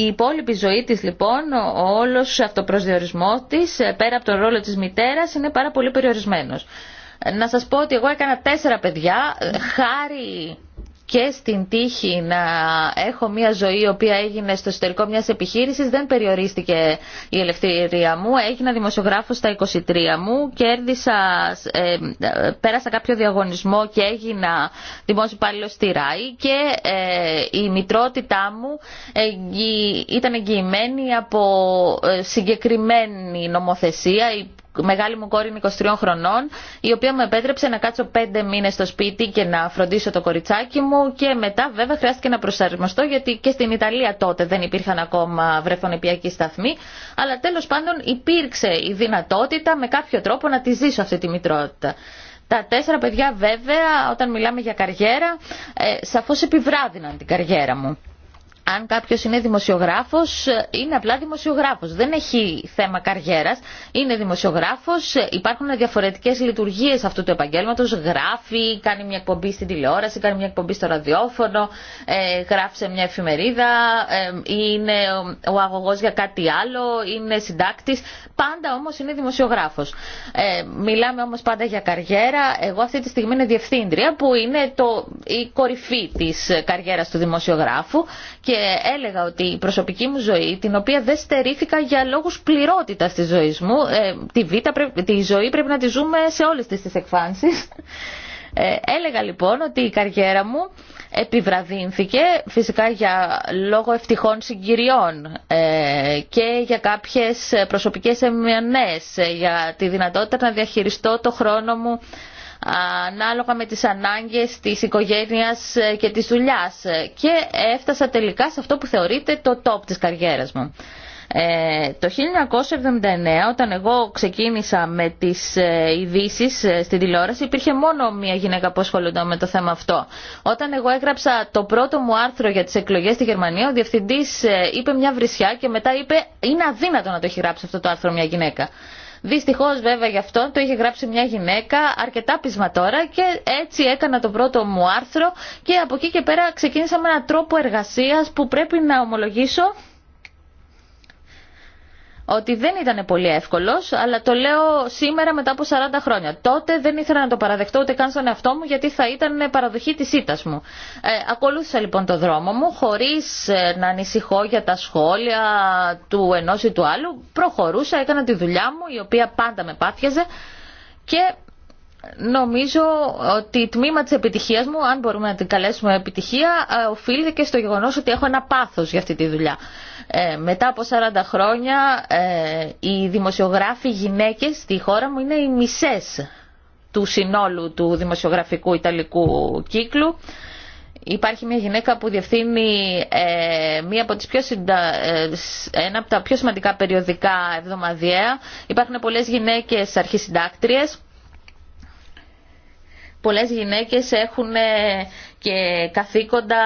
Η υπόλοιπη ζωή της λοιπόν, ο όλος αυτοπροσδιορισμός της, ε, πέρα από τον ρόλο της μητέρας, είναι πάρα πολύ περιορισμένος. Ε, να σας πω ότι εγώ έκανα τέσσερα παιδιά, ε, χάρη και στην τύχη να έχω μια ζωή η οποία έγινε στο εσωτερικό μια επιχείρηση, δεν περιορίστηκε η ελευθερία μου. Έγινα δημοσιογράφος στα 23 μου, κέρδισα, ε, πέρασα κάποιο διαγωνισμό και έγινα δημόσιο υπάλληλο στη ΡΑΗ και ε, η μητρότητά μου ήταν εγγυημένη από ε, συγκεκριμένη νομοθεσία μεγάλη μου κόρη είναι 23 χρονών, η οποία μου επέτρεψε να κάτσω πέντε μήνες στο σπίτι και να φροντίσω το κοριτσάκι μου και μετά βέβαια χρειάστηκε να προσαρμοστώ γιατί και στην Ιταλία τότε δεν υπήρχαν ακόμα βρεφονεπιακοί σταθμοί, αλλά τέλος πάντων υπήρξε η δυνατότητα με κάποιο τρόπο να τη ζήσω αυτή τη μητρότητα. Τα τέσσερα παιδιά βέβαια, όταν μιλάμε για καριέρα, ε, σαφώς επιβράδυναν την καριέρα μου αν κάποιος είναι δημοσιογράφος, είναι απλά δημοσιογράφος. Δεν έχει θέμα καριέρας, είναι δημοσιογράφος, υπάρχουν διαφορετικές λειτουργίες αυτού του επαγγέλματος, γράφει, κάνει μια εκπομπή στην τηλεόραση, κάνει μια εκπομπή στο ραδιόφωνο, ε, γράφει σε μια εφημερίδα, ε, είναι ο αγωγός για κάτι άλλο, είναι συντάκτης, πάντα όμως είναι δημοσιογράφος. Ε, μιλάμε όμως πάντα για καριέρα, εγώ αυτή τη στιγμή είναι διευθύντρια που είναι το, η κορυφή της καριέρας του δημοσιογράφου και έλεγα ότι η προσωπική μου ζωή, την οποία δεν στερήθηκα για λόγους πληρότητας της ζωής μου, ε, τη, βήτα, τη ζωή πρέπει να τη ζούμε σε όλες τις, εκφάνσεις. Ε, έλεγα λοιπόν ότι η καριέρα μου επιβραδύνθηκε φυσικά για λόγο ευτυχών συγκυριών ε, και για κάποιες προσωπικές ε, για τη δυνατότητα να διαχειριστώ το χρόνο μου ανάλογα με τις ανάγκες της οικογένειας ε, και της δουλειάς και έφτασα τελικά σε αυτό που θεωρείται το top της καριέρας μου. Ε, το 1979 όταν εγώ ξεκίνησα με τις ε, ειδήσει στην τηλεόραση υπήρχε μόνο μία γυναίκα που ασχολούνταν με το θέμα αυτό. Όταν εγώ έγραψα το πρώτο μου άρθρο για τις εκλογές στη Γερμανία ο διευθυντής είπε μια βρισιά και μετά είπε είναι αδύνατο να το έχει γράψει αυτό το άρθρο μια γυναίκα. Δυστυχώς βέβαια γι' αυτό το είχε γράψει μια γυναίκα αρκετά πεισματόρα και έτσι έκανα το πρώτο μου άρθρο και από εκεί και πέρα ξεκίνησα με έναν τρόπο εργασίας που πρέπει να ομολογήσω ότι δεν ήταν πολύ εύκολος, αλλά το λέω σήμερα μετά από 40 χρόνια. Τότε δεν ήθελα να το παραδεχτώ ούτε καν στον εαυτό μου, γιατί θα ήταν παραδοχή της ήττα μου. Ε, ακολούθησα λοιπόν το δρόμο μου, χωρίς ε, να ανησυχώ για τα σχόλια του ενό ή του άλλου. Προχωρούσα, έκανα τη δουλειά μου, η οποία πάντα με πάθιαζε και νομίζω ότι τμήμα της επιτυχίας μου, αν μπορούμε να την καλέσουμε επιτυχία, ε, οφείλεται και στο γεγονός ότι έχω ένα πάθος για αυτή τη δουλειά. Ε, μετά από 40 χρόνια ε, οι δημοσιογράφοι γυναίκες στη χώρα μου είναι οι μισές του συνόλου του δημοσιογραφικού ιταλικού κύκλου. Υπάρχει μια γυναίκα που διευθύνει ε, μία από τις πιο ε, ένα από τα πιο σημαντικά περιοδικά εβδομαδιαία. Υπάρχουν πολλές γυναίκες αρχισυντάκτριες. Πολλές γυναίκες έχουν ε, και καθήκοντα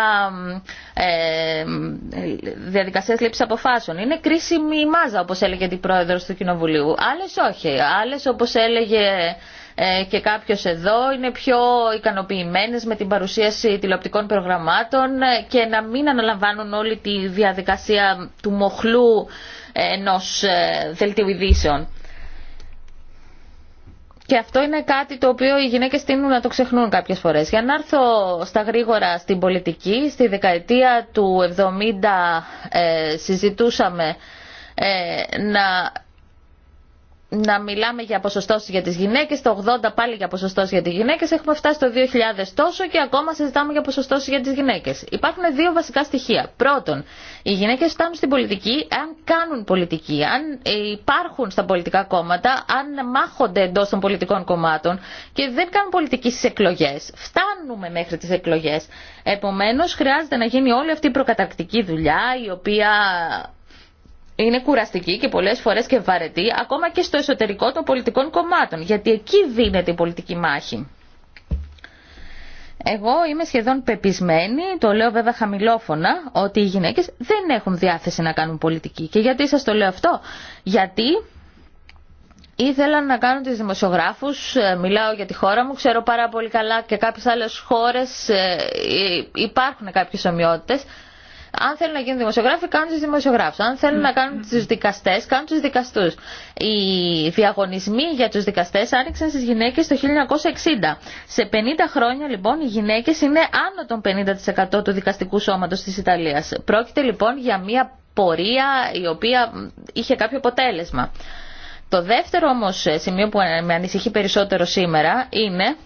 ε, διαδικασίας λήψης αποφάσεων. Είναι κρίσιμη η μάζα, όπως έλεγε την πρόεδρος του Κοινοβουλίου. Άλλες όχι. Άλλες, όπως έλεγε ε, και κάποιος εδώ είναι πιο ικανοποιημένες με την παρουσίαση τηλεοπτικών προγραμμάτων ε, και να μην αναλαμβάνουν όλη τη διαδικασία του μοχλού ε, ενός δελτίου ειδήσεων. Και αυτό είναι κάτι το οποίο οι γυναίκε τείνουν να το ξεχνούν κάποιες φορές. Για να έρθω στα γρήγορα στην πολιτική, στη δεκαετία του 70 ε, συζητούσαμε ε, να να μιλάμε για ποσοστώσει για τι γυναίκε, το 80 πάλι για ποσοστώσει για τι γυναίκε. έχουμε φτάσει το 2000 τόσο και ακόμα συζητάμε για ποσοστώσει για τι γυναίκε. Υπάρχουν δύο βασικά στοιχεία. Πρώτον, οι γυναίκε φτάνουν στην πολιτική αν κάνουν πολιτική, αν υπάρχουν στα πολιτικά κόμματα, αν μάχονται εντό των πολιτικών κομμάτων και δεν κάνουν πολιτική στι εκλογέ. Φτάνουμε μέχρι τι εκλογέ. Επομένω, χρειάζεται να γίνει όλη αυτή η προκαταρκτική δουλειά η οποία είναι κουραστική και πολλές φορές και βαρετή, ακόμα και στο εσωτερικό των πολιτικών κομμάτων, γιατί εκεί δίνεται η πολιτική μάχη. Εγώ είμαι σχεδόν πεπισμένη, το λέω βέβαια χαμηλόφωνα, ότι οι γυναίκες δεν έχουν διάθεση να κάνουν πολιτική. Και γιατί σας το λέω αυτό. Γιατί ήθελαν να κάνουν τις δημοσιογράφους, ε, μιλάω για τη χώρα μου, ξέρω πάρα πολύ καλά και κάποιες άλλες χώρες ε, υπάρχουν κάποιες ομοιότητες, αν θέλουν να γίνουν δημοσιογράφοι, κάνουν του δημοσιογράφου. Αν θέλουν να κάνουν του δικαστέ, κάνουν του δικαστού. Οι διαγωνισμοί για του δικαστέ άνοιξαν στι γυναίκε το 1960. Σε 50 χρόνια λοιπόν οι γυναίκε είναι άνω των 50% του δικαστικού σώματο τη Ιταλία. Πρόκειται λοιπόν για μια πορεία η οποία είχε κάποιο αποτέλεσμα. Το δεύτερο όμως ε, σημείο που με ανησυχεί περισσότερο σήμερα είναι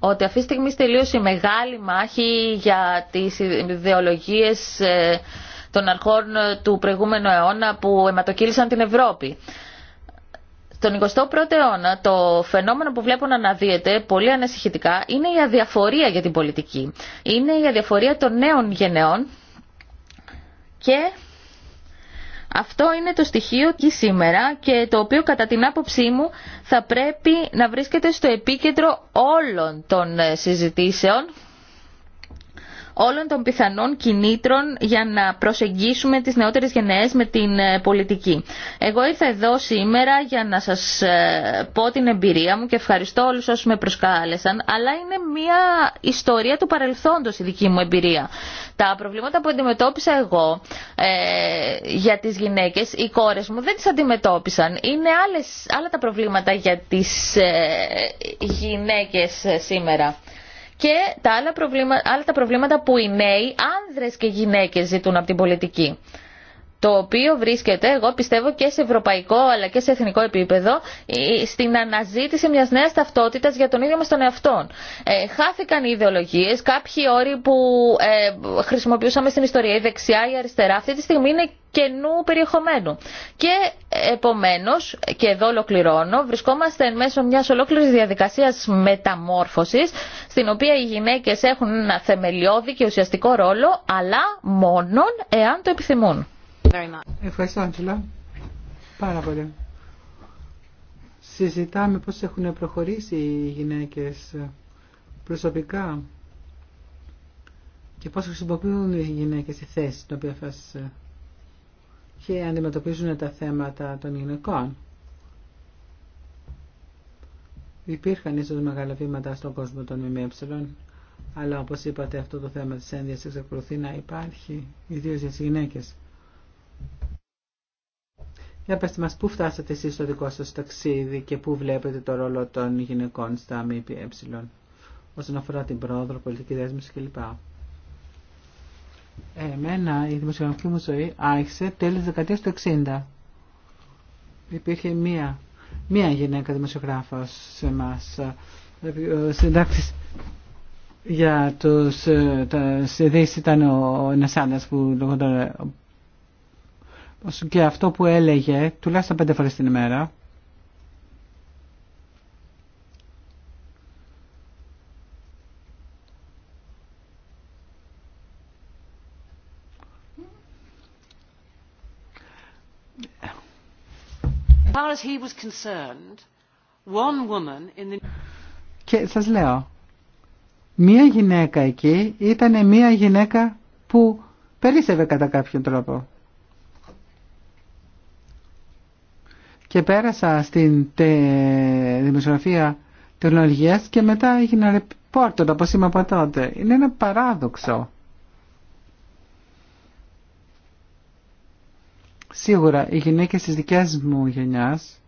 ότι αυτή τη στιγμή τελείωσε η μεγάλη μάχη για τις ιδεολογίες ε, των αρχών του προηγούμενου αιώνα που αιματοκύλησαν την Ευρώπη. Στον 21ο αιώνα το φαινόμενο που βλέπω να αναδύεται πολύ ανασυχητικά είναι η αδιαφορία για την πολιτική. Είναι η αδιαφορία των νέων γενεών και αυτό είναι το στοιχείο και σήμερα και το οποίο κατά την άποψή μου θα πρέπει να βρίσκεται στο επίκεντρο όλων των ε, συζητήσεων όλων των πιθανών κινήτρων για να προσεγγίσουμε τις νεότερες γενναίες με την ε, πολιτική. Εγώ ήρθα εδώ σήμερα για να σας ε, πω την εμπειρία μου και ευχαριστώ όλους όσους με προσκάλεσαν, αλλά είναι μια ιστορία του παρελθόντος η δική μου εμπειρία. Τα προβλήματα που αντιμετώπισα εγώ ε, για τις γυναίκες, οι κόρες μου δεν τις αντιμετώπισαν. Είναι άλλα τα προβλήματα για τις γυναίκες σήμερα και τα άλλα, προβλήματα, τα προβλήματα που οι νέοι, άνδρες και γυναίκες ζητούν από την πολιτική το οποίο βρίσκεται, εγώ πιστεύω, και σε ευρωπαϊκό αλλά και σε εθνικό επίπεδο, ε, στην αναζήτηση μια νέα ταυτότητα για τον ίδιο μα τον εαυτό. Ε, χάθηκαν οι ιδεολογίε κάποιοι όροι που ε, χρησιμοποιούσαμε στην ιστορία, η δεξιά, η αριστερά, αυτή τη στιγμή είναι καινού περιεχομένου. Και επομένω, και εδώ ολοκληρώνω, βρισκόμαστε εν μέσω μια ολόκληρη διαδικασία μεταμόρφωση, στην οποία οι γυναίκε έχουν ένα θεμελιώδη και ουσιαστικό ρόλο, αλλά μόνον εάν το επιθυμούν. Ευχαριστώ, Άντζελα. Πάρα πολύ. Συζητάμε πώς έχουν προχωρήσει οι γυναίκες προσωπικά και πώς χρησιμοποιούν οι γυναίκες τη θέση την οποία και αντιμετωπίζουν τα θέματα των γυναικών. Υπήρχαν ίσως μεγάλα βήματα στον κόσμο των ΜΜΕ, αλλά όπως είπατε αυτό το θέμα της ένδυας εξακολουθεί να υπάρχει, ιδίως για τις γυναίκες. Για πέστε μας, πού φτάσατε εσείς στο δικό σας ταξίδι και πού βλέπετε το ρόλο των γυναικών στα ΜΕ όσον αφορά την πρόοδο, πολιτική δέσμευση κλπ. Εμένα η δημοσιογραφική μου ζωή άρχισε τέλος δεκαετίας του 60. Υπήρχε μία, μία γυναίκα δημοσιογράφος σε εμάς. Συντάξεις για τους, ειδήσεις ήταν ο, ένας που λόγω και αυτό που έλεγε τουλάχιστον πέντε φορές την ημέρα Και σας λέω, μία γυναίκα εκεί ήταν μία γυναίκα που περίσευε κατά κάποιον τρόπο. και πέρασα στην τε... δημοσιογραφία τεχνολογίας και μετά έγινα ρεπόρτερ όπως είμαι από τότε. Είναι ένα παράδοξο. Σίγουρα οι γυναίκες της δικές μου γενιάς,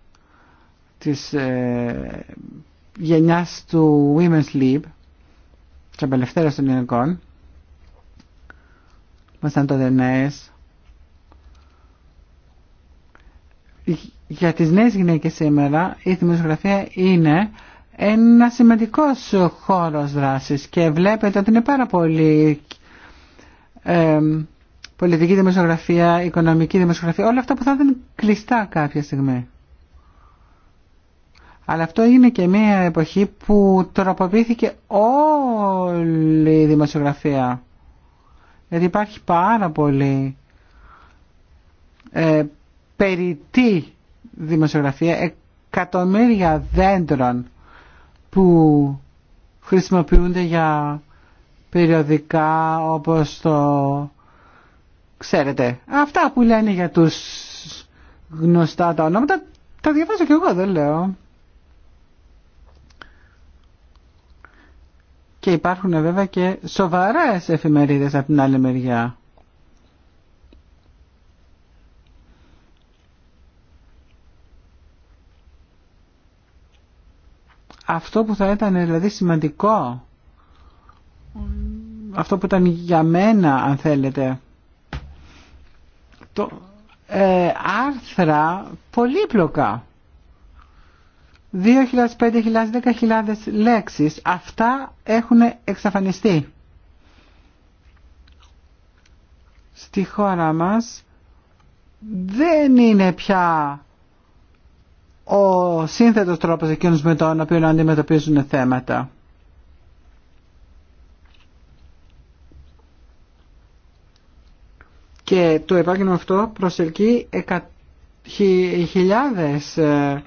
της ε, γενιάς του Women's League, της απελευθέρωσης των γυναικών, ήμασταν τότε νέες, για τις νέες γυναίκες σήμερα η δημοσιογραφία είναι ένα σημαντικός χώρος δράσης και βλέπετε ότι είναι πάρα πολύ πολιτική δημοσιογραφία, οικονομική δημοσιογραφία, όλα αυτά που θα ήταν κλειστά κάποια στιγμή. Αλλά αυτό είναι και μια εποχή που τροποποιήθηκε όλη η δημοσιογραφία. Γιατί υπάρχει πάρα πολύ ε, περιττή δημοσιογραφία, εκατομμύρια δέντρων που χρησιμοποιούνται για περιοδικά όπως το ξέρετε. Αυτά που λένε για τους γνωστά τα ονόματα τα διαβάζω και εγώ δεν λέω. Και υπάρχουν βέβαια και σοβαρές εφημερίδες από την άλλη μεριά. Αυτό που θα ήταν δηλαδή σημαντικό, αυτό που ήταν για μένα αν θέλετε, το, ε, άρθρα πολύπλοκα. 2.000, 5.000, 10.000 λέξεις. Αυτά έχουν εξαφανιστεί. Στη χώρα μας δεν είναι πια ο σύνθετος τρόπος εκείνους με τον οποίο αντιμετωπίζουν θέματα. Και το επάγγελμα αυτό προσελκύει εκα... χι... χιλιάδες ε,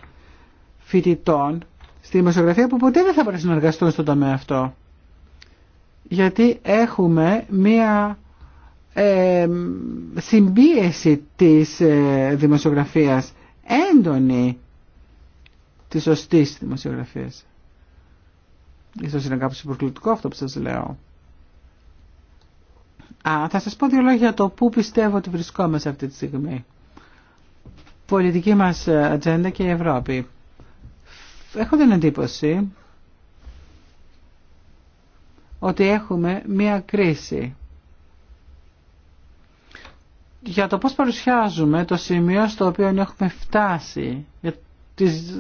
φοιτητών στη δημοσιογραφία που ποτέ δεν θα μπορέσουν να εργαστούν στον τομέα αυτό. Γιατί έχουμε μία ε, συμπίεση της ε, δημοσιογραφίας έντονη Τη σωστή δημοσιογραφία. σω είναι κάπω υποκλητικό αυτό που σα λέω. Α, θα σας πω δύο λόγια για το πού πιστεύω ότι βρισκόμαστε αυτή τη στιγμή. Πολιτική μας ατζέντα και η Ευρώπη. Έχω την εντύπωση ότι έχουμε μία κρίση για το πώς παρουσιάζουμε το σημείο στο οποίο έχουμε φτάσει, για της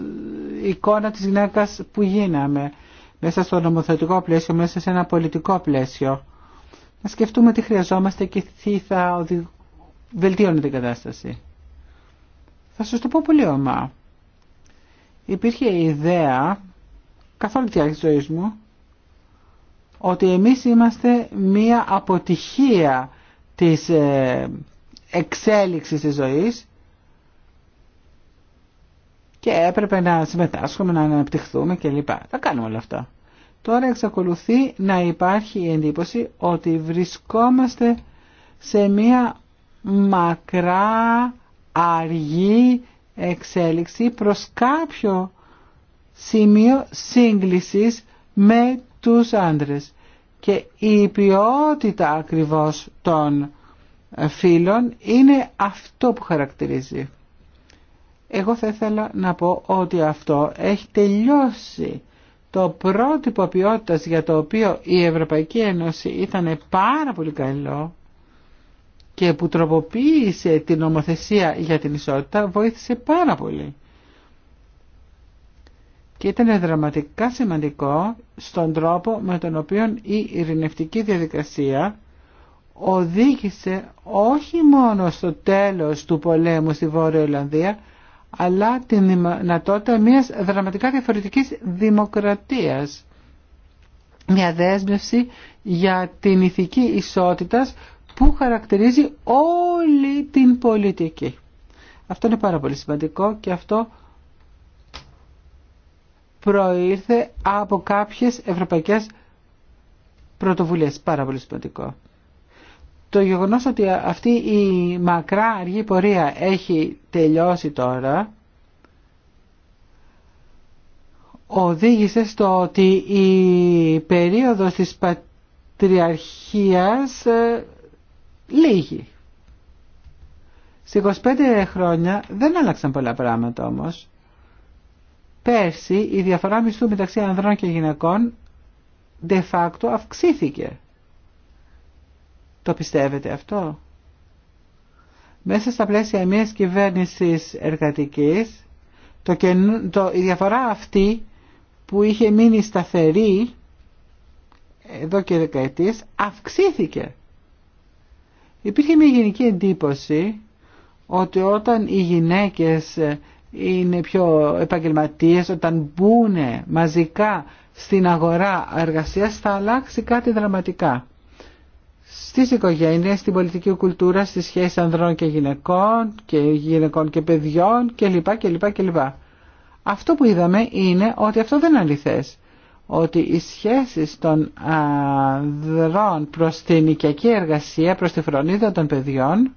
ε, εικόνα της γυναίκας που γίναμε μέσα στο νομοθετικό πλαίσιο, μέσα σε ένα πολιτικό πλαίσιο. Να σκεφτούμε τι χρειαζόμαστε και τι θα οδη... βελτίωνε την κατάσταση. Θα σας το πω πολύ ομά. Υπήρχε η ιδέα, καθόλου τη διάρκεια ζωής μου, ότι εμείς είμαστε μία αποτυχία της ε, εξέλιξης της ζωής και έπρεπε να συμμετάσχουμε, να αναπτυχθούμε κλπ. Τα κάνουμε όλα αυτά. Τώρα εξακολουθεί να υπάρχει η εντύπωση ότι βρισκόμαστε σε μία μακρά αργή εξέλιξη προς κάποιο σημείο σύγκλησης με τους άντρες. Και η ποιότητα ακριβώς των φύλων είναι αυτό που χαρακτηρίζει. Εγώ θα ήθελα να πω ότι αυτό έχει τελειώσει. Το πρότυπο ποιότητα για το οποίο η Ευρωπαϊκή Ένωση ήταν πάρα πολύ καλό και που τροποποίησε την νομοθεσία για την ισότητα βοήθησε πάρα πολύ. Και ήταν δραματικά σημαντικό στον τρόπο με τον οποίο η ειρηνευτική διαδικασία οδήγησε όχι μόνο στο τέλος του πολέμου στη Βόρεια Ολλανδία, αλλά την δυνατότητα μιας δραματικά διαφορετικής δημοκρατίας. Μια δέσμευση για την ηθική ισότητα που χαρακτηρίζει όλη την πολιτική. Αυτό είναι πάρα πολύ σημαντικό και αυτό προήρθε από κάποιες ευρωπαϊκές πρωτοβουλίες. Πάρα πολύ σημαντικό το γεγονός ότι αυτή η μακρά αργή πορεία έχει τελειώσει τώρα οδήγησε στο ότι η περίοδος της πατριαρχίας ε, λύγει. Σε 25 χρόνια δεν άλλαξαν πολλά πράγματα όμως. Πέρσι η διαφορά μισθού μεταξύ ανδρών και γυναικών de facto αυξήθηκε. Το πιστεύετε αυτό. Μέσα στα πλαίσια μιας κυβέρνησης εργατικής, το, το, η διαφορά αυτή που είχε μείνει σταθερή εδώ και δεκαετίες αυξήθηκε. Υπήρχε μια γενική εντύπωση ότι όταν οι γυναίκες είναι πιο επαγγελματίες, όταν μπουν μαζικά στην αγορά εργασίας θα αλλάξει κάτι δραματικά στις οικογένειες, στην πολιτική κουλτούρα, στις σχέσεις ανδρών και γυναικών και γυναικών και παιδιών κλπ. και Αυτό που είδαμε είναι ότι αυτό δεν είναι αληθές. Ότι οι σχέσεις των ανδρών προς την οικιακή εργασία, προς τη φρονίδα των παιδιών,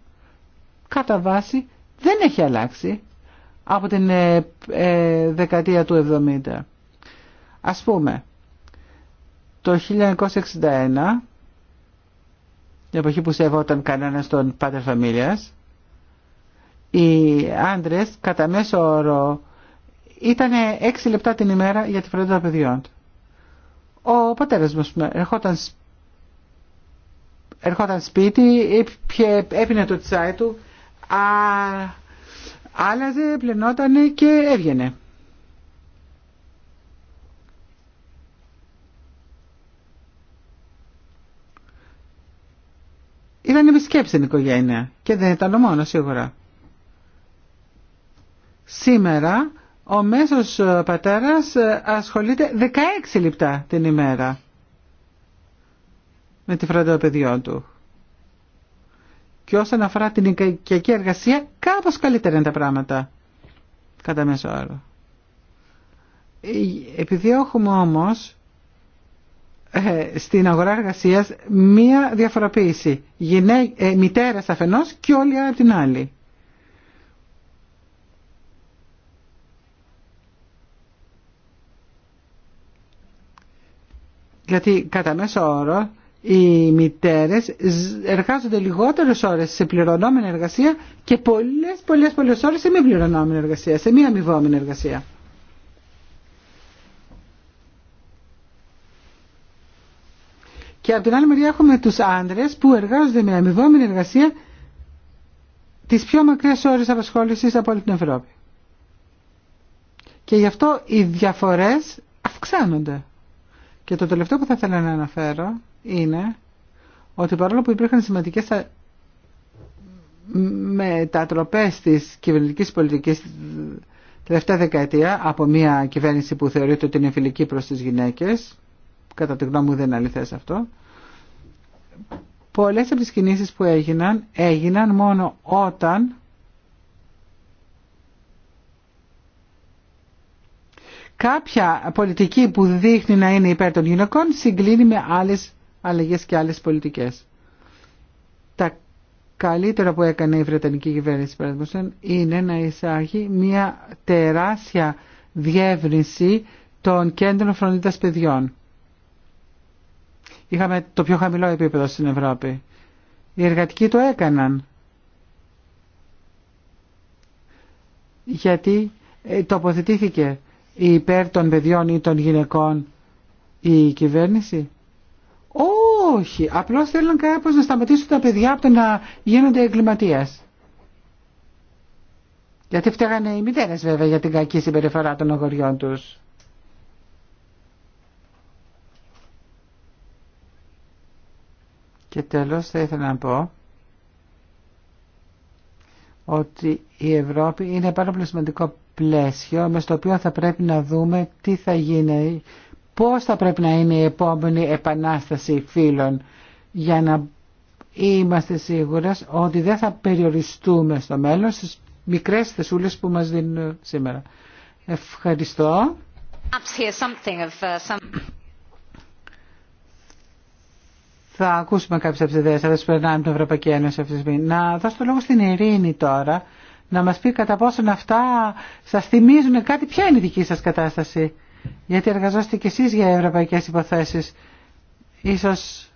κατά βάση δεν έχει αλλάξει από την ε, ε, δεκαετία του 70. Ας πούμε, το 1961 την εποχή που σεβόταν κανένα τον πάτερ φαμίλια, οι άντρε κατά μέσο όρο ήταν 6 λεπτά την ημέρα για τη φροντίδα των παιδιών του. Ο πατέρα μου ερχόταν, ερχόταν σπίτι, έπινε το τσάι του, α, άλλαζε, πλενόταν και έβγαινε. Ήταν επισκέψη στην οικογένεια και δεν ήταν ο σίγουρα. Σήμερα ο μέσος ε, πατέρας ε, ασχολείται 16 λεπτά την ημέρα με τη φροντίδα παιδιών του. Και όσον αφορά την οικιακή εργασία, κάπως καλύτερα είναι τα πράγματα, κατά μέσο όρο. Ε, επειδή έχουμε όμως ε, στην αγορά εργασία μία διαφοροποίηση. Γυναί, ε, αφενός και όλοι από την άλλη. γιατί κατά μέσο όρο οι μητέρες εργάζονται λιγότερες ώρες σε πληρωνόμενη εργασία και πολλές πολλές πολλές ώρες σε μη πληρωνόμενη εργασία, σε μη αμοιβόμενη εργασία. Και από την άλλη μεριά έχουμε τους άντρε που εργάζονται με αμοιβόμενη εργασία τι πιο μακριές ώρες απασχόληση από όλη την Ευρώπη. Και γι' αυτό οι διαφορές αυξάνονται. Και το τελευταίο που θα ήθελα να αναφέρω είναι ότι παρόλο που υπήρχαν σημαντικέ μετατροπές τη κυβερνητικής πολιτική τελευταία δεκαετία από μια κυβέρνηση που θεωρείται ότι είναι φιλική προ τι γυναίκε κατά τη γνώμη μου δεν είναι αληθές αυτό, πολλές από τις κινήσεις που έγιναν, έγιναν μόνο όταν κάποια πολιτική που δείχνει να είναι υπέρ των γυναικών συγκλίνει με άλλες αλλαγές και άλλες πολιτικές. Τα καλύτερα που έκανε η Βρετανική κυβέρνηση είναι να εισάγει μια τεράστια διεύρυνση των κέντρων φροντίδας παιδιών είχαμε το πιο χαμηλό επίπεδο στην Ευρώπη. Οι εργατικοί το έκαναν. Γιατί ε, τοποθετήθηκε υπέρ των παιδιών ή των γυναικών η κυβέρνηση. Όχι, απλώς θέλουν κάπως να σταματήσουν τα παιδιά από το να γίνονται εγκληματίας. Γιατί φταίγανε οι μητέρες βέβαια για την κακή συμπεριφορά των αγοριών τους. Και τέλος θα ήθελα να πω ότι η Ευρώπη είναι πάρα πολύ σημαντικό πλαίσιο με στο οποίο θα πρέπει να δούμε τι θα γίνει, πώς θα πρέπει να είναι η επόμενη επανάσταση φίλων για να είμαστε σίγουρες ότι δεν θα περιοριστούμε στο μέλλον στις μικρές θεσούλες που μας δίνουν σήμερα. Ευχαριστώ θα ακούσουμε κάποιες από τις ιδέες σας που περνάμε την Ευρωπαϊκή Ένωση αυτή τη Να δώσω το λόγο στην Ειρήνη τώρα, να μας πει κατά πόσον αυτά σας θυμίζουν κάτι, ποια είναι η δική σας κατάσταση. Γιατί εργαζόστε κι εσείς για ευρωπαϊκές υποθέσεις. Ίσως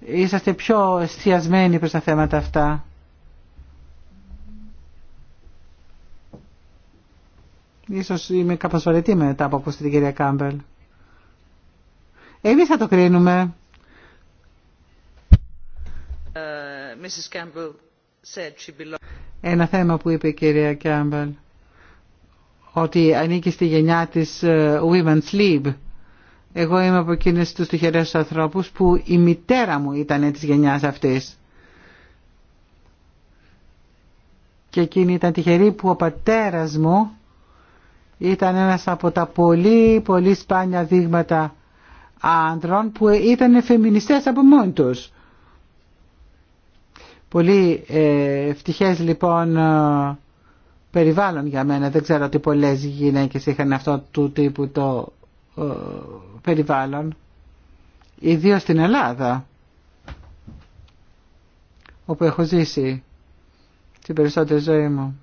είσαστε πιο εστιασμένοι προς τα θέματα αυτά. Ίσως είμαι κάπως βαρετή μετά από ακούστε την κυρία Κάμπελ. Εμεί θα το κρίνουμε. Uh, Ένα θέμα που είπε η κυρία Κάμπελ ότι ανήκει στη γενιά της ε, Women's League. Εγώ είμαι από εκείνες τους τυχερές ανθρώπους που η μητέρα μου ήταν της γενιάς αυτής. Και εκείνη ήταν τυχερή που ο πατέρας μου ήταν ένας από τα πολύ πολύ σπάνια δείγματα άντρων που ήταν φεμινιστές από μόνοι τους. Πολύ ε, ευτυχές λοιπόν ε, περιβάλλον για μένα. Δεν ξέρω τι πολλές γυναίκες είχαν αυτό του τύπου το ε, περιβάλλον. Ιδίω στην Ελλάδα όπου έχω ζήσει την περισσότερη ζωή μου.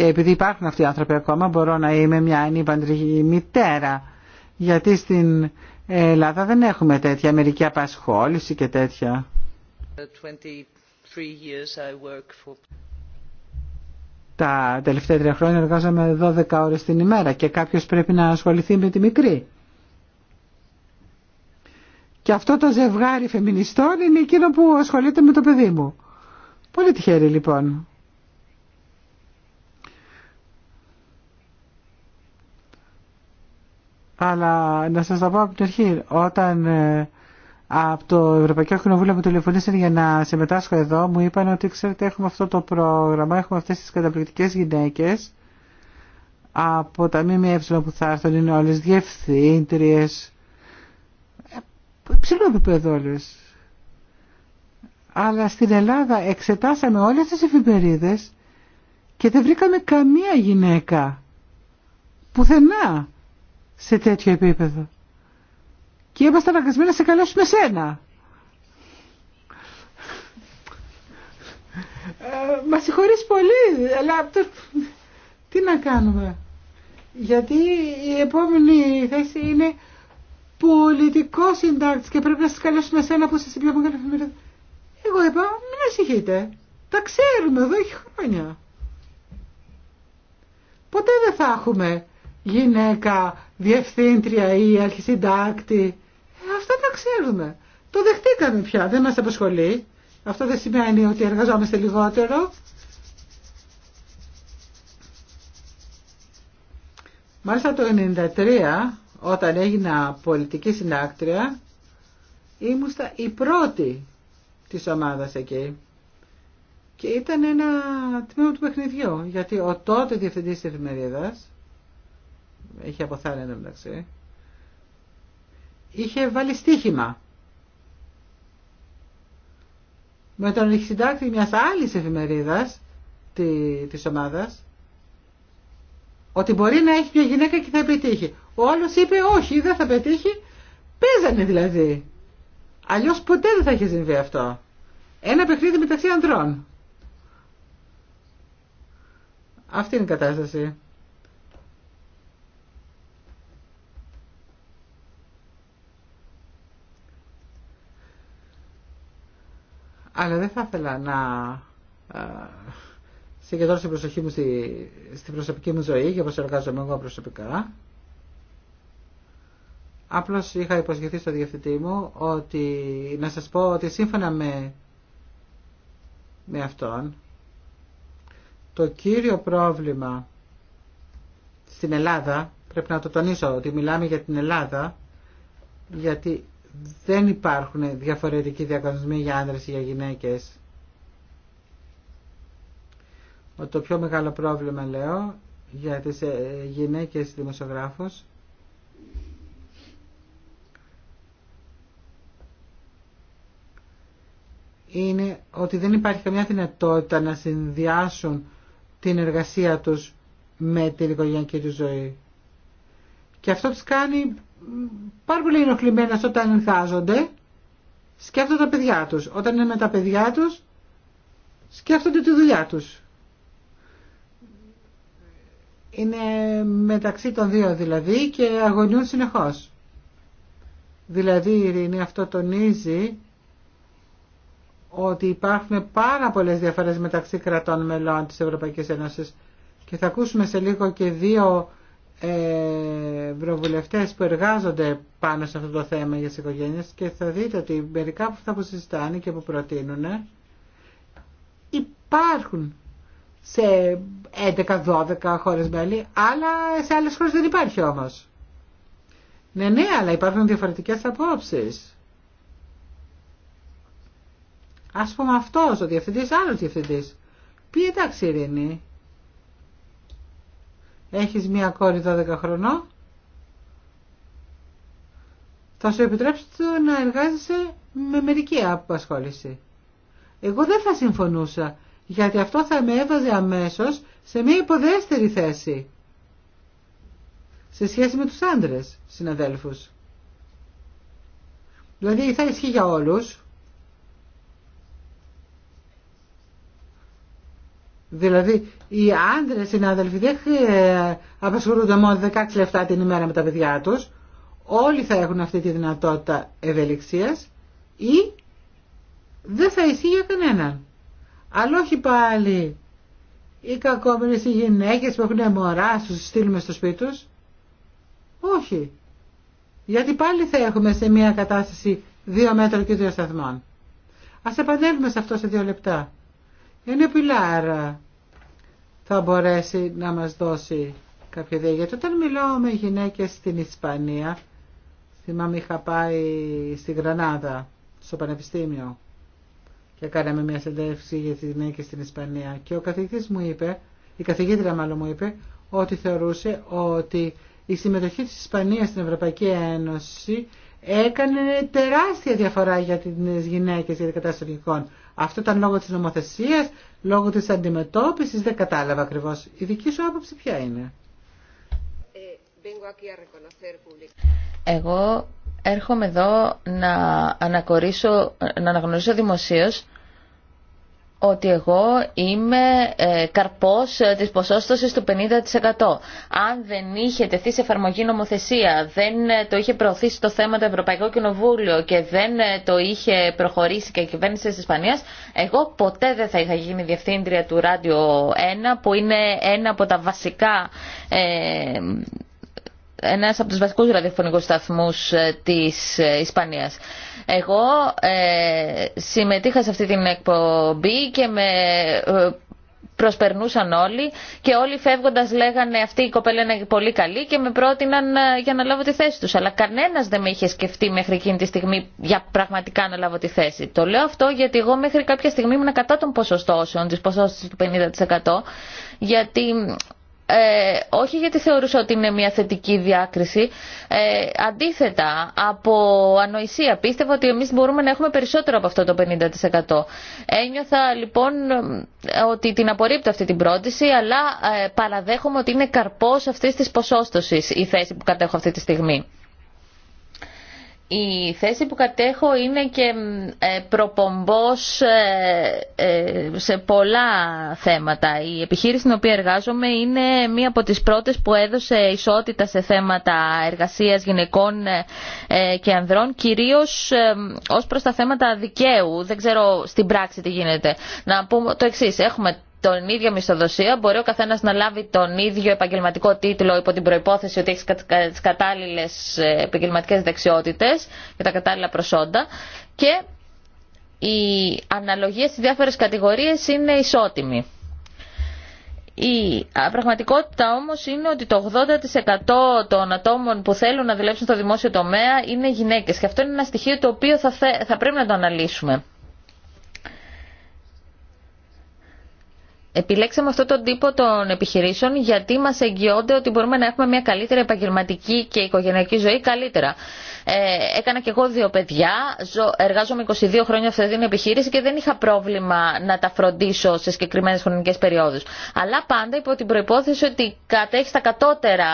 Και επειδή υπάρχουν αυτοί οι άνθρωποι ακόμα μπορώ να είμαι μια ανήπαντρική μητέρα. Γιατί στην Ελλάδα δεν έχουμε τέτοια μερική απασχόληση και τέτοια. Τα τελευταία τρία χρόνια εργάζομαι 12 ώρες την ημέρα και κάποιος πρέπει να ασχοληθεί με τη μικρή. Και αυτό το ζευγάρι φεμινιστών είναι εκείνο που ασχολείται με το παιδί μου. Πολύ τυχαίρι λοιπόν. Αλλά να σας τα πω από την αρχή, όταν ε, από το Ευρωπαϊκό Κοινοβούλιο μου τηλεφωνήσαν για να συμμετάσχω εδώ, μου είπαν ότι ξέρετε έχουμε αυτό το πρόγραμμα, έχουμε αυτές τις καταπληκτικές γυναίκες από τα ΜΜΕ που θα έρθουν είναι όλες διευθύντριες, ε, ψηλό επίπεδο Αλλά στην Ελλάδα εξετάσαμε όλες τις εφημερίδες και δεν βρήκαμε καμία γυναίκα. Πουθενά σε τέτοιο επίπεδο. Και είμαστε αναγκασμένοι να σε καλέσουμε σένα. Ε, μα συγχωρείς πολύ, αλλά τι να κάνουμε. Γιατί η επόμενη θέση είναι πολιτικό συντάκτη και πρέπει να σα καλέσουμε σένα που είσαι πιο μεγάλη εφημερίδα. Εγώ είπα, μην ανησυχείτε. Τα ξέρουμε εδώ έχει χρόνια. Ποτέ δεν θα έχουμε γυναίκα διευθύντρια ή αρχισυντάκτη. Ε, αυτά τα ξέρουμε. Το δεχτήκαμε πια, δεν μας απασχολεί. Αυτό δεν σημαίνει ότι εργαζόμαστε λιγότερο. Μάλιστα το 1993, όταν έγινα πολιτική συνάκτρια, ήμουστα η πρώτη της ομάδας εκεί. Και ήταν ένα τμήμα του παιχνιδιού, γιατί ο τότε διευθυντής της εφημερίδας έχει αποθάρρυνε μεταξύ, είχε βάλει στοίχημα με τον συντάκτη μιας άλλης εφημερίδας της ομάδας ότι μπορεί να έχει μια γυναίκα και θα πετύχει. Ο άλλο είπε όχι, δεν θα πετύχει. Παίζανε δηλαδή. Αλλιώ ποτέ δεν θα είχε συμβεί αυτό. Ένα παιχνίδι μεταξύ ανδρών. Αυτή είναι η κατάσταση. Αλλά δεν θα ήθελα να ε, συγκεντρώσω την προσοχή μου στη, στη προσωπική μου ζωή και πώς εργάζομαι εγώ προσωπικά. Απλώς είχα υποσχεθεί στο διευθυντή μου ότι να σας πω ότι σύμφωνα με, με αυτόν το κύριο πρόβλημα στην Ελλάδα, πρέπει να το τονίσω ότι μιλάμε για την Ελλάδα, γιατί δεν υπάρχουν διαφορετικοί διαγωνισμοί για άνδρες ή για γυναίκες. Το πιο μεγάλο πρόβλημα, λέω, για τις ε, γυναίκες δημοσιογράφους είναι ότι δεν υπάρχει καμιά δυνατότητα να συνδυάσουν την εργασία τους με την οικογενειακή του ζωή. Και αυτό τους κάνει πάρα πολύ ενοχλημένα όταν ενθάζονται, σκέφτονται τα παιδιά τους. Όταν είναι με τα παιδιά τους, σκέφτονται τη δουλειά τους. Είναι μεταξύ των δύο δηλαδή και αγωνιούν συνεχώς. Δηλαδή η Ειρήνη αυτό τονίζει ότι υπάρχουν πάρα πολλές διαφορές μεταξύ κρατών μελών της Ευρωπαϊκής Ένωσης και θα ακούσουμε σε λίγο και δύο ευρωβουλευτές που εργάζονται πάνω σε αυτό το θέμα για τις οικογένειες και θα δείτε ότι μερικά από αυτά που συζητάνε και που προτείνουν υπάρχουν σε 11-12 χώρε μέλη, αλλά σε άλλες χώρε δεν υπάρχει όμω. Ναι, ναι, αλλά υπάρχουν διαφορετικές απόψει. Α πούμε αυτός, ο διευθυντή άλλο διευθυντή. Πει εντάξει Ειρήνη, έχεις μία κόρη 12 χρονών, θα σου επιτρέψει να εργάζεσαι με μερική απασχόληση. Εγώ δεν θα συμφωνούσα, γιατί αυτό θα με έβαζε αμέσως σε μία υποδέστερη θέση σε σχέση με τους άντρες συναδέλφους. Δηλαδή θα ισχύει για όλους, Δηλαδή, οι άντρε συνάδελφοι δεν ε, απασχολούνται μόνο 16 λεφτά την ημέρα με τα παιδιά του. Όλοι θα έχουν αυτή τη δυνατότητα ευελιξία ή δεν θα ισχύει για κανέναν. Αλλά όχι πάλι οι κακόμενε οι γυναίκε που έχουν μωρά, του στείλουμε στο σπίτι του. Όχι. Γιατί πάλι θα έχουμε σε μια κατάσταση δύο μέτρων και δύο σταθμών. Ας επανέλθουμε σε αυτό σε δύο λεπτά είναι πιλάρα θα μπορέσει να μας δώσει κάποια ιδέα. Γιατί όταν μιλάω με γυναίκες στην Ισπανία, θυμάμαι είχα πάει στη Γρανάδα, στο Πανεπιστήμιο και κάναμε μια συνέντευξη για τις γυναίκες στην Ισπανία και ο καθηγητής μου είπε, η καθηγήτρια μάλλον μου είπε, ότι θεωρούσε ότι η συμμετοχή της Ισπανίας στην Ευρωπαϊκή Ένωση έκανε τεράστια διαφορά για τις γυναίκες, για την κατάσταση αυτό ήταν λόγω της νομοθεσίας, λόγω της αντιμετώπισης, δεν κατάλαβα ακριβώς. Η δική σου άποψη ποια είναι. Εγώ έρχομαι εδώ να, να αναγνωρίσω δημοσίως ότι εγώ είμαι ε, καρπός ε, της ποσόστοσης του 50%. Αν δεν είχε τεθεί σε εφαρμογή νομοθεσία, δεν ε, το είχε προωθήσει το θέμα το Ευρωπαϊκό Κοινοβούλιο και δεν ε, το είχε προχωρήσει και η κυβέρνηση της Ισπανίας, εγώ ποτέ δεν θα είχα γίνει διευθύντρια του Ράδιο 1, που είναι ένα από τα βασικά... Ε, ένας από τους βασικούς ραδιοφωνικούς σταθμούς της Ισπανίας. Εγώ ε, συμμετείχα σε αυτή την εκπομπή και με ε, προσπερνούσαν όλοι και όλοι φεύγοντας λέγανε αυτή η κοπέλα είναι πολύ καλή και με πρότειναν ε, για να λάβω τη θέση τους. Αλλά κανένας δεν με είχε σκεφτεί μέχρι εκείνη τη στιγμή για πραγματικά να λάβω τη θέση. Το λέω αυτό γιατί εγώ μέχρι κάποια στιγμή ήμουν κατά των ποσοστώσεων, της ποσόστησης του 50% γιατί ε, όχι γιατί θεωρούσα ότι είναι μια θετική διάκριση. Ε, αντίθετα, από ανοησία πίστευα ότι εμείς μπορούμε να έχουμε περισσότερο από αυτό το 50%. Ένιωθα λοιπόν ότι την απορρίπτω αυτή την πρόταση, αλλά ε, παραδέχομαι ότι είναι καρπός αυτής της ποσόστοσης η θέση που κατέχω αυτή τη στιγμή. Η θέση που κατέχω είναι και ε, προπομπός ε, ε, σε πολλά θέματα. Η επιχείρηση στην οποία εργάζομαι είναι μία από τις πρώτες που έδωσε ισότητα σε θέματα εργασίας γυναικών και ανδρών, κυρίως ως προς τα θέματα δικαίου. Δεν ξέρω στην πράξη τι γίνεται. Να πούμε το εξής. Έχουμε τον ίδιο μισθοδοσία, μπορεί ο καθένα να λάβει τον ίδιο επαγγελματικό τίτλο υπό την προπόθεση ότι έχει τι κατάλληλε επαγγελματικέ δεξιότητε και τα κατάλληλα προσόντα. Και οι αναλογίε στι διάφορε κατηγορίε είναι ισότιμοι. Η πραγματικότητα όμως είναι ότι το 80% των ατόμων που θέλουν να δουλέψουν στο δημόσιο τομέα είναι γυναίκε. και αυτό είναι ένα στοιχείο το οποίο θα, θα πρέπει να το αναλύσουμε. Επιλέξαμε αυτόν τον τύπο των επιχειρήσεων γιατί μας εγγυώνται ότι μπορούμε να έχουμε μια καλύτερη επαγγελματική και οικογενειακή ζωή καλύτερα. Ε, έκανα και εγώ δύο παιδιά, εργάζομαι 22 χρόνια σε αυτή την επιχείρηση και δεν είχα πρόβλημα να τα φροντίσω σε συγκεκριμένε χρονικέ περιόδου. Αλλά πάντα υπό την προπόθεση ότι κατέχει τα κατώτερα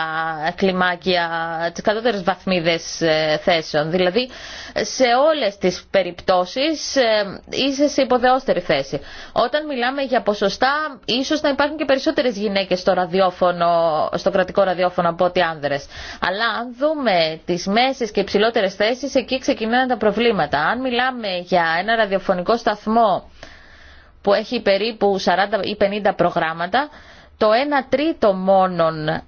κλιμάκια, τι κατώτερε βαθμίδε ε, θέσεων. Δηλαδή, σε όλε τι περιπτώσει ε, είσαι σε υποδεώστερη θέση. Όταν μιλάμε για ποσοστά, ίσω να υπάρχουν και περισσότερε γυναίκε στο ραδιόφωνο, στο κρατικό ραδιόφωνο από ότι άνδρε. Αλλά αν δούμε τι μέσε και υψηλότερες θέσεις, εκεί ξεκινάνε τα προβλήματα. Αν μιλάμε για ένα ραδιοφωνικό σταθμό που έχει περίπου 40 ή 50 προγράμματα, το 1 τρίτο μόνον ε,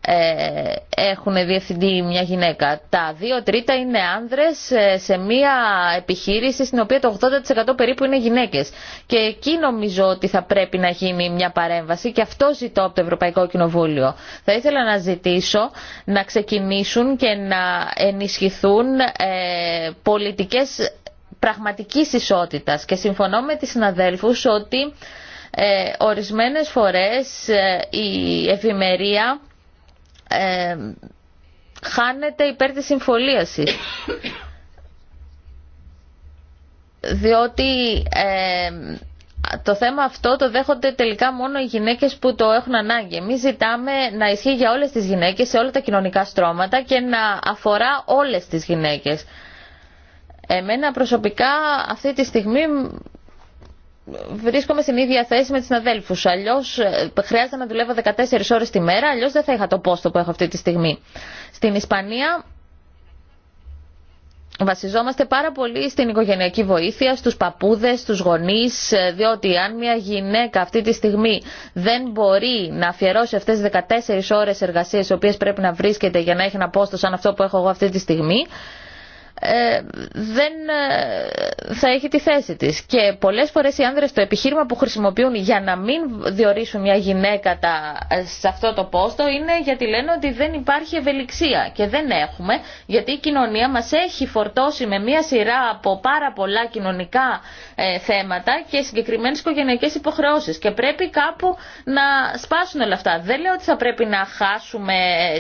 έχουν διευθυντή μια γυναίκα. Τα 2 τρίτα είναι άνδρες ε, σε μια επιχείρηση στην οποία το 80% περίπου είναι γυναίκες. Και εκεί νομίζω ότι θα πρέπει να γίνει μια παρέμβαση και αυτό ζητώ από το Ευρωπαϊκό Κοινοβούλιο. Θα ήθελα να ζητήσω να ξεκινήσουν και να ενισχυθούν ε, πολιτικές πραγματικής ισότητας. Και συμφωνώ με τις συναδέλφους ότι ε, ορισμένες φορές ε, η εφημερία ε, χάνεται υπέρ της συμφωλίασης. Διότι ε, το θέμα αυτό το δέχονται τελικά μόνο οι γυναίκες που το έχουν ανάγκη. Εμεί ζητάμε να ισχύει για όλες τις γυναίκες, σε όλα τα κοινωνικά στρώματα και να αφορά όλες τις γυναίκες. Εμένα προσωπικά αυτή τη στιγμή βρίσκομαι στην ίδια θέση με τις αδέλφους. Αλλιώς ε, χρειάζεται να δουλεύω 14 ώρες τη μέρα, αλλιώς δεν θα είχα το πόστο που έχω αυτή τη στιγμή. Στην Ισπανία βασιζόμαστε πάρα πολύ στην οικογενειακή βοήθεια, στους παππούδες, στους γονείς, ε, διότι αν μια γυναίκα αυτή τη στιγμή δεν μπορεί να αφιερώσει αυτές τις 14 ώρες εργασίας, οι οποίες πρέπει να βρίσκεται για να έχει ένα πόστο σαν αυτό που έχω εγώ αυτή τη στιγμή, ε, δεν ε, θα έχει τη θέση της. Και πολλές φορές οι άνδρες το επιχείρημα που χρησιμοποιούν για να μην διορίσουν μια γυναίκα ε, σε αυτό το πόστο είναι γιατί λένε ότι δεν υπάρχει ευελιξία και δεν έχουμε γιατί η κοινωνία μας έχει φορτώσει με μια σειρά από πάρα πολλά κοινωνικά θέματα και συγκεκριμένες οικογενειακές υποχρεώσεις και πρέπει κάπου να σπάσουν όλα αυτά. Δεν λέω ότι θα πρέπει να χάσουμε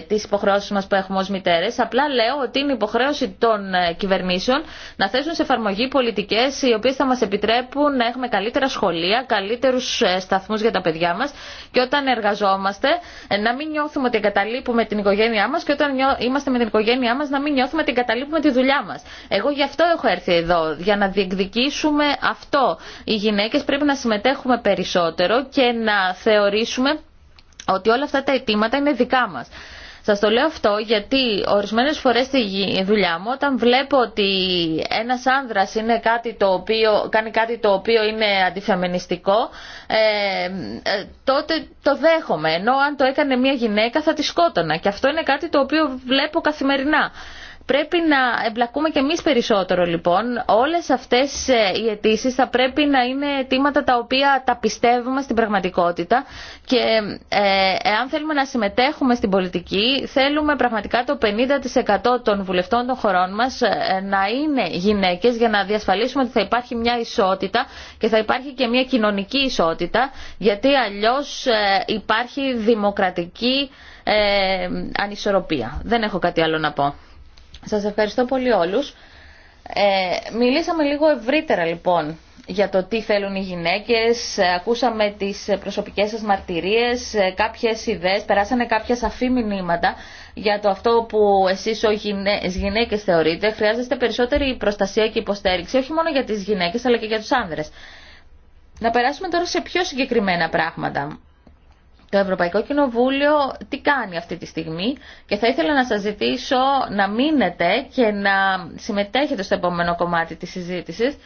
τις υποχρεώσεις μας που έχουμε ως μητέρες, απλά λέω ότι είναι υποχρέωση των κυβερνήσεων να θέσουν σε εφαρμογή πολιτικέ οι οποίε θα μα επιτρέπουν να έχουμε καλύτερα σχολεία, καλύτερου ε, σταθμού για τα παιδιά μα και όταν εργαζόμαστε ε, να μην νιώθουμε ότι εγκαταλείπουμε την οικογένειά μα και όταν είμαστε με την οικογένειά μα να μην νιώθουμε ότι εγκαταλείπουμε τη δουλειά μα. Εγώ γι' αυτό έχω έρθει εδώ, για να διεκδικήσουμε αυτό. Οι γυναίκε πρέπει να συμμετέχουμε περισσότερο και να θεωρήσουμε ότι όλα αυτά τα αιτήματα είναι δικά μας. Σα το λέω αυτό γιατί ορισμένε φορές στη δουλειά μου όταν βλέπω ότι ένας άνδρας είναι κάνει κάτι το οποίο είναι αντιφεμινιστικό ε, ε, τότε το δέχομαι ενώ αν το έκανε μια γυναίκα θα τη σκότωνα και αυτό είναι κάτι το οποίο βλέπω καθημερινά. Πρέπει να εμπλακούμε και εμείς περισσότερο λοιπόν. Όλες αυτές ε, οι αιτήσει θα πρέπει να είναι αιτήματα τα οποία τα πιστεύουμε στην πραγματικότητα και ε, εάν θέλουμε να συμμετέχουμε στην πολιτική θέλουμε πραγματικά το 50% των βουλευτών των χωρών μας ε, να είναι γυναίκες για να διασφαλίσουμε ότι θα υπάρχει μια ισότητα και θα υπάρχει και μια κοινωνική ισότητα γιατί αλλιώς υπάρχει δημοκρατική ε, ανισορροπία. Δεν έχω κάτι άλλο να πω. Σας ευχαριστώ πολύ όλους. Ε, μιλήσαμε λίγο ευρύτερα λοιπόν για το τι θέλουν οι γυναίκες, ε, ακούσαμε τις προσωπικές σας μαρτυρίες, ε, κάποιες ιδέες, περάσανε κάποια σαφή μηνύματα για το αυτό που εσείς ως ε, γυναίκες θεωρείτε. Χρειάζεστε περισσότερη προστασία και υποστήριξη, όχι μόνο για τις γυναίκες αλλά και για τους άνδρες. Να περάσουμε τώρα σε πιο συγκεκριμένα πράγματα το Ευρωπαϊκό Κοινοβούλιο τι κάνει αυτή τη στιγμή και θα ήθελα να σας ζητήσω να μείνετε και να συμμετέχετε στο επόμενο κομμάτι της συζήτησης.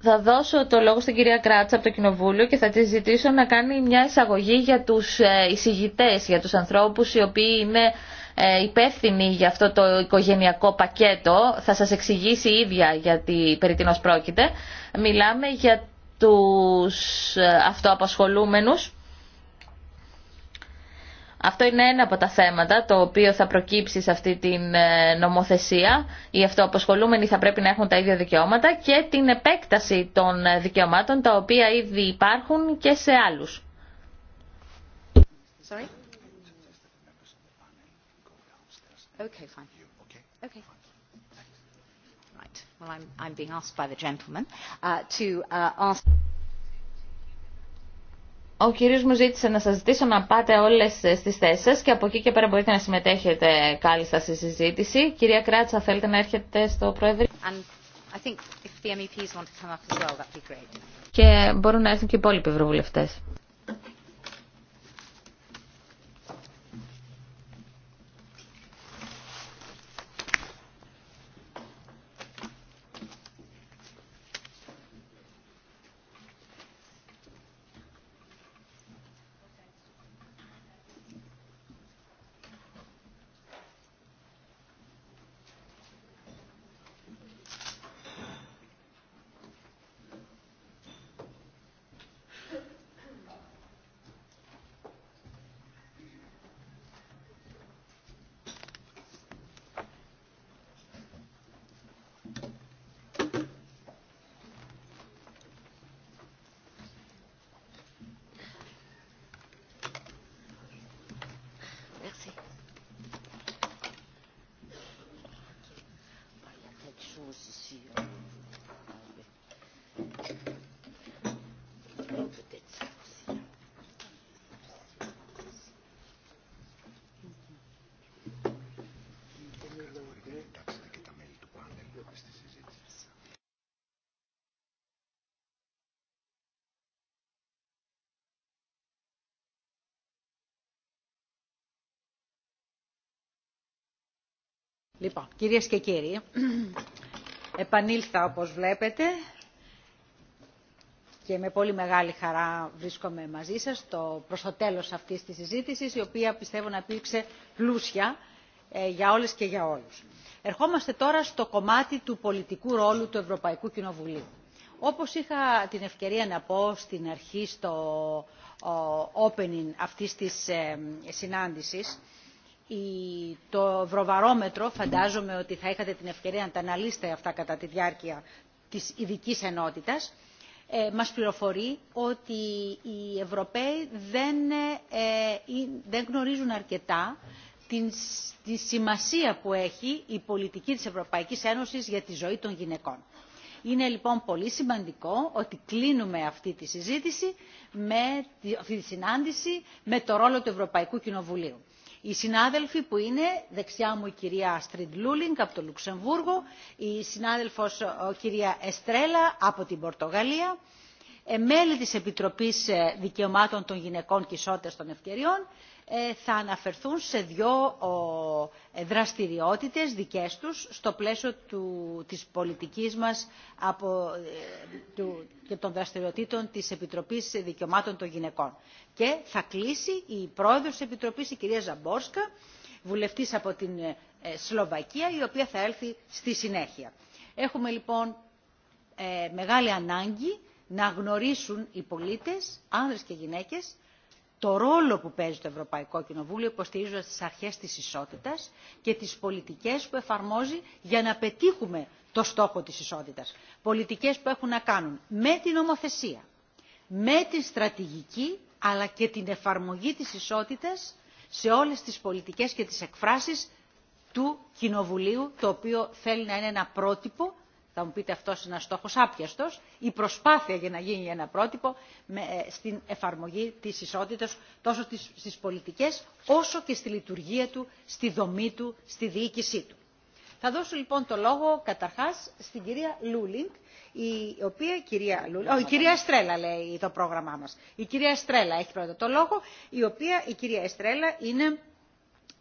Θα δώσω το λόγο στην κυρία Κράτσα από το Κοινοβούλιο και θα τη ζητήσω να κάνει μια εισαγωγή για τους ε, εισηγητές, για τους ανθρώπους οι οποίοι είναι ε, υπεύθυνοι για αυτό το οικογενειακό πακέτο. Θα σας εξηγήσει η ίδια γιατί περί τίνος πρόκειται. Μιλάμε για τους ε, αυτοαπασχολούμενους. Αυτό είναι ένα από τα θέματα το οποίο θα προκύψει σε αυτή την ε, νομοθεσία. Οι αυτοαπασχολούμενοι θα πρέπει να έχουν τα ίδια δικαιώματα και την επέκταση των ε, δικαιωμάτων τα οποία ήδη υπάρχουν και σε άλλους. I'm being asked by the gentleman uh, to uh, ask. Ο κύριος μου ζήτησε να σας ζητήσω να πάτε όλες ε, στις θέσεις σας και από εκεί και πέρα μπορείτε να συμμετέχετε κάλλιστα στη συζήτηση. Κυρία Κράτσα, θέλετε να έρχετε στο Προεδρείο. Well, και μπορούν να έρθουν και οι υπόλοιποι ευρωβουλευτές. Λοιπόν, κυρίες και κύριοι, επανήλθα όπως βλέπετε και με πολύ μεγάλη χαρά βρίσκομαι μαζί σας το, προς το τέλος αυτής της συζήτησης, η οποία πιστεύω να υπήρξε πλούσια ε, για όλες και για όλους. Ερχόμαστε τώρα στο κομμάτι του πολιτικού ρόλου του Ευρωπαϊκού Κοινοβουλίου. Όπως είχα την ευκαιρία να πω στην αρχή στο opening αυτής της ε, το Ευρωβαρόμετρο, φαντάζομαι ότι θα είχατε την ευκαιρία να τα αναλύσετε αυτά κατά τη διάρκεια της ειδική ενότητας, ε, μας πληροφορεί ότι οι Ευρωπαίοι δεν, ε, ε, δεν γνωρίζουν αρκετά την, τη σημασία που έχει η πολιτική της Ευρωπαϊκής Ένωσης για τη ζωή των γυναικών. Είναι λοιπόν πολύ σημαντικό ότι κλείνουμε αυτή τη συζήτηση, με, αυτή τη συνάντηση με το ρόλο του Ευρωπαϊκού Κοινοβουλίου οι συνάδελφοι που είναι δεξιά μου η κυρία Στριντ Λούλινγκ από το Λουξεμβούργο, η συνάδελφος κυρία Εστρέλα από την Πορτογαλία, ε, μέλη της Επιτροπής ε, Δικαιωμάτων των Γυναικών και Ισότητας των Ευκαιριών ε, θα αναφερθούν σε δύο ε, δραστηριότητες δικές τους στο πλαίσιο του, της πολιτικής μας από, ε, του, και των δραστηριοτήτων της Επιτροπής Δικαιωμάτων των Γυναικών. Και θα κλείσει η πρόεδρος της Επιτροπής, η κυρία Ζαμπόρσκα, βουλευτής από την Σλοβακία, η οποία θα έλθει στη συνέχεια. Έχουμε λοιπόν μεγάλη ανάγκη να γνωρίσουν οι πολίτες, άνδρες και γυναίκες, το ρόλο που παίζει το Ευρωπαϊκό Κοινοβούλιο υποστηρίζοντα τις αρχές της ισότητας και τις πολιτικές που εφαρμόζει για να πετύχουμε το στόχο της ισότητας. Πολιτικές που έχουν να κάνουν με την ομοθεσία, με τη στρατηγική αλλά και την εφαρμογή της ισότητας σε όλες τις πολιτικές και τις εκφράσεις του Κοινοβουλίου, το οποίο θέλει να είναι ένα πρότυπο θα μου πείτε αυτός είναι ένας στόχος άπιαστος, η προσπάθεια για να γίνει ένα πρότυπο ε, στην εφαρμογή της ισότητας τόσο στις πολιτικές όσο και στη λειτουργία του, στη δομή του, στη διοίκησή του. Θα δώσω λοιπόν το λόγο καταρχάς στην κυρία Λούλινγκ, η οποία κυρία Λούλινγκ, η κυρία Εστρέλα λέει το πρόγραμμά μας. Η κυρία Εστρέλα έχει πρώτα το λόγο, η οποία η κυρία Εστρέλα είναι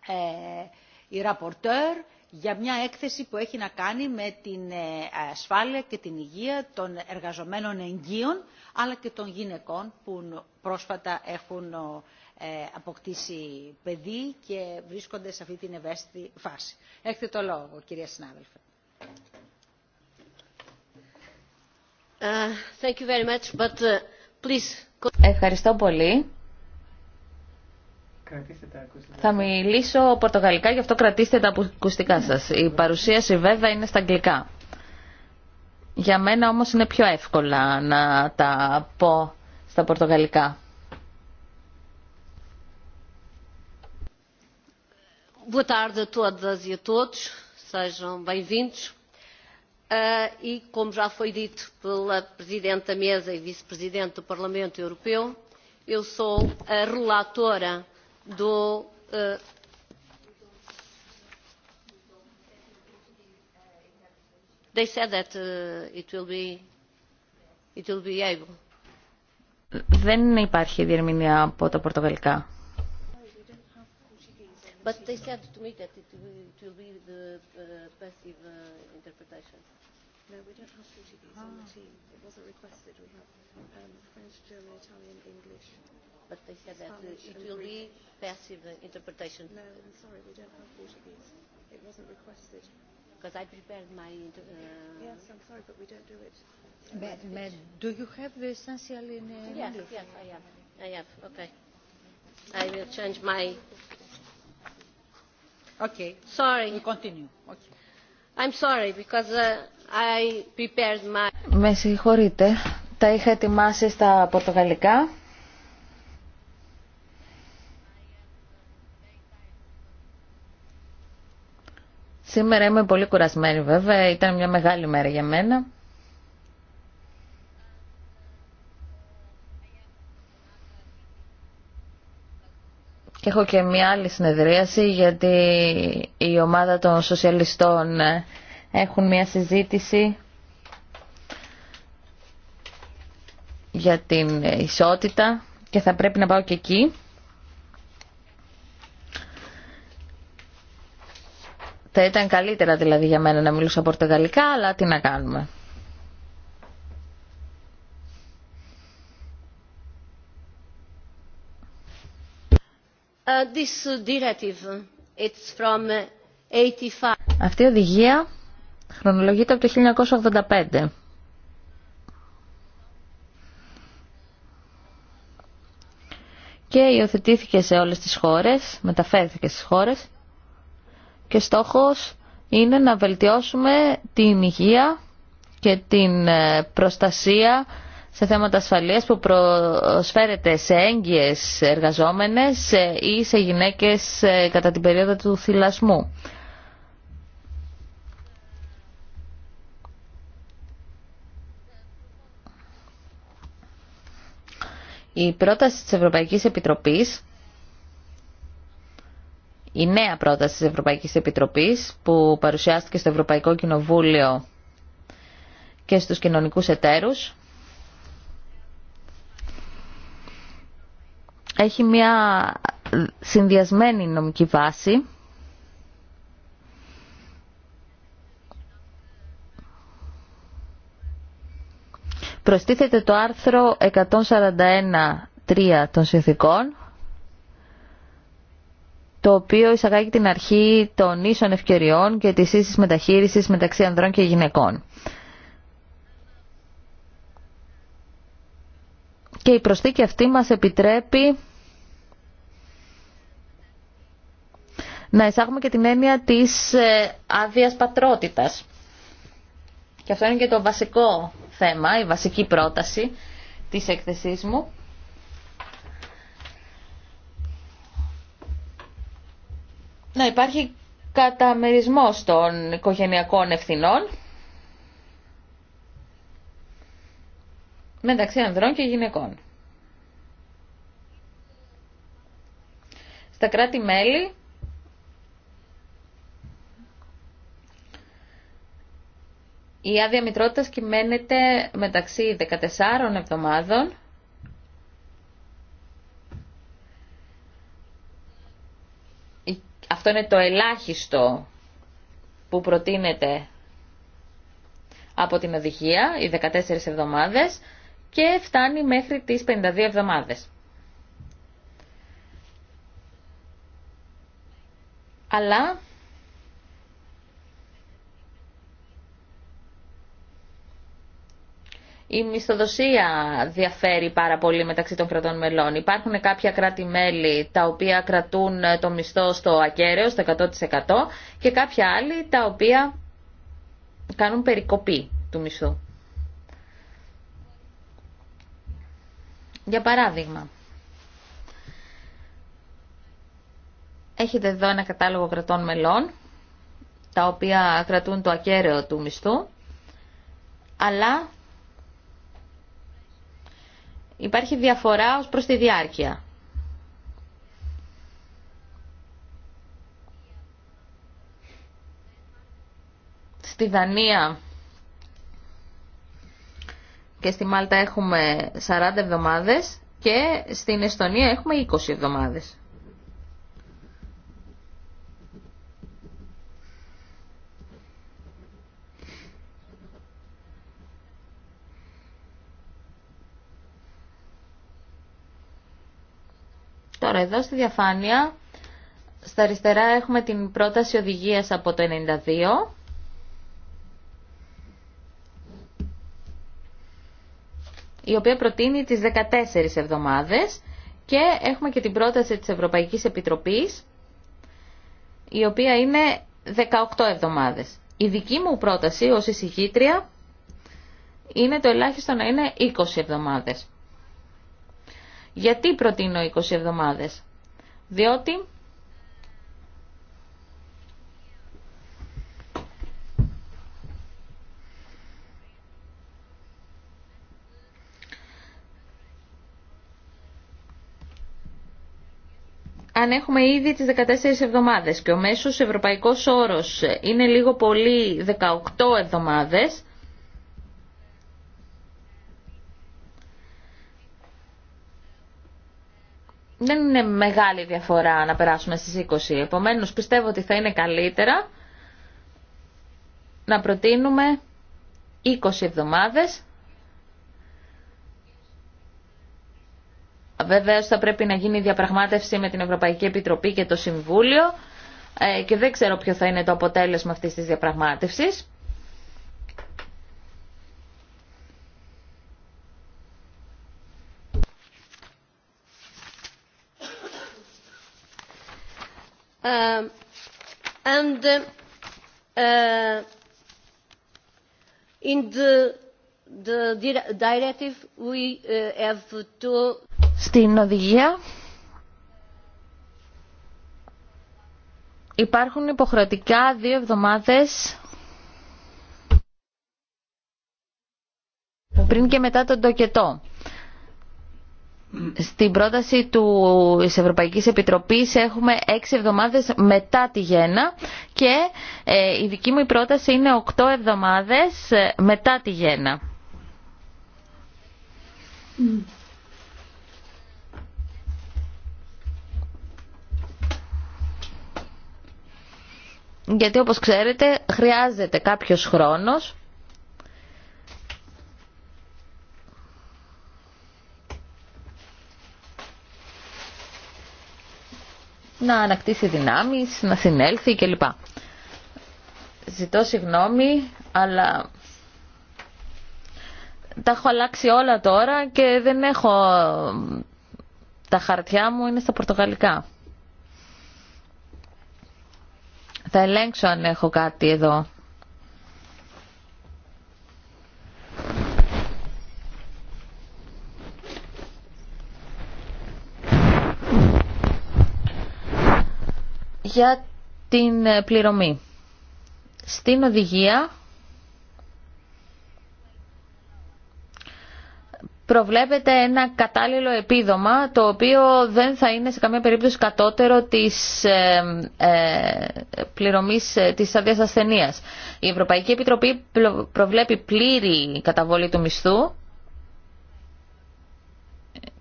ε, η ραπορτέρ για μια έκθεση που έχει να κάνει με την ε, ασφάλεια και την υγεία των εργαζομένων εγγύων, αλλά και των γυναικών που πρόσφατα έχουν ε, αποκτήσει παιδί και βρίσκονται σε αυτή την ευαίσθητη φάση. Έχετε το λόγο, κυρία συνάδελφε. Ε, thank you very Ευχαριστώ πολύ θα μιλήσω πορτογαλικά, γι' αυτό κρατήστε τα ακουστικά σας. Η παρουσίαση βέβαια είναι στα αγγλικά. Για μένα όμως είναι πιο εύκολα να τα πω στα πορτογαλικά. Boa tarde a todas e a todos. Sejam bem-vindos. Uh, E, como já foi dito pela Presidente da Mesa e Vice-Presidente do Parlamento Europeu, eu sou a relatora do they said that it will be it will be able δεν υπάρχει διερμηνία από τα πορτογαλικά. But they said to me that it will be the passive interpretation. No, we don't have Portuguese on the team. It wasn't requested. We have um, French, German, Italian, English. But they said that it will be passive interpretation. No, I'm sorry, we don't have Portuguese. It wasn't requested. Because I prepared my... Yes, I'm sorry, but we don't do it. But, do you have the essential in English? Yes, yes, I have. I have, okay. I will change my... Okay. Sorry. We continue. Okay. I'm sorry, because... Uh, με συγχωρείτε, τα είχα ετοιμάσει στα πορτογαλικά. Σήμερα είμαι πολύ κουρασμένη βέβαια, ήταν μια μεγάλη μέρα για μένα. Και έχω και μια άλλη συνεδρίαση γιατί η ομάδα των σοσιαλιστών ε, έχουν μια συζήτηση για την ισότητα και θα πρέπει να πάω και εκεί. Θα ήταν καλύτερα δηλαδή για μένα να μιλούσα πορτογαλικά, αλλά τι να κάνουμε. Uh, this directive, it's from 85. Αυτή η οδηγία Χρονολογείται από το 1985. Και υιοθετήθηκε σε όλες τις χώρες, μεταφέρθηκε στις χώρες και στόχος είναι να βελτιώσουμε την υγεία και την ε, προστασία σε θέματα ασφαλείας που προσφέρεται σε έγκυες εργαζόμενες ή σε γυναίκες ε, κατά την περίοδο του θυλασμού. Η πρόταση της Ευρωπαϊκής Επιτροπής, η νέα πρόταση της Ευρωπαϊκής Επιτροπής που παρουσιάστηκε στο Ευρωπαϊκό Κοινοβούλιο και στους κοινωνικούς εταίρους, έχει μια συνδυασμένη νομική βάση προστίθεται το άρθρο 141.3 των συνθήκων το οποίο εισαγάγει την αρχή των ίσων ευκαιριών και της ίσης μεταχείρισης μεταξύ ανδρών και γυναικών. Και η προσθήκη αυτή μας επιτρέπει να εισάγουμε και την έννοια της ε, άδεια πατρότητας. Και αυτό είναι και το βασικό θέμα, η βασική πρόταση της έκθεσής μου. Να υπάρχει καταμερισμός των οικογενειακών ευθυνών μεταξύ ανδρών και γυναικών. Στα κράτη-μέλη Η άδεια μητρότητα κυμαίνεται μεταξύ 14 εβδομάδων Αυτό είναι το ελάχιστο που προτείνεται από την οδηγία, οι 14 εβδομάδες, και φτάνει μέχρι τις 52 εβδομάδες. Αλλά η μισθοδοσία διαφέρει πάρα πολύ μεταξύ των κρατών μελών. Υπάρχουν κάποια κράτη-μέλη τα οποία κρατούν ε, το μισθό στο ακέραιο, στο 100% και κάποια άλλη τα οποία κάνουν περικοπή του μισθού. Για παράδειγμα, έχετε εδώ ένα κατάλογο κρατών μελών, τα οποία κρατούν το ακέραιο του μισθού, αλλά Υπάρχει διαφορά ως προς τη διάρκεια. Στη Δανία και στη Μάλτα έχουμε 40 εβδομάδες και στην Εστονία έχουμε 20 εβδομάδες. Τώρα εδώ στη διαφάνεια, στα αριστερά έχουμε την πρόταση οδηγίας από το 92. η οποία προτείνει τις 14 εβδομάδες και έχουμε και την πρόταση της Ευρωπαϊκής Επιτροπής η οποία είναι 18 εβδομάδες. Η δική μου πρόταση ως εισηγήτρια είναι το ελάχιστο να είναι 20 εβδομάδες. Γιατί προτείνω 20 εβδομάδες. Διότι αν έχουμε ήδη τις 14 εβδομάδες και ο μέσος ευρωπαϊκός όρος είναι λίγο πολύ 18 εβδομάδες, δεν είναι μεγάλη διαφορά να περάσουμε στις 20. Επομένως πιστεύω ότι θα είναι καλύτερα να προτείνουμε 20 εβδομάδες. Βεβαίω θα πρέπει να γίνει διαπραγμάτευση με την Ευρωπαϊκή Επιτροπή και το Συμβούλιο ε, και δεν ξέρω ποιο θα είναι το αποτέλεσμα αυτής της διαπραγμάτευσης. στην οδηγία υπάρχουν υποχρεωτικά δύο εβδομάδες πριν και μετά τον τοκετό στην πρόταση του της Ευρωπαϊκής Επιτροπής έχουμε έξι εβδομάδες μετά τη γέννα και ε, η δική μου πρόταση είναι οκτώ εβδομάδες ε, μετά τη γέννα. Γιατί όπως ξέρετε χρειάζεται κάποιος χρόνος να ανακτήσει δυνάμεις, να συνέλθει κλπ. Ζητώ συγγνώμη, αλλά τα έχω αλλάξει όλα τώρα και δεν έχω... Τα χαρτιά μου είναι στα πορτογαλικά. Θα ελέγξω αν έχω κάτι εδώ. για την ε, πληρωμή. Στην οδηγία προβλέπεται ένα κατάλληλο επίδομα το οποίο δεν θα είναι σε καμία περίπτωση κατώτερο της ε, ε πληρωμής ε, της άδειας ασθενείας. Η Ευρωπαϊκή Επιτροπή προβλέπει πλήρη καταβολή του μισθού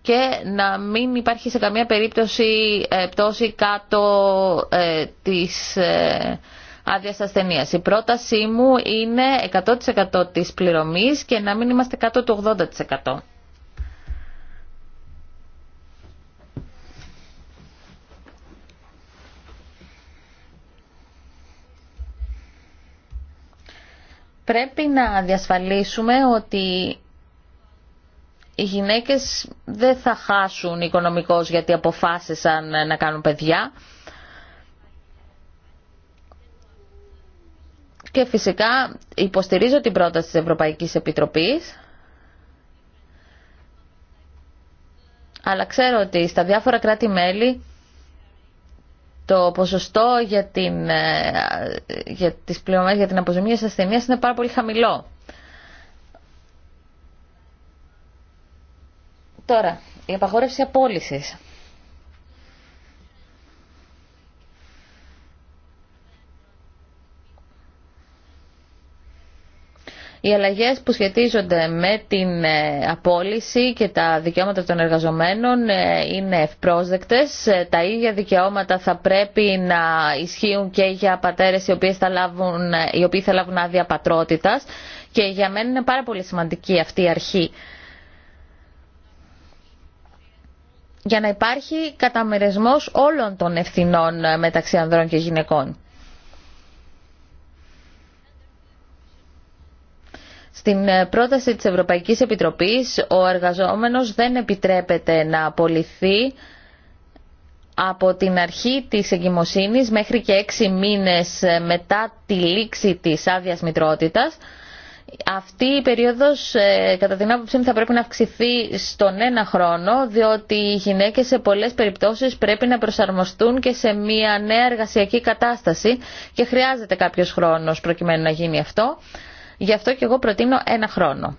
και να μην υπάρχει σε καμία περίπτωση ε, πτώση κάτω ε, της ε, άδεια ασθενεία. Η πρότασή μου είναι 100% της πληρωμής και να μην είμαστε κάτω του 80%. Πρέπει να διασφαλίσουμε ότι οι γυναίκες δεν θα χάσουν οικονομικώς γιατί αποφάσισαν να κάνουν παιδιά. Και φυσικά υποστηρίζω την πρόταση της Ευρωπαϊκής Επιτροπής. Αλλά ξέρω ότι στα διάφορα κράτη-μέλη το ποσοστό για, την, ε, για τις πληρωμές για την αποζημίωση ασθενείας είναι πάρα πολύ χαμηλό. Τώρα, η απαγόρευση απόλυση. Οι αλλαγές που σχετίζονται με την ε, απόλυση και τα δικαιώματα των εργαζομένων ε, είναι ευπρόσδεκτες. Ε, τα ίδια δικαιώματα θα πρέπει να ισχύουν και για πατέρες οι οποίοι θα λάβουν, οι οποίοι θα λάβουν άδεια πατρότητας και για μένα είναι πάρα πολύ σημαντική αυτή η αρχή για να υπάρχει καταμερισμός όλων των ευθυνών ε, μεταξύ ανδρών και γυναικών. Στην ε, πρόταση της Ευρωπαϊκής Επιτροπής ο εργαζόμενος δεν επιτρέπεται να απολυθεί από την αρχή της εγκυμοσύνης μέχρι και έξι μήνες ε, μετά τη λήξη της άδειας μητρότητας αυτή η περίοδος ε, κατά την άποψή μου θα πρέπει να αυξηθεί στον ένα χρόνο διότι οι γυναίκες σε πολλές περιπτώσεις πρέπει να προσαρμοστούν και σε μια νέα εργασιακή κατάσταση και χρειάζεται κάποιος χρόνος προκειμένου να γίνει αυτό. Γι' αυτό και εγώ προτείνω ένα χρόνο.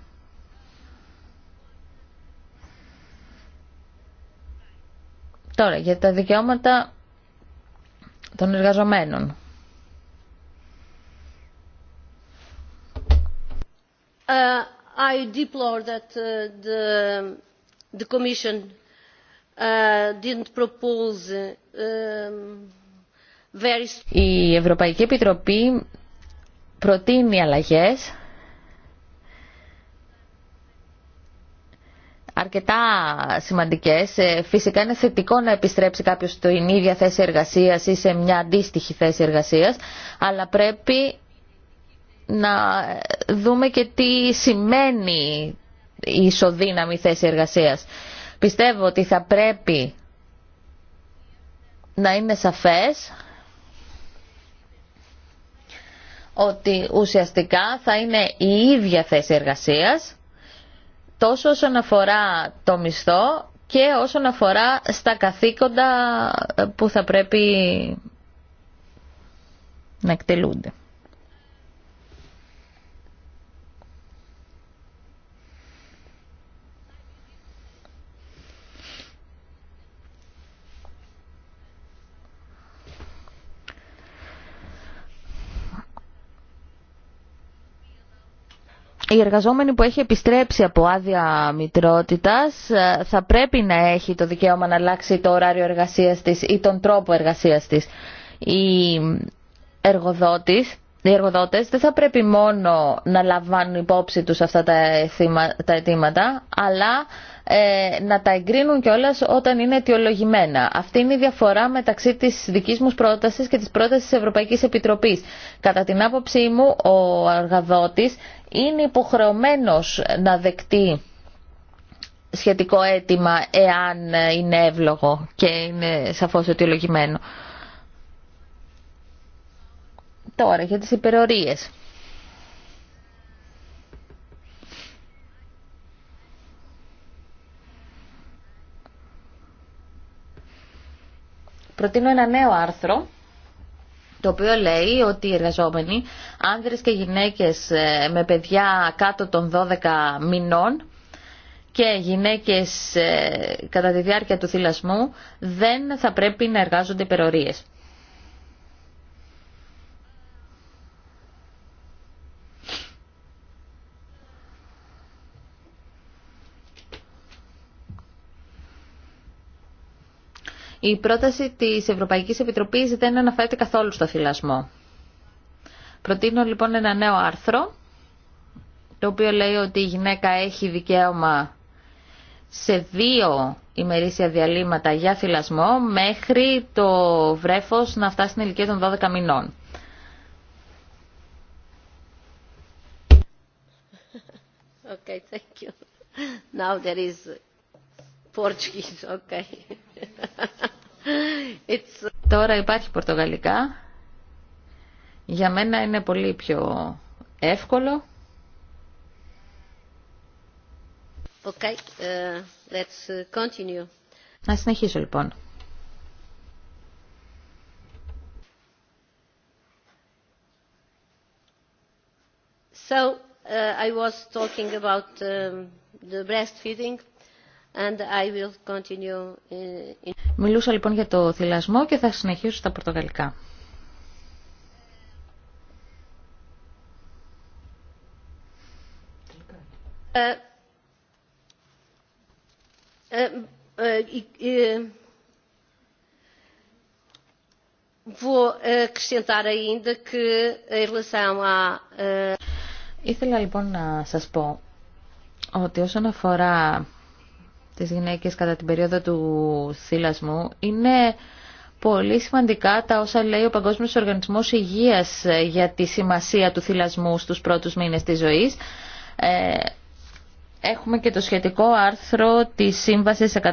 Τώρα, για τα δικαιώματα των εργαζομένων. Η Ευρωπαϊκή Επιτροπή προτείνει αλλαγές αρκετά σημαντικές. Ε, φυσικά είναι θετικό να επιστρέψει κάποιος στην ίδια θέση εργασίας ή σε μια αντίστοιχη θέση εργασίας, αλλά πρέπει να δούμε και τι σημαίνει η ισοδύναμη θέση εργασίας. Πιστεύω ότι θα πρέπει να είναι σαφές ότι ουσιαστικά θα είναι η ίδια θέση εργασίας τόσο όσον αφορά το μισθό και όσον αφορά στα καθήκοντα που θα πρέπει να εκτελούνται. Η εργαζόμενοι που έχει επιστρέψει από άδεια μητρότητας ε, θα πρέπει να έχει το δικαίωμα να αλλάξει το ωράριο εργασίας της ή τον τρόπο εργασίας της. Η εργοδότης οι εργοδότε δεν θα πρέπει μόνο να λαμβάνουν υπόψη τους αυτά τα αιτήματα, αλλά ε, να τα εγκρίνουν κιόλα όταν είναι αιτιολογημένα. Αυτή είναι η διαφορά μεταξύ της δική μου πρότασης και της πρότασης τη Ευρωπαϊκής Επιτροπής. Κατά την άποψή μου, ο εργοδότης είναι υποχρεωμένος να δεκτεί σχετικό αίτημα εάν είναι εύλογο και είναι σαφώς αιτιολογημένο. Τώρα, για τις υπερορίες. Προτείνω ένα νέο άρθρο, το οποίο λέει ότι οι εργαζόμενοι, άνδρες και γυναίκες ε, με παιδιά κάτω των 12 μηνών, και γυναίκες ε, κατά τη διάρκεια του θυλασμού δεν θα πρέπει να εργάζονται υπερορίες. Η πρόταση της Ευρωπαϊκής Επιτροπής δεν αναφέρεται καθόλου στο φυλασμό. Προτείνω λοιπόν ένα νέο άρθρο, το οποίο λέει ότι η γυναίκα έχει δικαίωμα σε δύο ημερήσια διαλύματα για φυλασμό μέχρι το βρέφος να φτάσει στην ηλικία των 12 μηνών. Okay, thank you. Now there is Portuguese, okay. (laughs) It's... Τώρα υπάρχει πορτογαλικά. Για μένα είναι πολύ πιο εύκολο. Okay, uh, let's uh, continue. Να συνεχίσω λοιπόν. So, uh, I was talking about um, the breastfeeding Uh, Μιλούσα λοιπόν για το θυλασμό και θα συνεχίσω στα πορτογαλικά. Ε, ε, ε, eh, Ήθελα λοιπόν να σας πω ότι όσον αφορά τις γυναίκες κατά την περίοδο του θύλασμου είναι πολύ σημαντικά τα όσα λέει ο Παγκόσμιος Οργανισμός Υγείας ε, για τη σημασία του θυλασμού στους πρώτους μήνες της ζωής. Ε, έχουμε και το σχετικό άρθρο της Σύμβασης 183,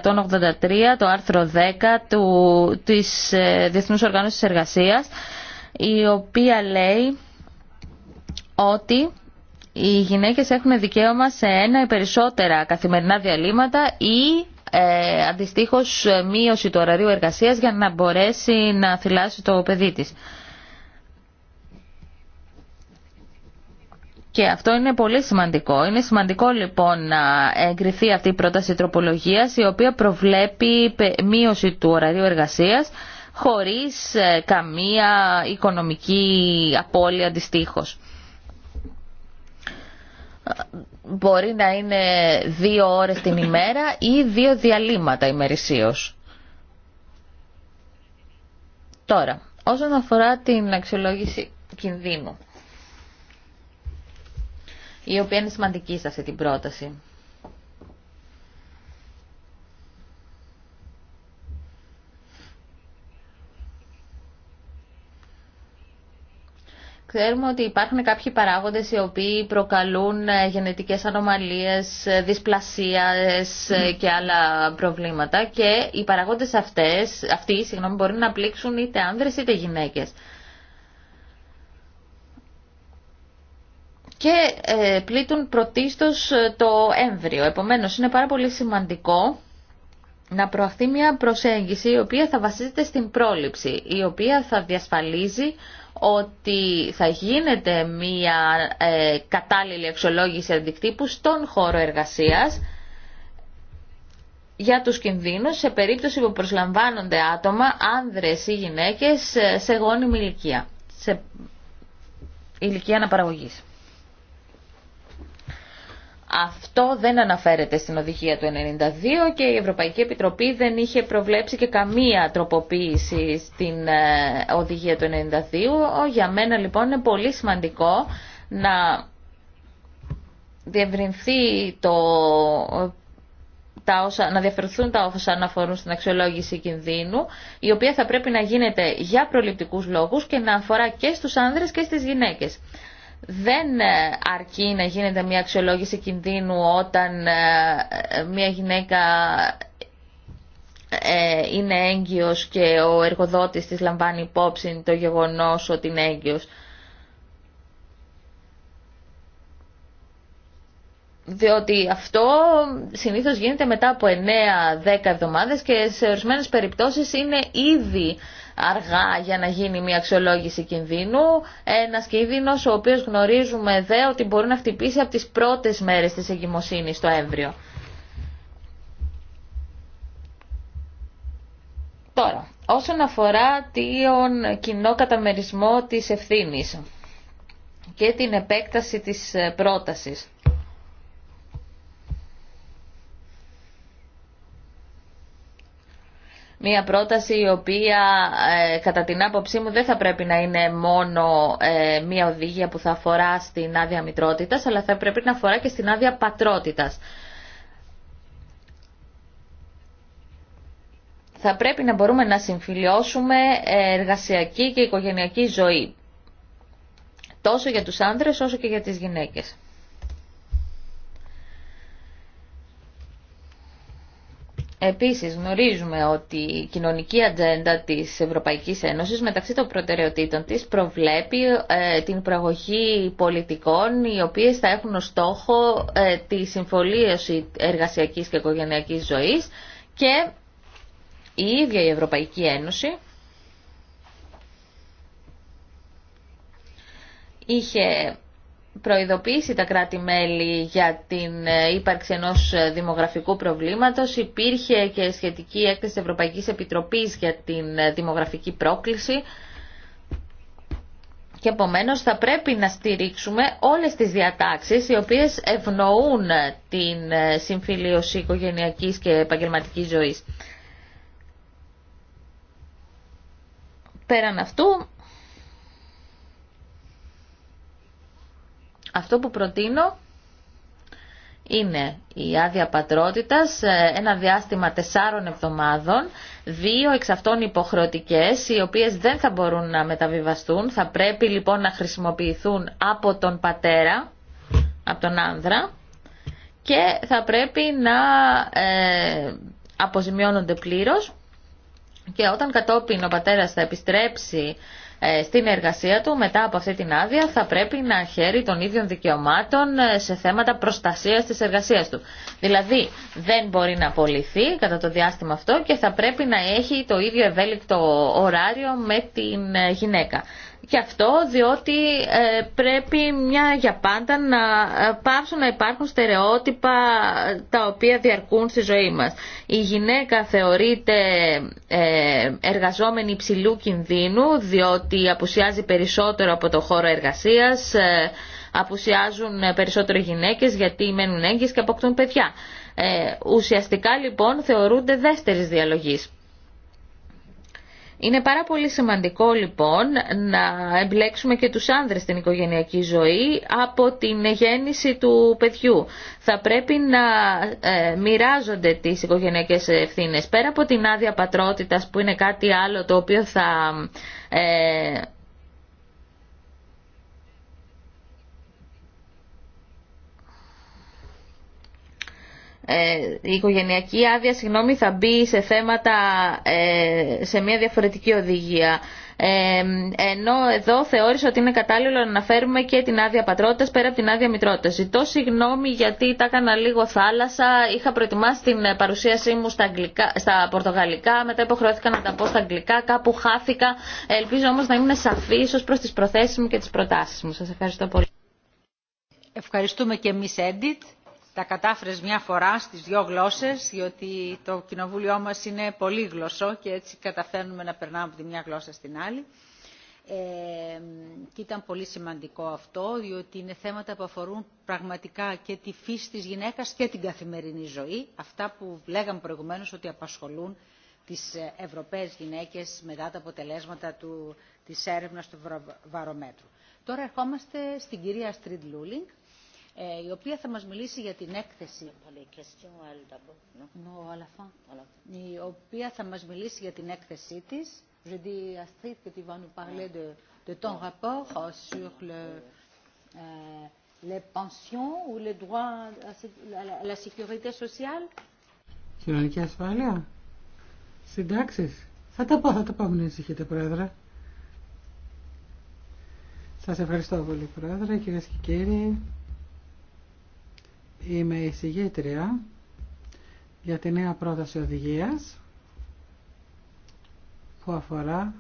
το άρθρο 10 του, της ε, Διεθνούς Οργάνωσης Εργασίας, η οποία λέει ότι οι γυναίκες έχουν δικαίωμα σε ένα ή περισσότερα καθημερινά διαλύματα ή ε, αντιστοίχως μείωση του ωραρίου εργασίας για να μπορέσει να θυλάσει το παιδί της. Και αυτό είναι πολύ σημαντικό. Είναι σημαντικό λοιπόν να εγκριθεί αυτή η πρόταση τροπολογίας η οποία προβλέπει μείωση του ωραρίου εργασίας χωρίς ε, καμία οικονομική απώλεια αντιστοίχως μπορεί να είναι δύο ώρες την ημέρα ή δύο διαλύματα ημερησίως. Τώρα, όσον αφορά την αξιολόγηση κινδύνου, η οποία είναι σημαντική σε αυτή την πρόταση. Ξέρουμε ότι υπάρχουν κάποιοι παράγοντες οι οποίοι προκαλούν ε, γενετικές ανομαλίες, ε, δυσπλασίες ε, και άλλα προβλήματα και οι παράγοντες αυτές, αυτοί συγγνώμη, μπορεί να πλήξουν είτε άνδρες είτε γυναίκες. Και πλήττουν πρωτίστως το έμβριο. Επομένως είναι πάρα πολύ σημαντικό να προαχθεί μια προσέγγιση η οποία θα βασίζεται στην πρόληψη, η οποία θα διασφαλίζει ότι θα γίνεται μία ε, κατάλληλη αξιολόγηση αντικτύπου στον χώρο εργασίας για τους κινδύνους σε περίπτωση που προσλαμβάνονται άτομα, άνδρες ή γυναίκες, ε, σε γόνιμη ηλικία, σε ηλικία αναπαραγωγής. Αυτό δεν αναφέρεται στην οδηγία του 92 και η Ευρωπαϊκή Επιτροπή δεν είχε προβλέψει και καμία τροποποίηση στην ε, οδηγία του 92. Για μένα λοιπόν είναι πολύ σημαντικό να διευρυνθεί το όσα, να διαφερθούν τα όσα αναφορούν στην αξιολόγηση κινδύνου, η οποία θα πρέπει να γίνεται για προληπτικούς λόγους και να αφορά και στους άνδρες και στις γυναίκες δεν ε, αρκεί να γίνεται μια αξιολόγηση κινδύνου όταν ε, μια γυναίκα ε, είναι έγκυος και ο εργοδότης της λαμβάνει υπόψη το γεγονός ότι είναι έγκυος. διότι αυτό συνήθως γίνεται μετά από 9-10 εβδομάδες και σε ορισμένες περιπτώσεις είναι ήδη αργά για να γίνει μια αξιολόγηση κινδύνου. Ένας κίνδυνο ο οποίος γνωρίζουμε δε ότι μπορεί να χτυπήσει από τις πρώτες μέρες της εγκυμοσύνης το έμβριο. Τώρα, όσον αφορά τον κοινό καταμερισμό της ευθύνης και την επέκταση της πρότασης. Μία πρόταση η οποία ε, κατά την άποψή μου δεν θα πρέπει να είναι μόνο ε, μία οδηγία που θα αφορά στην άδεια μητρότητας, αλλά θα πρέπει να αφορά και στην άδεια πατρότητας. Θα πρέπει να μπορούμε να συμφιλιώσουμε ε, εργασιακή και οικογενειακή ζωή, τόσο για τους άνδρες όσο και για τις γυναίκες. Επίσης γνωρίζουμε ότι η κοινωνική ατζέντα της Ευρωπαϊκής Ένωσης μεταξύ των προτεραιοτήτων της προβλέπει ε, την προαγωγή πολιτικών οι οποίες θα έχουν ως στόχο ε, τη συμφωλίωση εργασιακής και οικογενειακής ζωής και η ίδια η Ευρωπαϊκή Ένωση είχε προειδοποιήσει τα κράτη-μέλη για την ε, ύπαρξη ενός ε, δημογραφικού προβλήματος. Υπήρχε και σχετική έκθεση της Ευρωπαϊκής Επιτροπής για την ε, δημογραφική πρόκληση και επομένως θα πρέπει να στηρίξουμε όλες τις διατάξεις οι οποίες ευνοούν την συμφιλίωση οικογενειακής και επαγγελματικής ζωής. Πέραν αυτού, Αυτό που προτείνω είναι η άδεια πατρότητας, ε, ένα διάστημα τεσσάρων εβδομάδων, δύο εξ αυτών υποχρεωτικές, οι οποίες δεν θα μπορούν να μεταβιβαστούν, θα πρέπει λοιπόν να χρησιμοποιηθούν από τον πατέρα, από τον άνδρα, και θα πρέπει να ε, αποζημιώνονται πλήρως και όταν κατόπιν ο πατέρας θα επιστρέψει ε, στην εργασία του μετά από αυτή την άδεια θα πρέπει να χαίρει των ίδιων δικαιωμάτων ε, σε θέματα προστασίας της εργασίας του. Δηλαδή δεν μπορεί να απολυθεί κατά το διάστημα αυτό και θα πρέπει να έχει το ίδιο ευέλικτο ωράριο με την ε, γυναίκα. Και αυτό διότι ε, πρέπει μια για πάντα να ε, πάψουν να υπάρχουν στερεότυπα ε, τα οποία διαρκούν στη ζωή μας. Η γυναίκα θεωρείται εργαζόμενη υψηλού κινδύνου διότι απουσιάζει περισσότερο από το χώρο εργασίας, απουσιάζουν περισσότερο γυναίκες γιατί μένουν έγκυες και αποκτούν παιδιά. Ουσιαστικά λοιπόν θεωρούνται δεύτερης διαλογής. Είναι πάρα πολύ σημαντικό λοιπόν να εμπλέξουμε και τους άνδρες στην οικογενειακή ζωή από την γέννηση του παιδιού. Θα πρέπει να ε, μοιράζονται τις οικογενειακές ευθύνες. Πέρα από την άδεια πατρότητας που είναι κάτι άλλο το οποίο θα... Ε, Ε, η οικογενειακή άδεια συγγνώμη, θα μπει σε θέματα ε, σε μια διαφορετική οδηγία. Ε, ενώ εδώ θεώρησα ότι είναι κατάλληλο να αναφέρουμε και την άδεια πατρότητας πέρα από την άδεια μητρότητας. Ζητώ συγγνώμη γιατί τα έκανα λίγο θάλασσα, είχα προετοιμάσει την ε, παρουσίασή μου στα, αγγλικά, στα πορτογαλικά, μετά υποχρεώθηκα να τα πω στα αγγλικά, κάπου χάθηκα. Ελπίζω όμως να ήμουν σαφή ω προς τις προθέσεις μου και τις προτάσεις μου. Σας ευχαριστώ πολύ. Ευχαριστούμε και εμείς, Edit τα κατάφερες μια φορά στις δύο γλώσσες, διότι το κοινοβούλιο μας είναι γλωσσό και έτσι καταφέρνουμε να περνάμε από τη μια γλώσσα στην άλλη. Ε, και ήταν πολύ σημαντικό αυτό, διότι είναι θέματα που αφορούν πραγματικά και τη φύση της γυναίκας και την καθημερινή ζωή, αυτά που λέγαμε προηγουμένως ότι απασχολούν τις ε, Ευρωπαίες γυναίκες μετά τα αποτελέσματα του, της έρευνας του βαρομέτρου. Τώρα ερχόμαστε στην κυρία Στριντ Λούλινγκ, ε, η οποία θα μας μιλήσει για την έκθεση. Η οποία θα μας μιλήσει για την έκθεσή της. Je dis à Astrid que tu vas nous parler de, de ton rapport euh, sur le, euh, les pensions ou les droits à la, la sécurité sociale. Κοινωνική ασφάλεια. Συντάξεις. Θα τα πω, θα τα πω, μην ησυχείτε, Πρόεδρε. Σας ευχαριστώ πολύ, Πρόεδρε, κυρίες και κύριοι. Είμαι συγγήτρια για τη νέα πρόταση οδηγίας που αφορά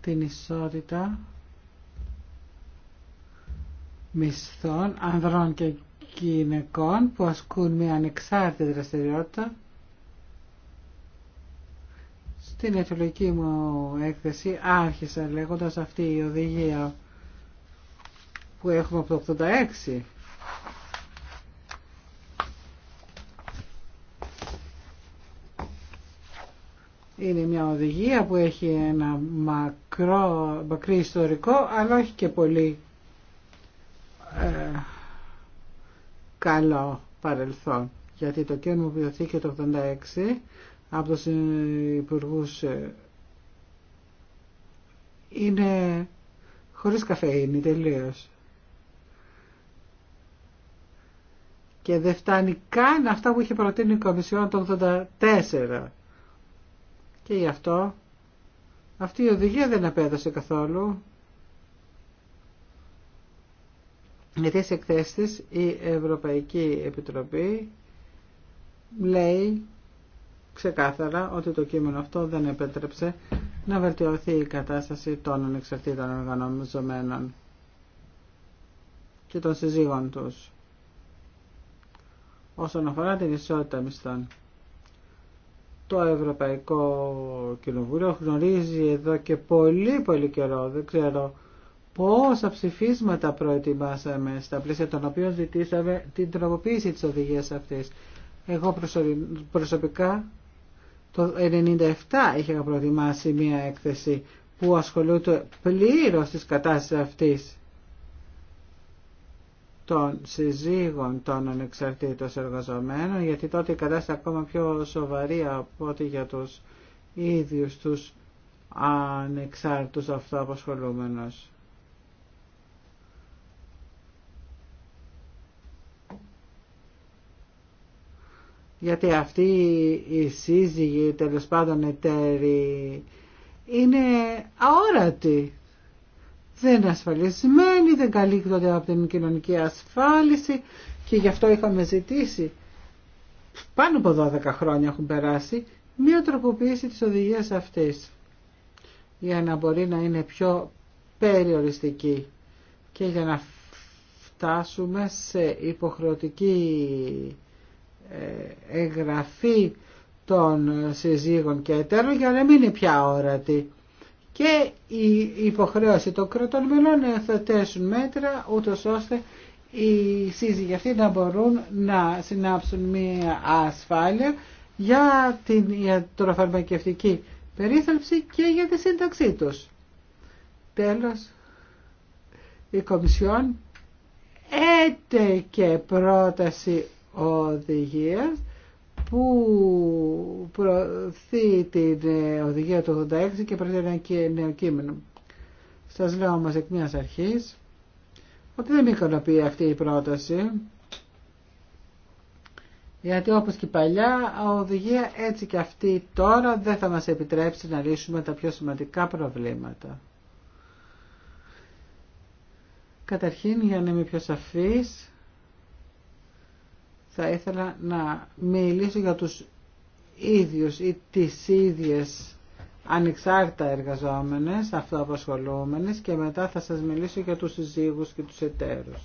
την ισότητα μισθών ανδρών και γυναικών που ασκούν μια ανεξάρτητη δραστηριότητα. Στην αιτιολογική μου έκθεση άρχισα λέγοντας αυτή η οδηγία που έχουμε από το 86 Είναι μια οδηγία που έχει ένα μακρό, μακρύ ιστορικό, αλλά όχι και πολύ ε, καλό παρελθόν. Γιατί το κέντρο μου βιωθήκε το 86 από τους υπουργού ε, είναι χωρίς καφέινη τελείως. Και δεν φτάνει καν αυτά που είχε προτείνει η Κομισιόν το 1984. Και γι' αυτό αυτή η οδηγία δεν απέδωσε καθόλου. Γιατί σε εκθέσει η Ευρωπαϊκή Επιτροπή λέει ξεκάθαρα ότι το κείμενο αυτό δεν επέτρεψε να βελτιωθεί η κατάσταση των ανεξαρτήτων οργανωμένων και των συζύγων τους όσον αφορά την ισότητα μισθών το Ευρωπαϊκό Κοινοβούλιο γνωρίζει εδώ και πολύ πολύ καιρό, δεν ξέρω πόσα ψηφίσματα προετοιμάσαμε στα πλαίσια των οποίων ζητήσαμε την τροποποίηση της οδηγίας αυτής. Εγώ προσωπικά το 1997 είχα προετοιμάσει μια έκθεση που ασχολούνται πλήρως της κατάστασης αυτής των συζύγων των ανεξαρτήτως εργαζομένων, γιατί τότε η κατάσταση ακόμα πιο σοβαρή από ό,τι για τους ίδιους τους ανεξάρτητους αυτοαποσχολούμενους. Γιατί αυτή η σύζυγοι, τέλο πάντων εταίροι, είναι αόρατη δεν είναι ασφαλισμένοι, δεν καλύπτονται από την κοινωνική ασφάλιση και γι' αυτό είχαμε ζητήσει πάνω από 12 χρόνια έχουν περάσει μία τροποποίηση της οδηγίας αυτής για να μπορεί να είναι πιο περιοριστική και για να φτάσουμε σε υποχρεωτική ε, εγγραφή των συζύγων και εταίρων για να μην είναι πια όρατη και η υποχρέωση των κρατών μελών θα μέτρα ούτως ώστε οι σύζυγοι αυτοί να μπορούν να συνάψουν μία ασφάλεια για την ιατροφαρμακευτική περίθαλψη και για τη σύνταξή τους. Τέλος, η Κομισιόν έτεκε πρόταση οδηγίας που προωθεί την οδηγία του 86 και προτείνει ένα νέο κείμενο. Σας λέω όμως εκ μιας αρχής ότι δεν με αυτή η πρόταση γιατί όπως και παλιά η οδηγία έτσι και αυτή τώρα δεν θα μας επιτρέψει να λύσουμε τα πιο σημαντικά προβλήματα. Καταρχήν για να είμαι πιο σαφής θα ήθελα να μιλήσω για τους ίδιους ή τις ίδιες ανεξάρτητα εργαζόμενες, αυτοαπασχολούμενες και μετά θα σας μιλήσω για τους συζύγους και τους εταίρους.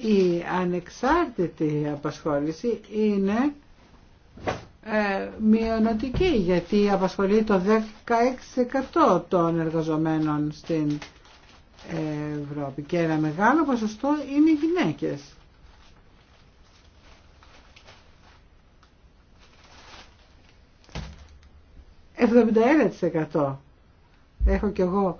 Η ανεξάρτητη απασχόληση είναι ε, μειονοτική γιατί απασχολεί το 16% των εργαζομένων στην Ευρώπη και ένα μεγάλο ποσοστό είναι οι γυναίκες. ...71%. Έχω κι εγώ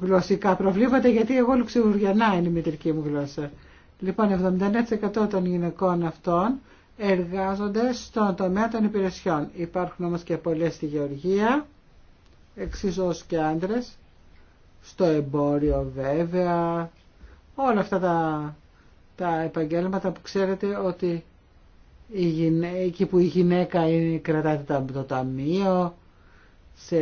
γλωσσικά προβλήματα γιατί εγώ λουξιβουργιανά είναι η μητρική μου γλώσσα. Λοιπόν, 71% των γυναικών αυτών εργάζονται στον τομέα των υπηρεσιών. Υπάρχουν όμως και πολλές στη γεωργία, εξίσως και άντρες, στο εμπόριο βέβαια, όλα αυτά τα, επαγγέλματα που ξέρετε ότι η που η γυναίκα είναι, κρατάται το ταμείο σε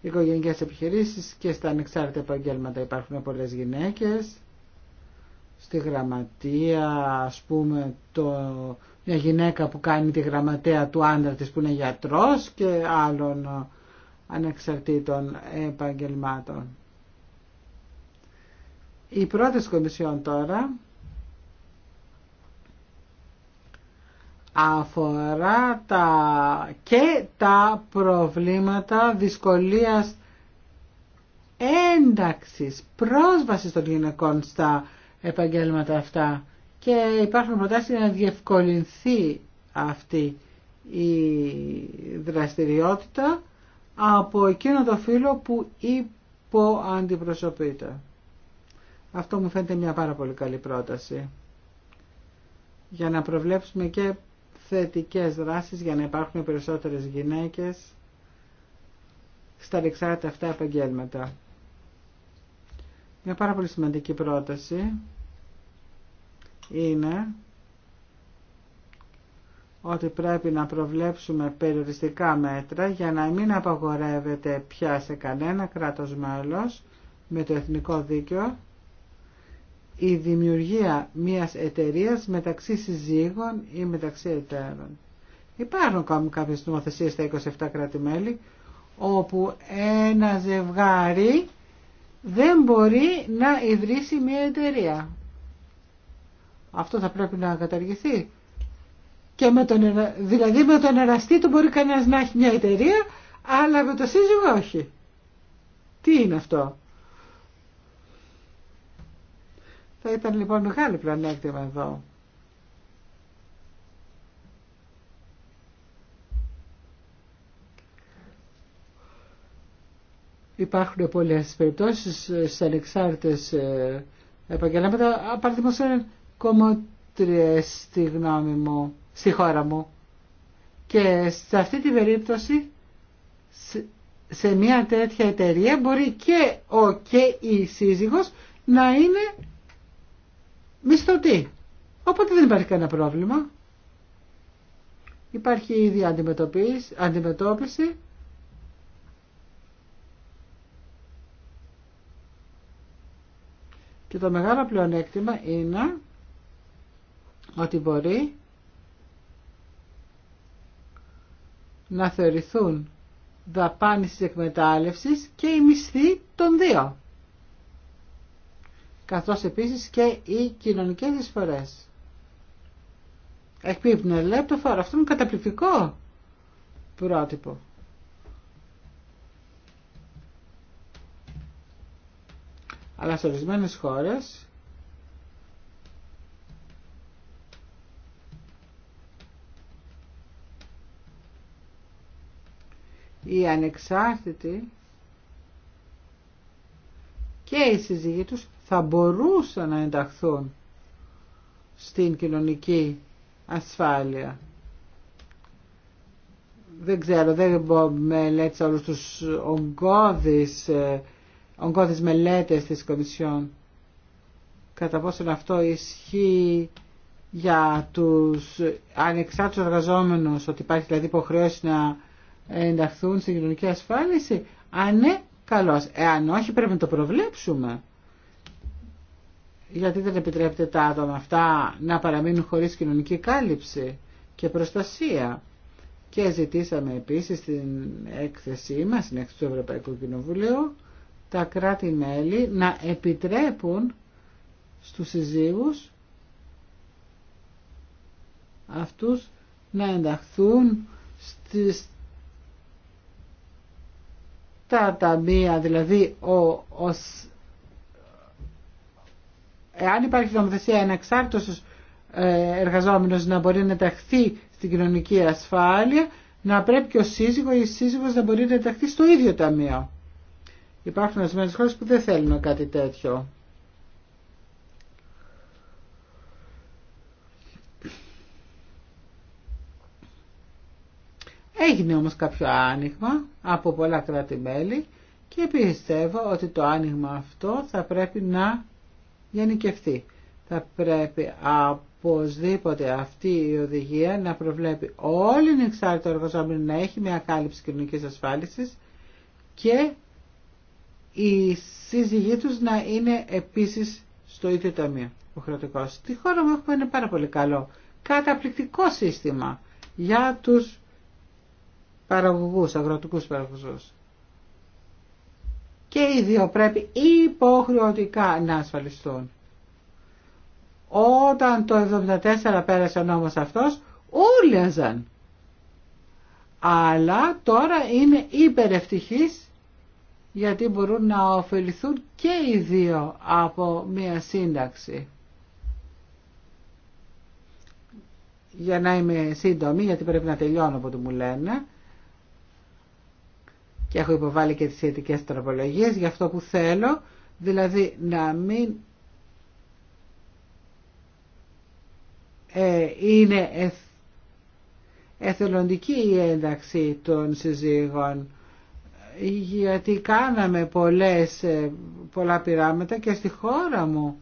οικογενειακές επιχειρήσεις και στα ανεξάρτητα επαγγέλματα υπάρχουν πολλές γυναίκες στη γραμματεία, ας πούμε, το, μια γυναίκα που κάνει τη γραμματέα του άντρα της που είναι γιατρός και άλλων ε, ανεξαρτήτων επαγγελμάτων. Η πρώτη κομισιόν τώρα αφορά τα και τα προβλήματα δυσκολίας ένταξης, πρόσβασης των γυναικών στα επαγγέλματα αυτά και υπάρχουν προτάσεις για να διευκολυνθεί αυτή η δραστηριότητα από εκείνο το φύλλο που υποαντιπροσωπείται. Αυτό μου φαίνεται μια πάρα πολύ καλή πρόταση για να προβλέψουμε και θετικές δράσεις για να υπάρχουν περισσότερες γυναίκες στα δεξάρτητα αυτά επαγγέλματα. Μια πάρα πολύ σημαντική πρόταση είναι ότι πρέπει να προβλέψουμε περιοριστικά μέτρα για να μην απαγορεύεται πια σε κανένα κράτος μέλος με το εθνικό δίκαιο η δημιουργία μιας εταιρείας μεταξύ συζύγων ή μεταξύ εταίρων. Υπάρχουν ακόμη κάποιες νομοθεσίες στα 27 κράτη-μέλη όπου ένα ζευγάρι δεν μπορεί να ιδρύσει μια εταιρεία. Αυτό θα πρέπει να καταργηθεί. Και με τον, δηλαδή με τον εραστή του μπορεί κανένας να έχει μια εταιρεία, αλλά με το σύζυγο όχι. Τι είναι αυτό. Θα ήταν λοιπόν μεγάλη πλανέκτημα εδώ. Υπάρχουν πολλές περιπτώσεις σε ανεξάρτητες ε, επαγγελματα. Παραδείγματος είναι κομμότριες στη γνώμη μου, στη χώρα μου. Και σε αυτή την περίπτωση, σε μια τέτοια εταιρεία μπορεί και ο και η σύζυγος να είναι μισθωτή. Οπότε δεν υπάρχει κανένα πρόβλημα. Υπάρχει ήδη αντιμετώπιση Και το μεγάλο πλεονέκτημα είναι ότι μπορεί να θεωρηθούν δαπάνης της εκμετάλλευσης και η μισθή των δύο. Καθώς επίσης και οι κοινωνικές εισφορές. Εκπίπνε λεπτό φορά. Αυτό είναι καταπληκτικό πρότυπο. αλλά σε ορισμένε χώρε. οι ανεξάρτητοι και οι σύζυγοι τους θα μπορούσαν να ενταχθούν στην κοινωνική ασφάλεια. Δεν ξέρω, δεν μελέτησα όλους τους ογκώδεις ε, ογκώδεις μελέτες της Κομισιόν. Κατά πόσον αυτό ισχύει για τους ανεξάρτητους εργαζόμενους, ότι υπάρχει δηλαδή υποχρέωση να ενταχθούν στην κοινωνική ασφάλιση. Αν ναι, καλώς. Εάν όχι, πρέπει να το προβλέψουμε. Γιατί δεν επιτρέπεται τα άτομα αυτά να παραμείνουν χωρίς κοινωνική κάλυψη και προστασία. Και ζητήσαμε επίσης στην έκθεσή μας, στην έκθεση του Ευρωπαϊκού Κοινοβουλίου, τα κράτη-μέλη να επιτρέπουν στους συζύγους αυτούς να ενταχθούν στις τα ταμεία, δηλαδή ο, εάν υπάρχει νομοθεσία ε, εργαζόμενος να μπορεί να ενταχθεί στην κοινωνική ασφάλεια, να πρέπει και ο σύζυγος ή η σύζυγος να μπορεί να ενταχθεί στο ίδιο ταμείο. Υπάρχουν ορισμένε χώρε που δεν θέλουν κάτι τέτοιο. Έγινε όμως κάποιο άνοιγμα από πολλά κράτη-μέλη και πιστεύω ότι το άνοιγμα αυτό θα πρέπει να γενικευτεί. Θα πρέπει οπωσδήποτε αυτή η οδηγία να προβλέπει όλοι την εξάρτητα εργοζόμενη να έχει μια κάλυψη κοινωνικής ασφάλισης και η σύζυγή τους να είναι επίσης στο ίδιο ταμείο. Ο χρεωτικός. Στη χώρα μου έχουμε ένα πάρα πολύ καλό, καταπληκτικό σύστημα για τους παραγωγούς, αγροτικούς παραγωγούς. Και οι δύο πρέπει υποχρεωτικά να ασφαλιστούν. Όταν το 1974 πέρασε ο νόμος αυτός, ούλιαζαν. Αλλά τώρα είναι υπερευτυχής γιατί μπορούν να ωφεληθούν και οι δύο από μία σύνταξη. Για να είμαι σύντομη, γιατί πρέπει να τελειώνω από το μου λένε και έχω υποβάλει και τις σχετικέ τροπολογίες για αυτό που θέλω, δηλαδή να μην ε, είναι εθελοντική η ένταξη των συζύγων γιατί κάναμε πολλές, ε, πολλά πειράματα και στη χώρα μου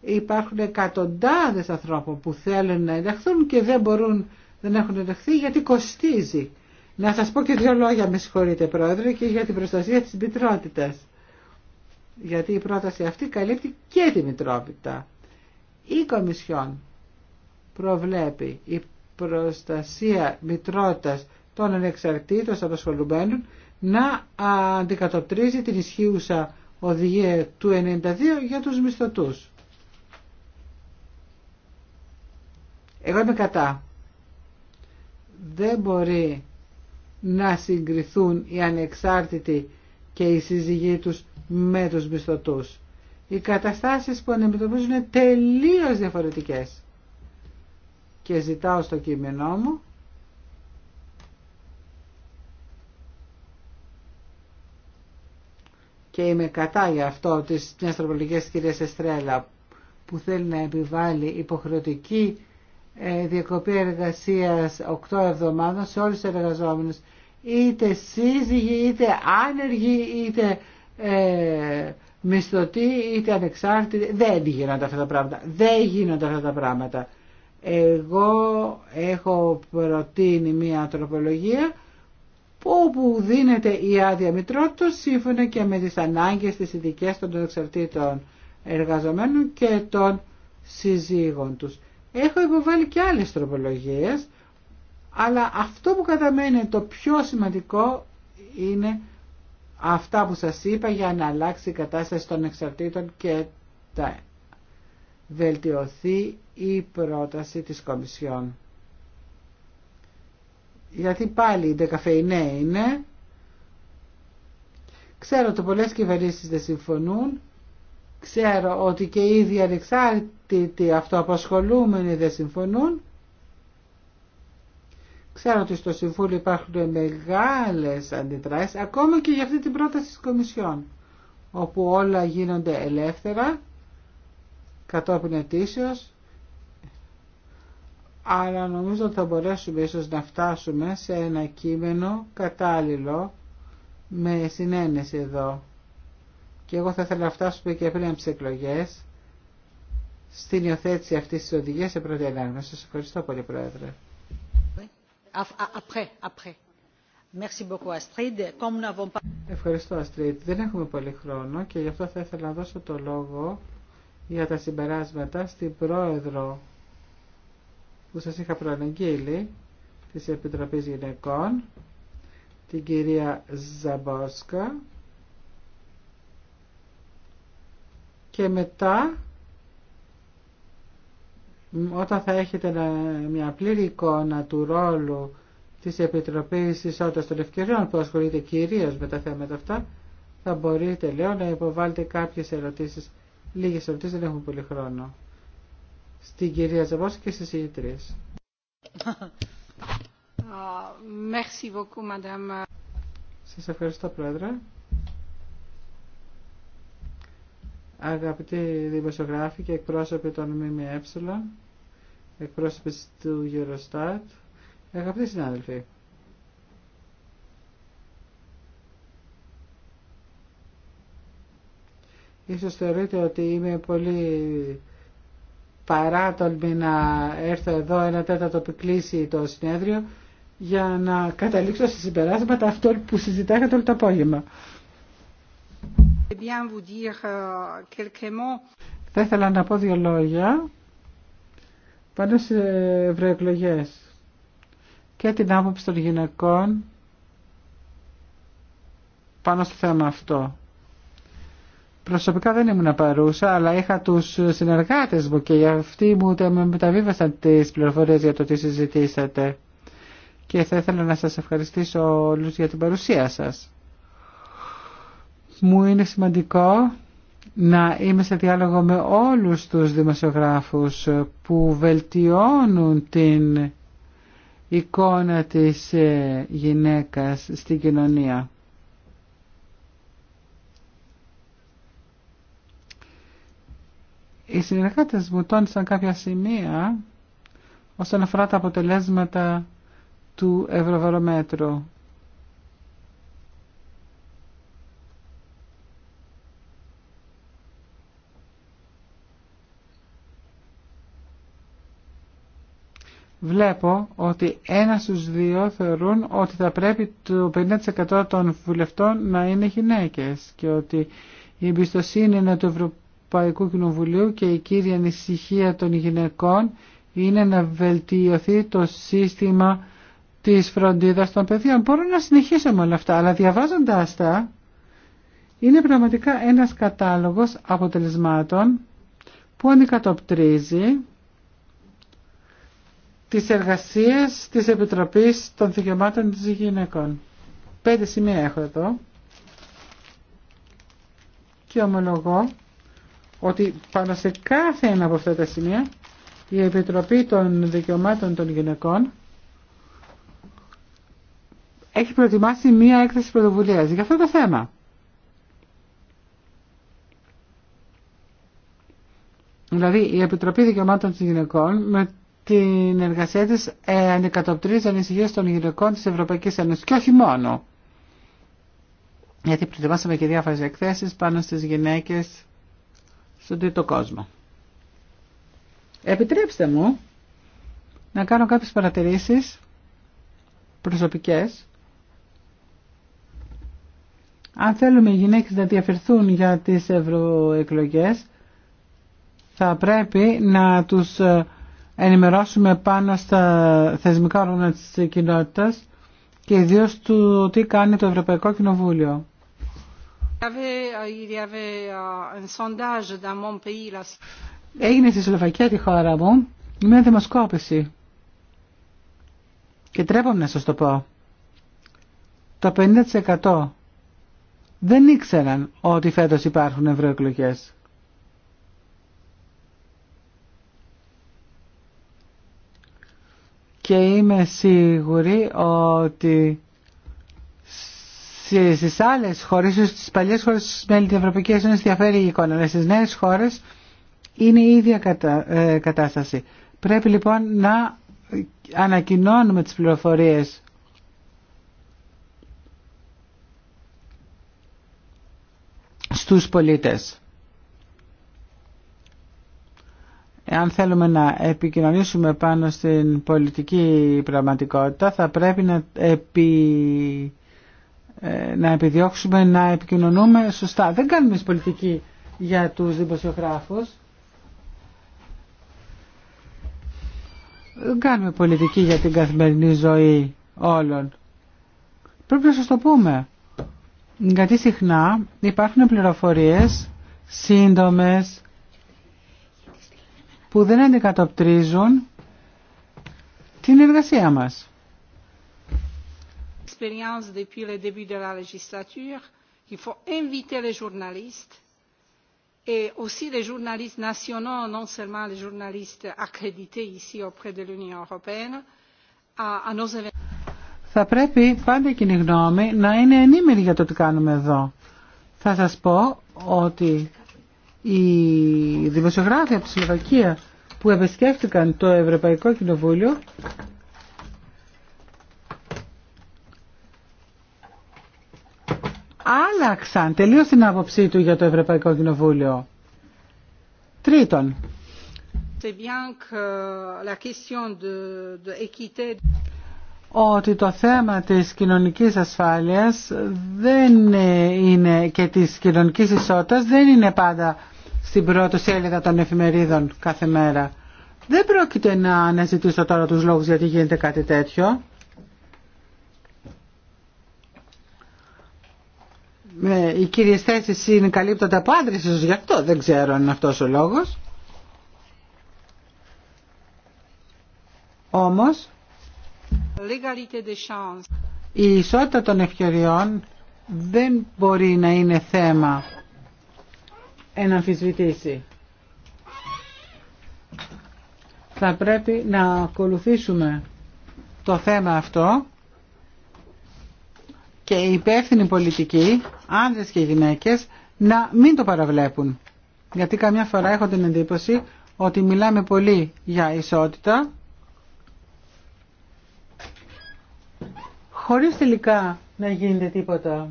υπάρχουν εκατοντάδες ανθρώπων που θέλουν να ενταχθούν και δεν μπορούν, δεν έχουν ενταχθεί γιατί κοστίζει. Να σας πω και δύο λόγια, με συγχωρείτε πρόεδρε, και για την προστασία της μητρότητας. Γιατί η πρόταση αυτή καλύπτει και τη μητρότητα. Η Κομισιόν προβλέπει η προστασία μητρότητας των ανεξαρτήτων απασχολουμένων να αντικατοπτρίζει την ισχύουσα οδηγία του 92 για τους μισθωτούς. Εγώ είμαι κατά. Δεν μπορεί να συγκριθούν οι ανεξάρτητοι και οι σύζυγοί τους με τους μισθωτούς. Οι καταστάσεις που αντιμετωπίζουν είναι τελείως διαφορετικές. Και ζητάω στο κείμενό μου και είμαι κατά για αυτό της μιας τροπολογίας της κυρίας Εστρέλα που θέλει να επιβάλλει υποχρεωτική ε, διακοπή εργασίας 8 εβδομάδων σε όλους τους εργαζόμενους είτε σύζυγοι, είτε άνεργοι, είτε ε, μισθωτοί, είτε ανεξάρτητοι. Δεν γίνονται αυτά τα πράγματα. Δεν γίνονται αυτά τα πράγματα. Εγώ έχω προτείνει μια τροπολογία όπου δίνεται η άδεια μητρότητος σύμφωνα και με τις ανάγκες της ειδικέ των εξαρτήτων εργαζομένων και των συζύγων τους. Έχω υποβάλει και άλλες τροπολογίες, αλλά αυτό που καταμένει το πιο σημαντικό είναι αυτά που σας είπα για να αλλάξει η κατάσταση των εξαρτήτων και τα βελτιωθεί η πρόταση της Κομισιόν γιατί πάλι η δεκαφεϊνέ ναι, είναι. Ξέρω ότι πολλές κυβερνήσεις δεν συμφωνούν. Ξέρω ότι και οι ίδιοι ανεξάρτητοι αυτοαπασχολούμενοι δεν συμφωνούν. Ξέρω ότι στο Συμβούλιο υπάρχουν μεγάλες αντιδράσεις, ακόμα και για αυτή την πρόταση της Κομισιόν, όπου όλα γίνονται ελεύθερα, κατόπιν ετήσεως, αλλά νομίζω ότι θα μπορέσουμε ίσως να φτάσουμε σε ένα κείμενο κατάλληλο με συνένεση εδώ. Και εγώ θα ήθελα να φτάσουμε και πριν από τι εκλογέ στην υιοθέτηση αυτής της οδηγίας σε πρώτη ανάγνωση. Σα ευχαριστώ πολύ, Πρόεδρε. Ευχαριστώ, Αστρίτ. Δεν έχουμε πολύ χρόνο και γι' αυτό θα ήθελα να δώσω το λόγο για τα συμπεράσματα στην Πρόεδρο που σας είχα προαναγγείλει της Επιτροπής Γυναικών, την κυρία Ζαμπόσκα και μετά όταν θα έχετε μια πλήρη εικόνα του ρόλου της Επιτροπής Ισότητας των Ευκαιριών που ασχολείται κυρίως με τα θέματα αυτά, θα μπορείτε, λέω, να υποβάλλετε κάποιες ερωτήσεις. Λίγες ερωτήσεις, δεν έχουμε πολύ χρόνο στην κυρία Ζαμπόση και στις ηγητρίες. Σας ευχαριστώ πρόεδρε. Αγαπητοί δημοσιογράφοι και εκπρόσωποι των ΜΜΕ, εκπρόσωποι του Eurostat, αγαπητοί συνάδελφοι. Ίσως θεωρείτε ότι είμαι πολύ παρά παράτολμη να έρθω εδώ ένα τέταρτο που κλείσει το συνέδριο για να καταλήξω σε συμπεράσματα αυτό που συζητάγατε όλο το απόγευμα. Euh, Θα ήθελα να πω δύο λόγια πάνω σε ευρωεκλογέ και την άποψη των γυναικών πάνω στο θέμα αυτό. Προσωπικά δεν ήμουν παρούσα, αλλά είχα τους συνεργάτες μου και αυτοί μου τα μεταβίβασαν τις πληροφορίες για το τι συζητήσατε. Και θα ήθελα να σας ευχαριστήσω όλους για την παρουσία σας. Μου είναι σημαντικό να είμαι σε διάλογο με όλους τους δημοσιογράφους που βελτιώνουν την εικόνα της ε, γυναίκας στην κοινωνία. Οι συνεργάτες μου τόνισαν κάποια σημεία όσον αφορά τα αποτελέσματα του Ευρωβαρομέτρου. βλέπω ότι ένα στους δύο θεωρούν ότι θα πρέπει το 50% των βουλευτών να είναι γυναίκες και ότι η εμπιστοσύνη είναι του Παϊκού Κοινοβουλίου και η κύρια ανησυχία των γυναικών είναι να βελτιωθεί το σύστημα της φροντίδας των παιδιών. Μπορούμε να συνεχίσουμε όλα αυτά, αλλά διαβάζοντας τα είναι πραγματικά ένας κατάλογος αποτελεσμάτων που αντικατοπτρίζει τις εργασίες της Επιτροπής των Δικαιωμάτων της Γυναικών. Πέντε σημεία έχω εδώ και ομολογώ ότι πάνω σε κάθε ένα από αυτά τα σημεία η Επιτροπή των Δικαιωμάτων των Γυναικών έχει προετοιμάσει μία έκθεση πρωτοβουλία για αυτό το θέμα. Δηλαδή η Επιτροπή Δικαιωμάτων των Γυναικών με την εργασία της ε, ανεκατοπτρίζει ανησυχίες των γυναικών της Ευρωπαϊκής Ένωσης και όχι μόνο. Γιατί προετοιμάσαμε και διάφορες εκθέσεις πάνω στις γυναίκες στον τρίτο κόσμο. Επιτρέψτε μου να κάνω κάποιες παρατηρήσεις προσωπικές. Αν θέλουμε οι γυναίκες να διαφερθούν για τις ευρωεκλογές, θα πρέπει να τους ε, ενημερώσουμε πάνω στα θεσμικά όργανα της κοινότητας και ιδίως του τι κάνει το Ευρωπαϊκό Κοινοβούλιο. Euh, euh, Έγινε στη Σλοβακία τη χώρα μου μια δημοσκόπηση και τρέπομαι να σας το πω. Το 50% δεν ήξεραν ότι φέτος υπάρχουν ευρωεκλογέ. Και είμαι σίγουρη ότι στις άλλες χώρες, στις παλιέ χώρε τη μέλη της Ευρωπαϊκής Ένωσης διαφέρει η εικόνα, αλλά στις νέες χώρες είναι η ίδια ε, κατάσταση. Πρέπει λοιπόν να ανακοινώνουμε τις πληροφορίες στους πολίτες. Εάν θέλουμε να επικοινωνήσουμε πάνω στην πολιτική πραγματικότητα θα πρέπει να επι ε, να επιδιώξουμε να επικοινωνούμε σωστά. Δεν κάνουμε πολιτική για τους δημοσιογράφους. Δεν κάνουμε πολιτική για την καθημερινή ζωή όλων. Πρέπει να σας το πούμε. Γιατί συχνά υπάρχουν πληροφορίες σύντομες που δεν αντικατοπτρίζουν την εργασία μας. Expérience depuis le début de la législature, il faut inviter les journalistes et aussi les journalistes nationaux, non seulement les journalistes accrédités ici auprès de l'Union européenne, à, nos événements. Θα πρέπει πάντα κοινή γνώμη να είναι ενήμερη για το τι κάνουμε εδώ. Θα σας πω ότι οι δημοσιογράφοι από τη Σλοβακία που επισκέφτηκαν το Ευρωπαϊκό Κοινοβούλιο άλλαξαν Τελείω την άποψή του για το Ευρωπαϊκό Κοινοβούλιο. Τρίτον, ότι το θέμα της κοινωνικής ασφάλειας δεν είναι και της κοινωνικής ισότητας δεν είναι πάντα στην πρώτη σέλιδα των εφημερίδων κάθε μέρα. Δεν πρόκειται να αναζητήσω τώρα τους λόγους γιατί γίνεται κάτι τέτοιο. με, οι κύριες θέσεις είναι καλύπτονται από άντρες, ίσως γι' αυτό δεν ξέρω αν αυτός ο λόγος. Όμως, η ισότητα των ευκαιριών δεν μπορεί να είναι θέμα αμφισβητήσει. Θα πρέπει να ακολουθήσουμε το θέμα αυτό και οι υπεύθυνοι πολιτικοί, άνδρες και γυναίκες, να μην το παραβλέπουν. Γιατί καμιά φορά έχω την εντύπωση ότι μιλάμε πολύ για ισότητα, χωρίς τελικά να γίνεται τίποτα.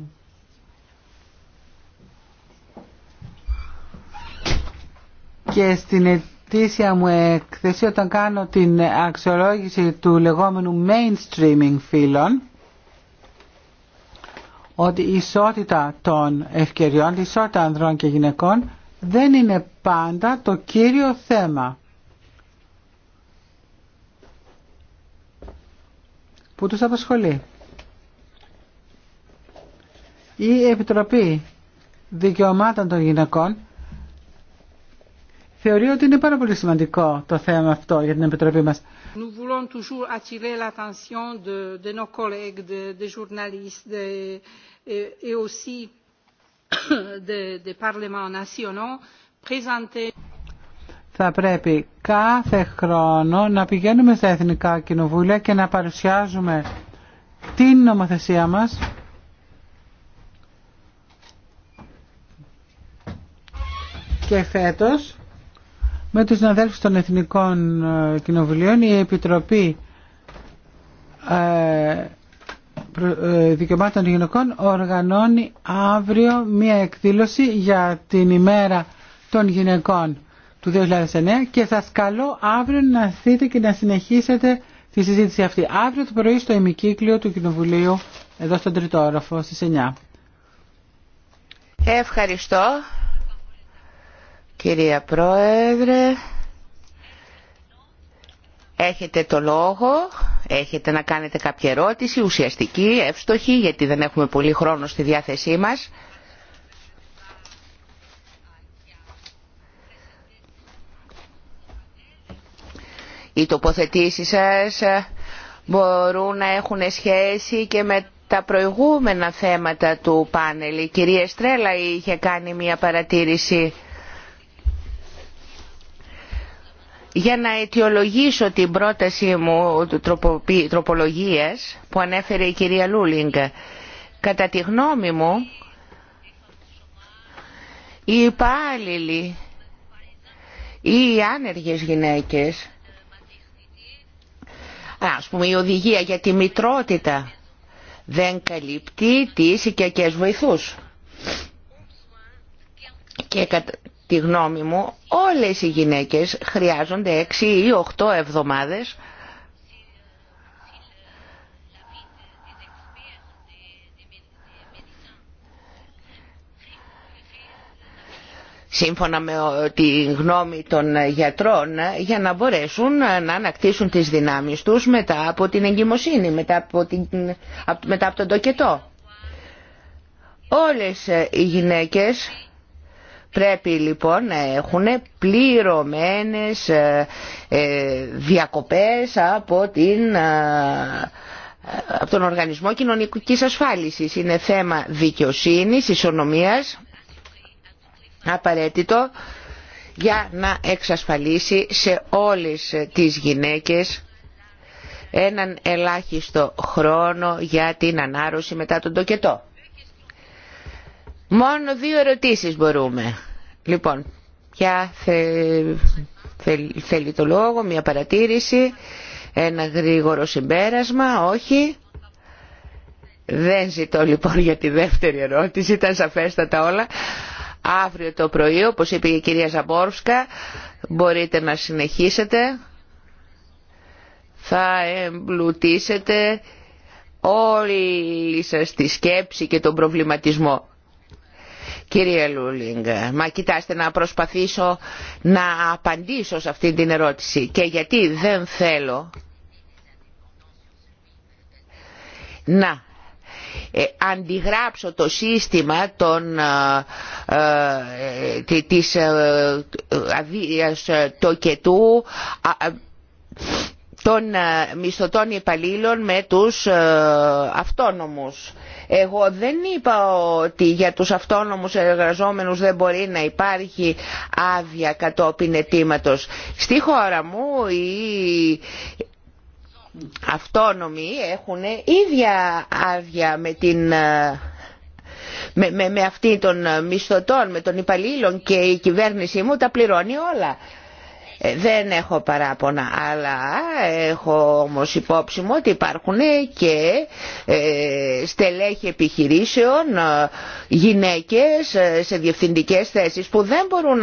Και στην ετήσια μου εκθεσία όταν κάνω την αξιολόγηση του λεγόμενου mainstreaming φίλων ότι η ισότητα των ευκαιριών, η ισότητα ανδρών και γυναικών δεν είναι πάντα το κύριο θέμα. που τους απασχολεί. Η Επιτροπή Δικαιωμάτων των Γυναικών Θεωρεί ότι είναι πάρα πολύ σημαντικό το θέμα αυτό για την Επιτροπή μας. Θα πρέπει κάθε χρόνο να πηγαίνουμε στα Εθνικά Κοινοβούλια και να παρουσιάζουμε την νομοθεσία μας και φέτος με τους συναδέλφους των Εθνικών ε, Κοινοβουλίων η Επιτροπή ε, ε, Δικαιωμάτων των Γυναικών οργανώνει αύριο μία εκδήλωση για την ημέρα των γυναικών του 2009 και σας καλώ αύριο να δείτε και να συνεχίσετε τη συζήτηση αυτή. Αύριο το πρωί στο ημικύκλιο του Κοινοβουλίου εδώ στον Τριτόροφο στις 9. Ευχαριστώ. Κυρία Πρόεδρε, έχετε το λόγο, έχετε να κάνετε κάποια ερώτηση ουσιαστική, εύστοχη, γιατί δεν έχουμε πολύ χρόνο στη διάθεσή μας. Οι τοποθετήσεις σας μπορούν να έχουν σχέση και με τα προηγούμενα θέματα του πάνελ. Η κυρία Στρέλα είχε κάνει μια παρατήρηση. για να αιτιολογήσω την πρόταση μου τροπολογίας που ανέφερε η κυρία Λούλινγκ. Κατά τη γνώμη μου, οι υπάλληλοι ή οι άνεργες γυναίκες, ας πούμε η οδηγία για τη μητρότητα, δεν καλύπτει τις οικιακές βοηθούς. Και τη γνώμη μου, όλες οι γυναίκες χρειάζονται 6 ή 8 εβδομάδες σύμφωνα με τη γνώμη των γιατρών για να μπορέσουν να ανακτήσουν τις δυνάμεις τους μετά από την εγκυμοσύνη, μετά από, την, μετά από τον τοκετό. Όλες οι γυναίκες Πρέπει λοιπόν να έχουν πληρωμένες ε, ε, διακοπές από, την, ε, τον Οργανισμό Κοινωνικής Ασφάλισης. Είναι θέμα δικαιοσύνης, ισονομίας, απαραίτητο για να εξασφαλίσει σε όλες τις γυναίκες έναν ελάχιστο χρόνο για την ανάρρωση μετά τον τοκετό. Μόνο δύο ερωτήσεις μπορούμε Λοιπόν, ποια θέλει το λόγο, μια παρατήρηση, ένα γρήγορο συμπέρασμα, όχι. Δεν ζητώ λοιπόν για τη δεύτερη ερώτηση, ήταν σαφέστατα όλα. Αύριο το πρωί, όπως είπε η κυρία Ζαμπόρφσκα, μπορείτε να συνεχίσετε. Θα εμπλουτίσετε όλη σας τη σκέψη και τον προβληματισμό. Κύριε Λούλινγκ, μα κοιτάστε να προσπαθήσω να απαντήσω σε αυτή την ερώτηση και γιατί δεν θέλω να ε, αντιγράψω το σύστημα των, ε, ε της ε, ε τοκετού των μισθωτών υπαλλήλων με τους ε, αυτόνομους εγώ δεν είπα ότι για τους αυτόνομους εργαζόμενους δεν μπορεί να υπάρχει άδεια κατόπιν αιτήματος. Στη χώρα μου οι αυτόνομοι έχουν ίδια άδεια με την με, με, με αυτή των μισθωτών, με των υπαλλήλων και η κυβέρνησή μου τα πληρώνει όλα. Ε, δεν έχω παράπονα, αλλά έχω όμως υπόψη μου ότι υπάρχουν και ε, στελέχη επιχειρήσεων, ε, γυναίκες σε διευθυντικές θέσεις που δεν μπορούν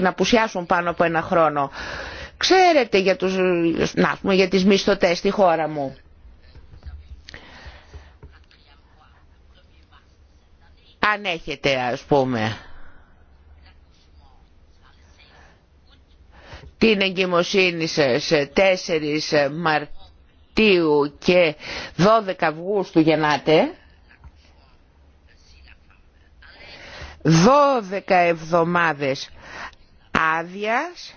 να πουσιάσουν πάνω από ένα χρόνο. Ξέρετε για, τους, να, για τις μισθωτές στη χώρα μου. Αν έχετε ας πούμε την εγκυμοσύνη σας 4 ε, Μαρτίου και 12 Αυγούστου γεννάτε 12 εβδομάδες άδειας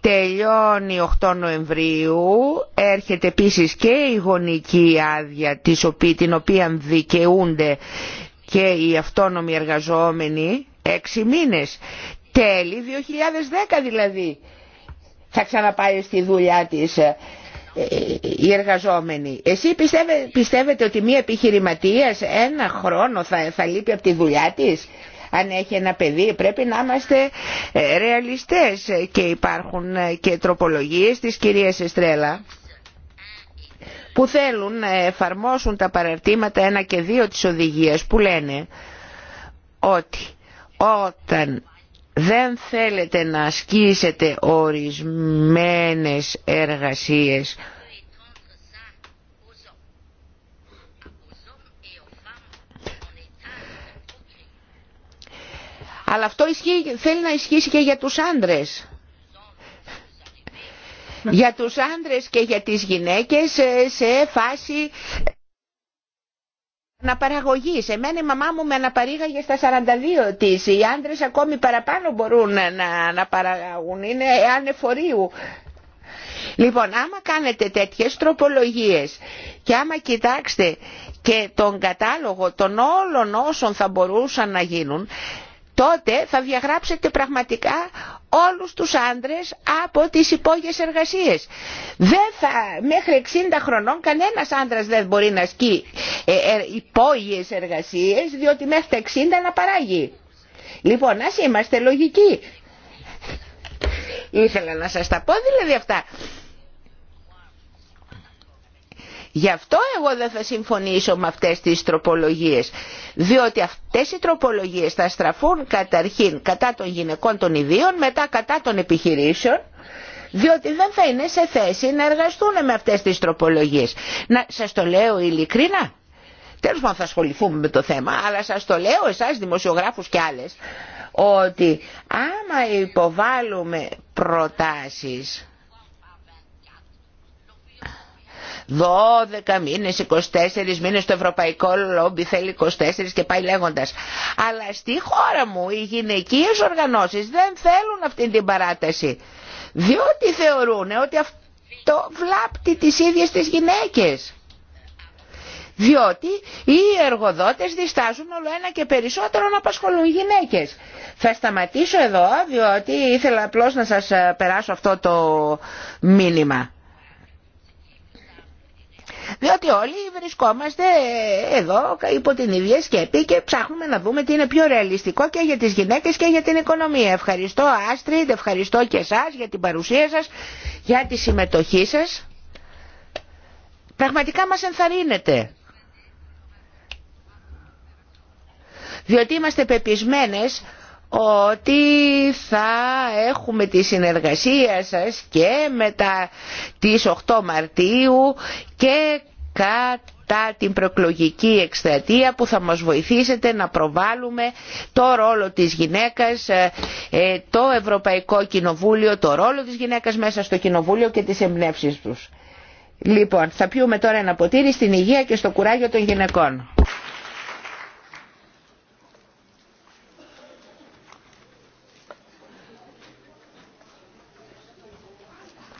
τελειώνει 8 Νοεμβρίου έρχεται επίσης και η γονική άδεια την οποία δικαιούνται και οι αυτόνομοι εργαζόμενοι 6 μήνες τέλη 2010 δηλαδή θα ξαναπάει στη δουλειά της ε, η εργαζόμενη. Εσύ πιστεύετε ότι μία επιχειρηματίας ένα χρόνο θα, θα λείπει από τη δουλειά της αν έχει ένα παιδί πρέπει να είμαστε ε, ρεαλιστές και υπάρχουν ε, και τροπολογίες της κυρίας Εστρέλα που θέλουν να εφαρμόσουν τα παραρτήματα 1 και 2 της οδηγίας που λένε ότι όταν δεν θέλετε να ασκήσετε ορισμένες εργασίες Αλλά αυτό θέλει να ισχύσει και για τους άντρες. Για τους άντρες και για τις γυναίκες ε, σε φάση αναπαραγωγής. Εμένα η μαμά μου με αναπαρήγαγε στα 42 της. Οι άντρε ακόμη παραπάνω μπορούν να αναπαραγωγούν. Είναι ανεφορίου. Λοιπόν, άμα κάνετε τέτοιες τροπολογίες και άμα κοιτάξτε και τον κατάλογο των όλων όσων θα μπορούσαν να γίνουν, τότε θα διαγράψετε πραγματικά όλους τους άντρες από τις υπόγειες εργασίες. Δεν θα, μέχρι 60 χρονών κανένας άντρας δεν μπορεί να ασκεί ε, ε, υπόγειες εργασίες διότι μέχρι τα 60 να παράγει. Λοιπόν, ας είμαστε λογικοί. Ήθελα να σας τα πω δηλαδή αυτά. Γι' αυτό εγώ δεν θα συμφωνήσω με αυτές τις τροπολογίες, διότι αυτές οι τροπολογίες θα στραφούν καταρχήν κατά των γυναικών των ιδίων, μετά κατά των επιχειρήσεων, διότι δεν θα είναι σε θέση να εργαστούν με αυτές τις τροπολογίες. Να, σας το λέω ειλικρινά. Τέλος πάντων θα ασχοληθούμε με το θέμα, αλλά σας το λέω εσά δημοσιογράφου και άλλε, ότι άμα υποβάλλουμε προτάσεις 12 μήνες, 24 μήνες, το ευρωπαϊκό λόμπι θέλει 24 και πάει λέγοντας. Αλλά στη χώρα μου οι γυναικείες οργανώσεις δεν θέλουν αυτή την παράταση, διότι θεωρούν ότι αυτό βλάπτει τις ίδιες τις γυναίκες. Διότι οι εργοδότες διστάζουν όλο ένα και περισσότερο να απασχολούν οι γυναίκες. Θα σταματήσω εδώ διότι ήθελα απλώς να σας περάσω αυτό το μήνυμα. Διότι όλοι βρισκόμαστε ε, εδώ υπό την ίδια σκέπη και ψάχνουμε να δούμε τι είναι πιο ρεαλιστικό και για τις γυναίκες και για την οικονομία. Ευχαριστώ Άστριντ, ευχαριστώ και εσάς για την παρουσία σας, για τη συμμετοχή σας. Πραγματικά μας ενθαρρύνετε. Διότι είμαστε πεπισμένες ότι θα έχουμε τη συνεργασία σας και μετά τις 8 Μαρτίου και κατά την προκλογική εκστρατεία που θα μας βοηθήσετε να προβάλλουμε το ρόλο της γυναίκας, ε, ε, το Ευρωπαϊκό Κοινοβούλιο, το ρόλο της γυναίκας μέσα στο Κοινοβούλιο και τις εμπνεύσεις τους. Λοιπόν, θα πιούμε τώρα ένα ποτήρι στην υγεία και στο κουράγιο των γυναικών.